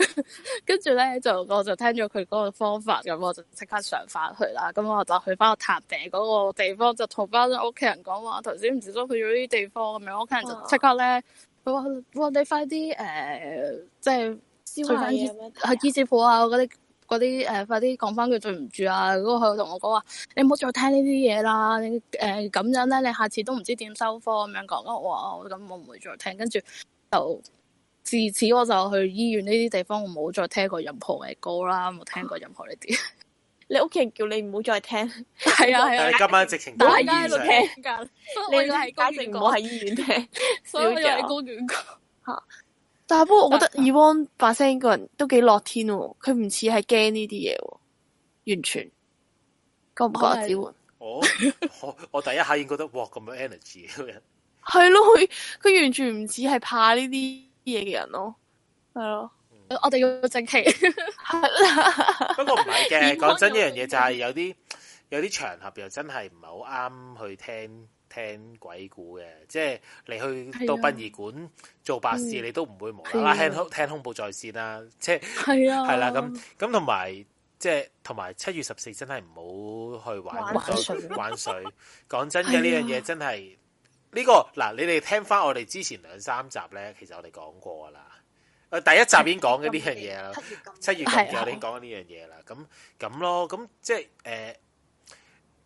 跟住咧就我就聽咗佢嗰個方法咁，我就即刻上翻去啦。咁我就去翻個塔頂嗰個地方，就同翻屋企人講話，頭先唔知都去咗啲地方咁樣，屋企人就即刻咧，佢話哇你快啲誒、呃，即係燒下嘢，去衣紙舖啊嗰啲。嗰啲誒，快啲講翻句對唔住啊！如果佢同我講話，你唔好再聽呢啲嘢啦。你誒咁、呃、樣咧，你下次都唔知點收科咁樣講咯。我話我咁，我唔會再聽。跟住就自此我就去醫院呢啲地方，我冇再聽過任何嘅歌啦，冇聽過任何呢啲。啊、 你屋企人叫你唔好再聽，係啊係啊。啊啊但你今晚直情都係喺度聽噶，呢個係家姐唔好喺醫院聽，所以你係公園講吓。但係不過我覺得以往把聲個人都幾樂天，佢唔似係驚呢啲嘢，完全。覺唔覺啊子桓？我我第一下 已經覺得哇，咁樣 energy 個人。係咯，佢佢完全唔似係怕呢啲嘢嘅人咯，係咯。我哋要正氣。不過唔係嘅，講真一樣嘢就係有啲有啲場合又真係唔係好啱去聽。聽鬼故嘅，即係你去到殯儀館做白事，你都唔會冇啦啦聽，聽恐怖在線啦，即係係啦咁咁，同埋即係同埋七月十四真係唔好去玩玩水。玩水講真嘅呢樣嘢，真係呢個嗱，你哋聽翻我哋之前兩三集咧，其實我哋講過啦。誒，第一集已經講咗呢樣嘢啦。七月十四已經講咗呢樣嘢啦。咁咁咯，咁即係誒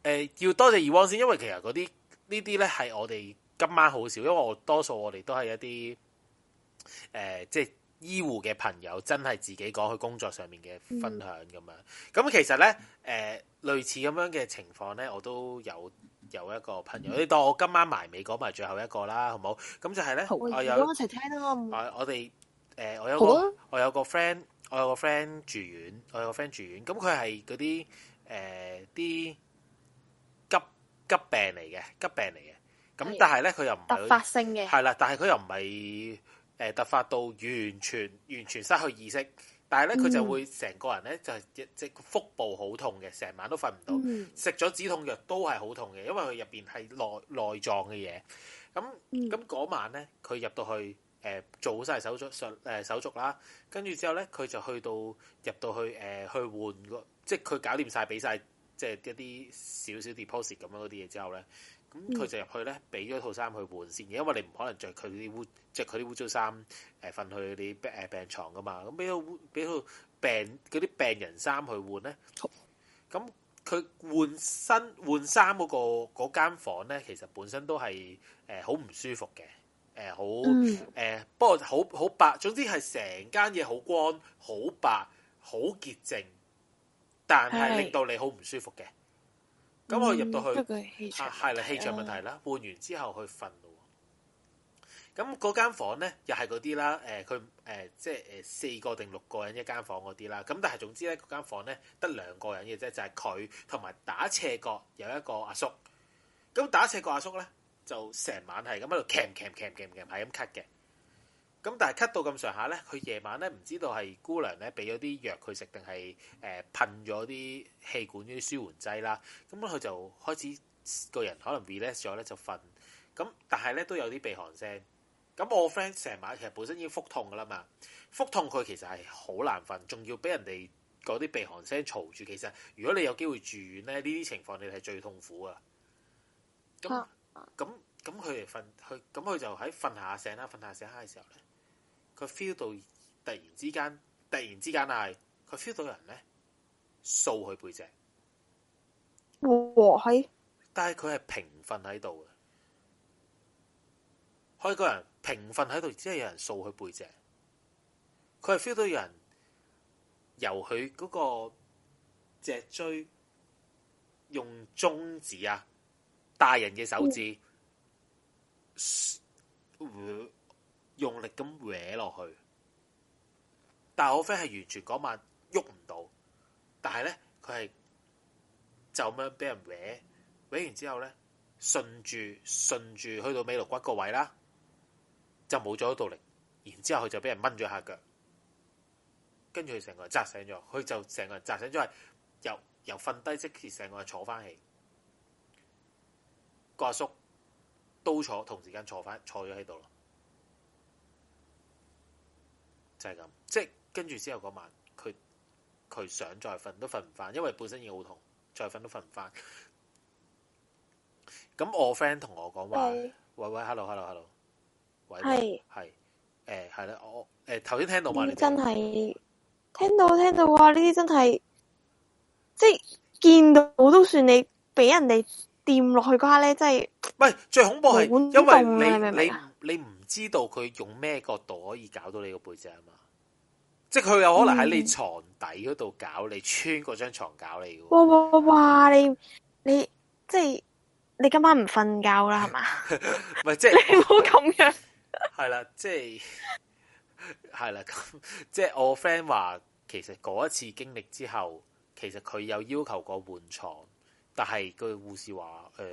誒，要多謝二汪先，因為其實嗰啲。呢啲咧係我哋今晚好少，因為我多數我哋都係一啲誒、呃，即係醫護嘅朋友，真係自己講佢工作上面嘅分享咁樣。咁、嗯、其實咧，誒、呃、類似咁樣嘅情況咧，我都有有一個朋友，嗯、你當我今晚埋尾講埋最後一個啦，好唔好？咁就係咧，我有一、啊、我哋誒，我有個我有個 friend，我有個 friend 住院，我有個 friend 住院，咁佢係嗰啲誒啲。呃急病嚟嘅，急病嚟嘅。咁但係咧，佢又唔係突發性嘅。係啦，但係佢又唔係誒突發到完全完全失去意識。但係咧，佢就會成個人咧就係即個腹部好痛嘅，成晚都瞓唔到。食咗止痛藥都係好痛嘅，因為佢入邊係內內臟嘅嘢。咁咁嗰晚咧，佢入到去誒做曬手術誒手續啦。跟住之後咧，佢就去到入到去誒去換個，即係佢搞掂曬俾曬。即係一啲少少 deposit 咁樣嗰啲嘢之後咧，咁佢就入去咧，俾咗套衫去換先嘅，因為你唔可能着佢啲污，著佢啲污糟衫誒瞓去啲誒病床噶嘛，咁俾套俾套病嗰啲病人衫去換咧。咁佢換身換衫嗰個嗰間房咧，其實本身都係誒好唔舒服嘅，誒好誒，不過好好白，總之係成間嘢好光、好白、好潔淨。但係令到你好唔舒服嘅，咁我入到去係啦，氣場問題啦。換完之後去瞓咯。咁嗰間房咧又係嗰啲啦，誒，佢誒，即係誒，四個定六個人一間房嗰啲啦。咁但係總之咧，嗰間房咧得兩個人嘅啫，就係佢同埋打斜角有一個阿叔。咁打斜角阿叔咧就成晚係咁喺度 cam cam c 係咁咳嘅。咁但係咳到咁上下咧，佢夜晚咧唔知道係姑娘咧俾咗啲藥佢食，定係誒噴咗啲氣管啲舒緩劑啦。咁佢就開始個人可能 relax 咗咧就瞓。咁但係咧都有啲鼻鼾聲。咁我 friend 成晚其實本身已經腹痛噶啦嘛，腹痛佢其實係好難瞓，仲要俾人哋嗰啲鼻鼾聲嘈住。其實如果你有機會住院咧，呢啲情況你係最痛苦噶。咁咁咁佢哋瞓佢，咁佢就喺瞓下醒啦，瞓下醒下嘅時候咧。佢 feel 到突然之間，突然之間啊！佢 feel 到有人呢掃佢背脊，我喺。但係佢係平瞓喺度嘅，開個人平瞓喺度，即係有人掃佢背脊。佢係 feel 到有人由佢嗰個脊椎用中指啊，大人嘅手指。 用力咁搲落去，但係我 friend 係完全嗰晚喐唔到，但係咧佢係就咁樣俾人搲搲完之後咧，順住順住去到尾龍骨個位啦，就冇咗啲動力，然之後佢就俾人掹咗下腳，跟住佢成個人扎醒咗，佢就成個人扎醒咗係由由瞓低即時成個人坐翻起，個阿叔都坐同時間坐翻坐咗喺度咯。就係、是、咁，即係跟住之後嗰晚，佢佢想再瞓都瞓唔翻，因為本身已經好痛，再瞓都瞓唔翻。咁 我 friend 同我講話：，是喂喂，hello，hello，hello，係係，誒是，係啦，欸，我誒頭先聽到嘛，你真係聽到聽到啊！呢啲真係，即係見到都算你俾人哋掂落去嗰下咧，真係。喂，最恐怖係，因為你你唔。你你知道佢用咩角度可以搞到你個背脊啊嘛？即係佢有可能喺你床底嗰度搞你，嗯、穿嗰張床搞你噶。哇，哇你你即係你今晚唔瞓覺啦係嘛？唔係 即係你唔好咁樣。係 啦，即係係 啦。即係我 friend 話，其實嗰一次經歷之後，其實佢有要求過換床，但係個護士話誒。呃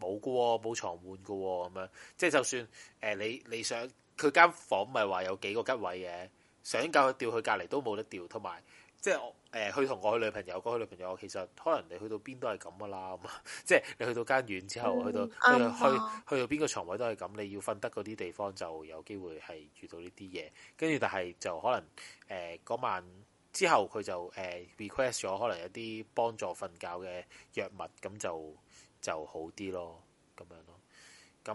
冇噶喎，冇床換噶喎，咁樣即係就算誒、呃、你你想佢間房咪話有幾個吉位嘅，想教佢調去隔離都冇得調，同埋即係、呃、我誒佢同我嘅女朋友講，佢女朋友其實可能你去到邊都係咁噶啦，咁即係你去到間院之後，去到、嗯、去去、去到邊個床位都係咁，嗯、你要瞓得嗰啲地方就有機會係遇到呢啲嘢，跟住但係就可能誒嗰、呃、晚之後佢就誒 request 咗可能一啲幫助瞓覺嘅藥物，咁就。就好啲咯，咁樣咯，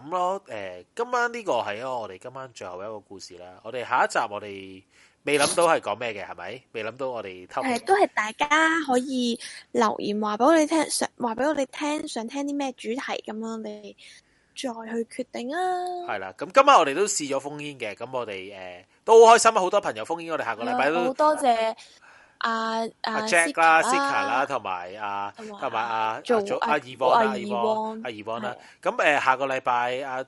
咁咯，誒，今晚呢個係我哋今晚最後一個故事啦。我哋下一集我哋未諗到係講咩嘅，係咪？未諗到我哋偷係都係大家可以留言話俾我哋聽，想話俾我哋聽，想聽啲咩主題咁咯，你再去決定啊。係啦，咁今晚我哋都試咗 phone in 嘅，咁我哋誒、呃、都好開心，好多朋友 phone in，我哋下個禮拜都好多謝。阿阿、uh, uh, Jack 啦、Sika 啦，同埋阿同埋阿阿二王、阿二王、阿二王啦。咁誒，下個禮拜阿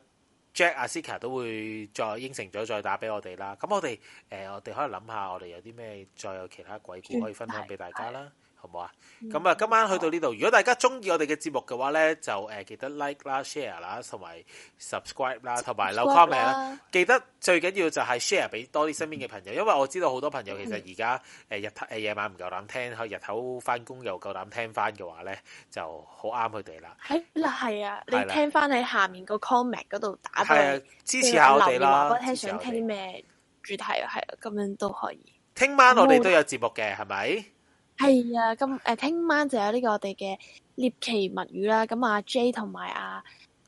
Jack、阿、uh, Sika 都會再應承咗，再打俾我哋啦。咁、uh, 我哋誒，uh, 我哋可能諗下，我哋有啲咩再有其他鬼故可以分享俾大家啦。好啊！咁啊，今晚去到呢度，如果大家中意我哋嘅節目嘅話咧，就誒記得 like 啦、share 啦，同埋 subscribe 啦，同埋留 comment 啦。記得最緊要就係 share 俾多啲身邊嘅朋友，因為我知道好多朋友其實而家誒日誒夜晚唔夠膽聽，可日頭翻工又夠膽聽翻嘅話咧，就好啱佢哋啦。係啦，係啊，你聽翻喺下面個 comment 嗰度打，係啊，支持下我哋啦。我聽想聽啲咩主題啊？係啊，咁樣都可以。聽晚我哋都有節目嘅，係咪？係啊，咁、嗯、誒，聽晚就有呢個我哋嘅獵奇物語啦。咁、嗯、阿、啊、J 同埋阿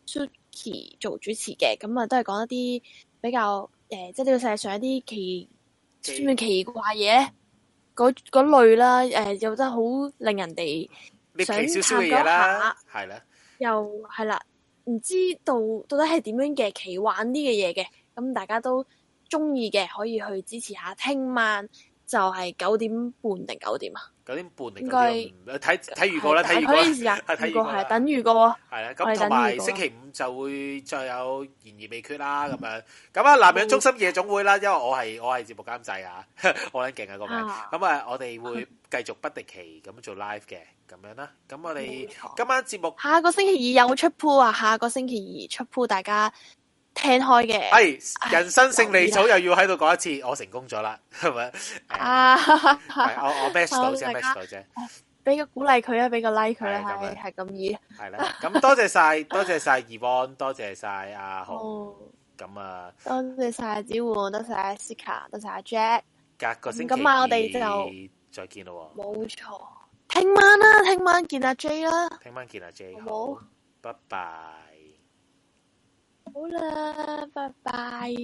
Suki 做主持嘅，咁、嗯、啊都係講一啲比較誒，即係呢個世界上一啲奇算奇，奇怪嘢，嗰嗰類啦。誒、呃，又真係好令人哋想探嗰下，係啦，又係啦，唔知道到底係點樣嘅奇幻啲嘅嘢嘅，咁、嗯、大家都中意嘅，可以去支持下。聽晚就係九點半定九點啊？有啲半嚟嘅，睇睇預告啦，睇預告，係預告，係等預告。係啦、嗯，咁同埋星期五就會再有懸疑未決啦，咁、嗯、樣。咁啊，南洋中心夜總會啦，因為我係我係節目監製啊， 我好勁啊個名。咁啊，我哋會繼續不定期咁做 live 嘅，咁樣啦。咁我哋今晚節目下個星期二有冇出 p 啊？下個星期二出 p 大家。聽開嘅，哎，人生勝利草又要喺度講一次，我成功咗啦，係咪？啊，我我 match 到啫，match 到啫，俾個鼓勵佢啊，俾個 like 佢啊，係係咁意。係啦，咁多謝晒，多謝晒，Evan，多謝晒阿豪。咁啊，多謝晒子桓，多謝阿 Sika，多謝阿 Jack。隔個星期，咁啊，我哋就再見咯。冇錯，聽晚啦，聽晚見阿 J 啦，聽晚見阿 J，好，拜拜。好啦，拜拜。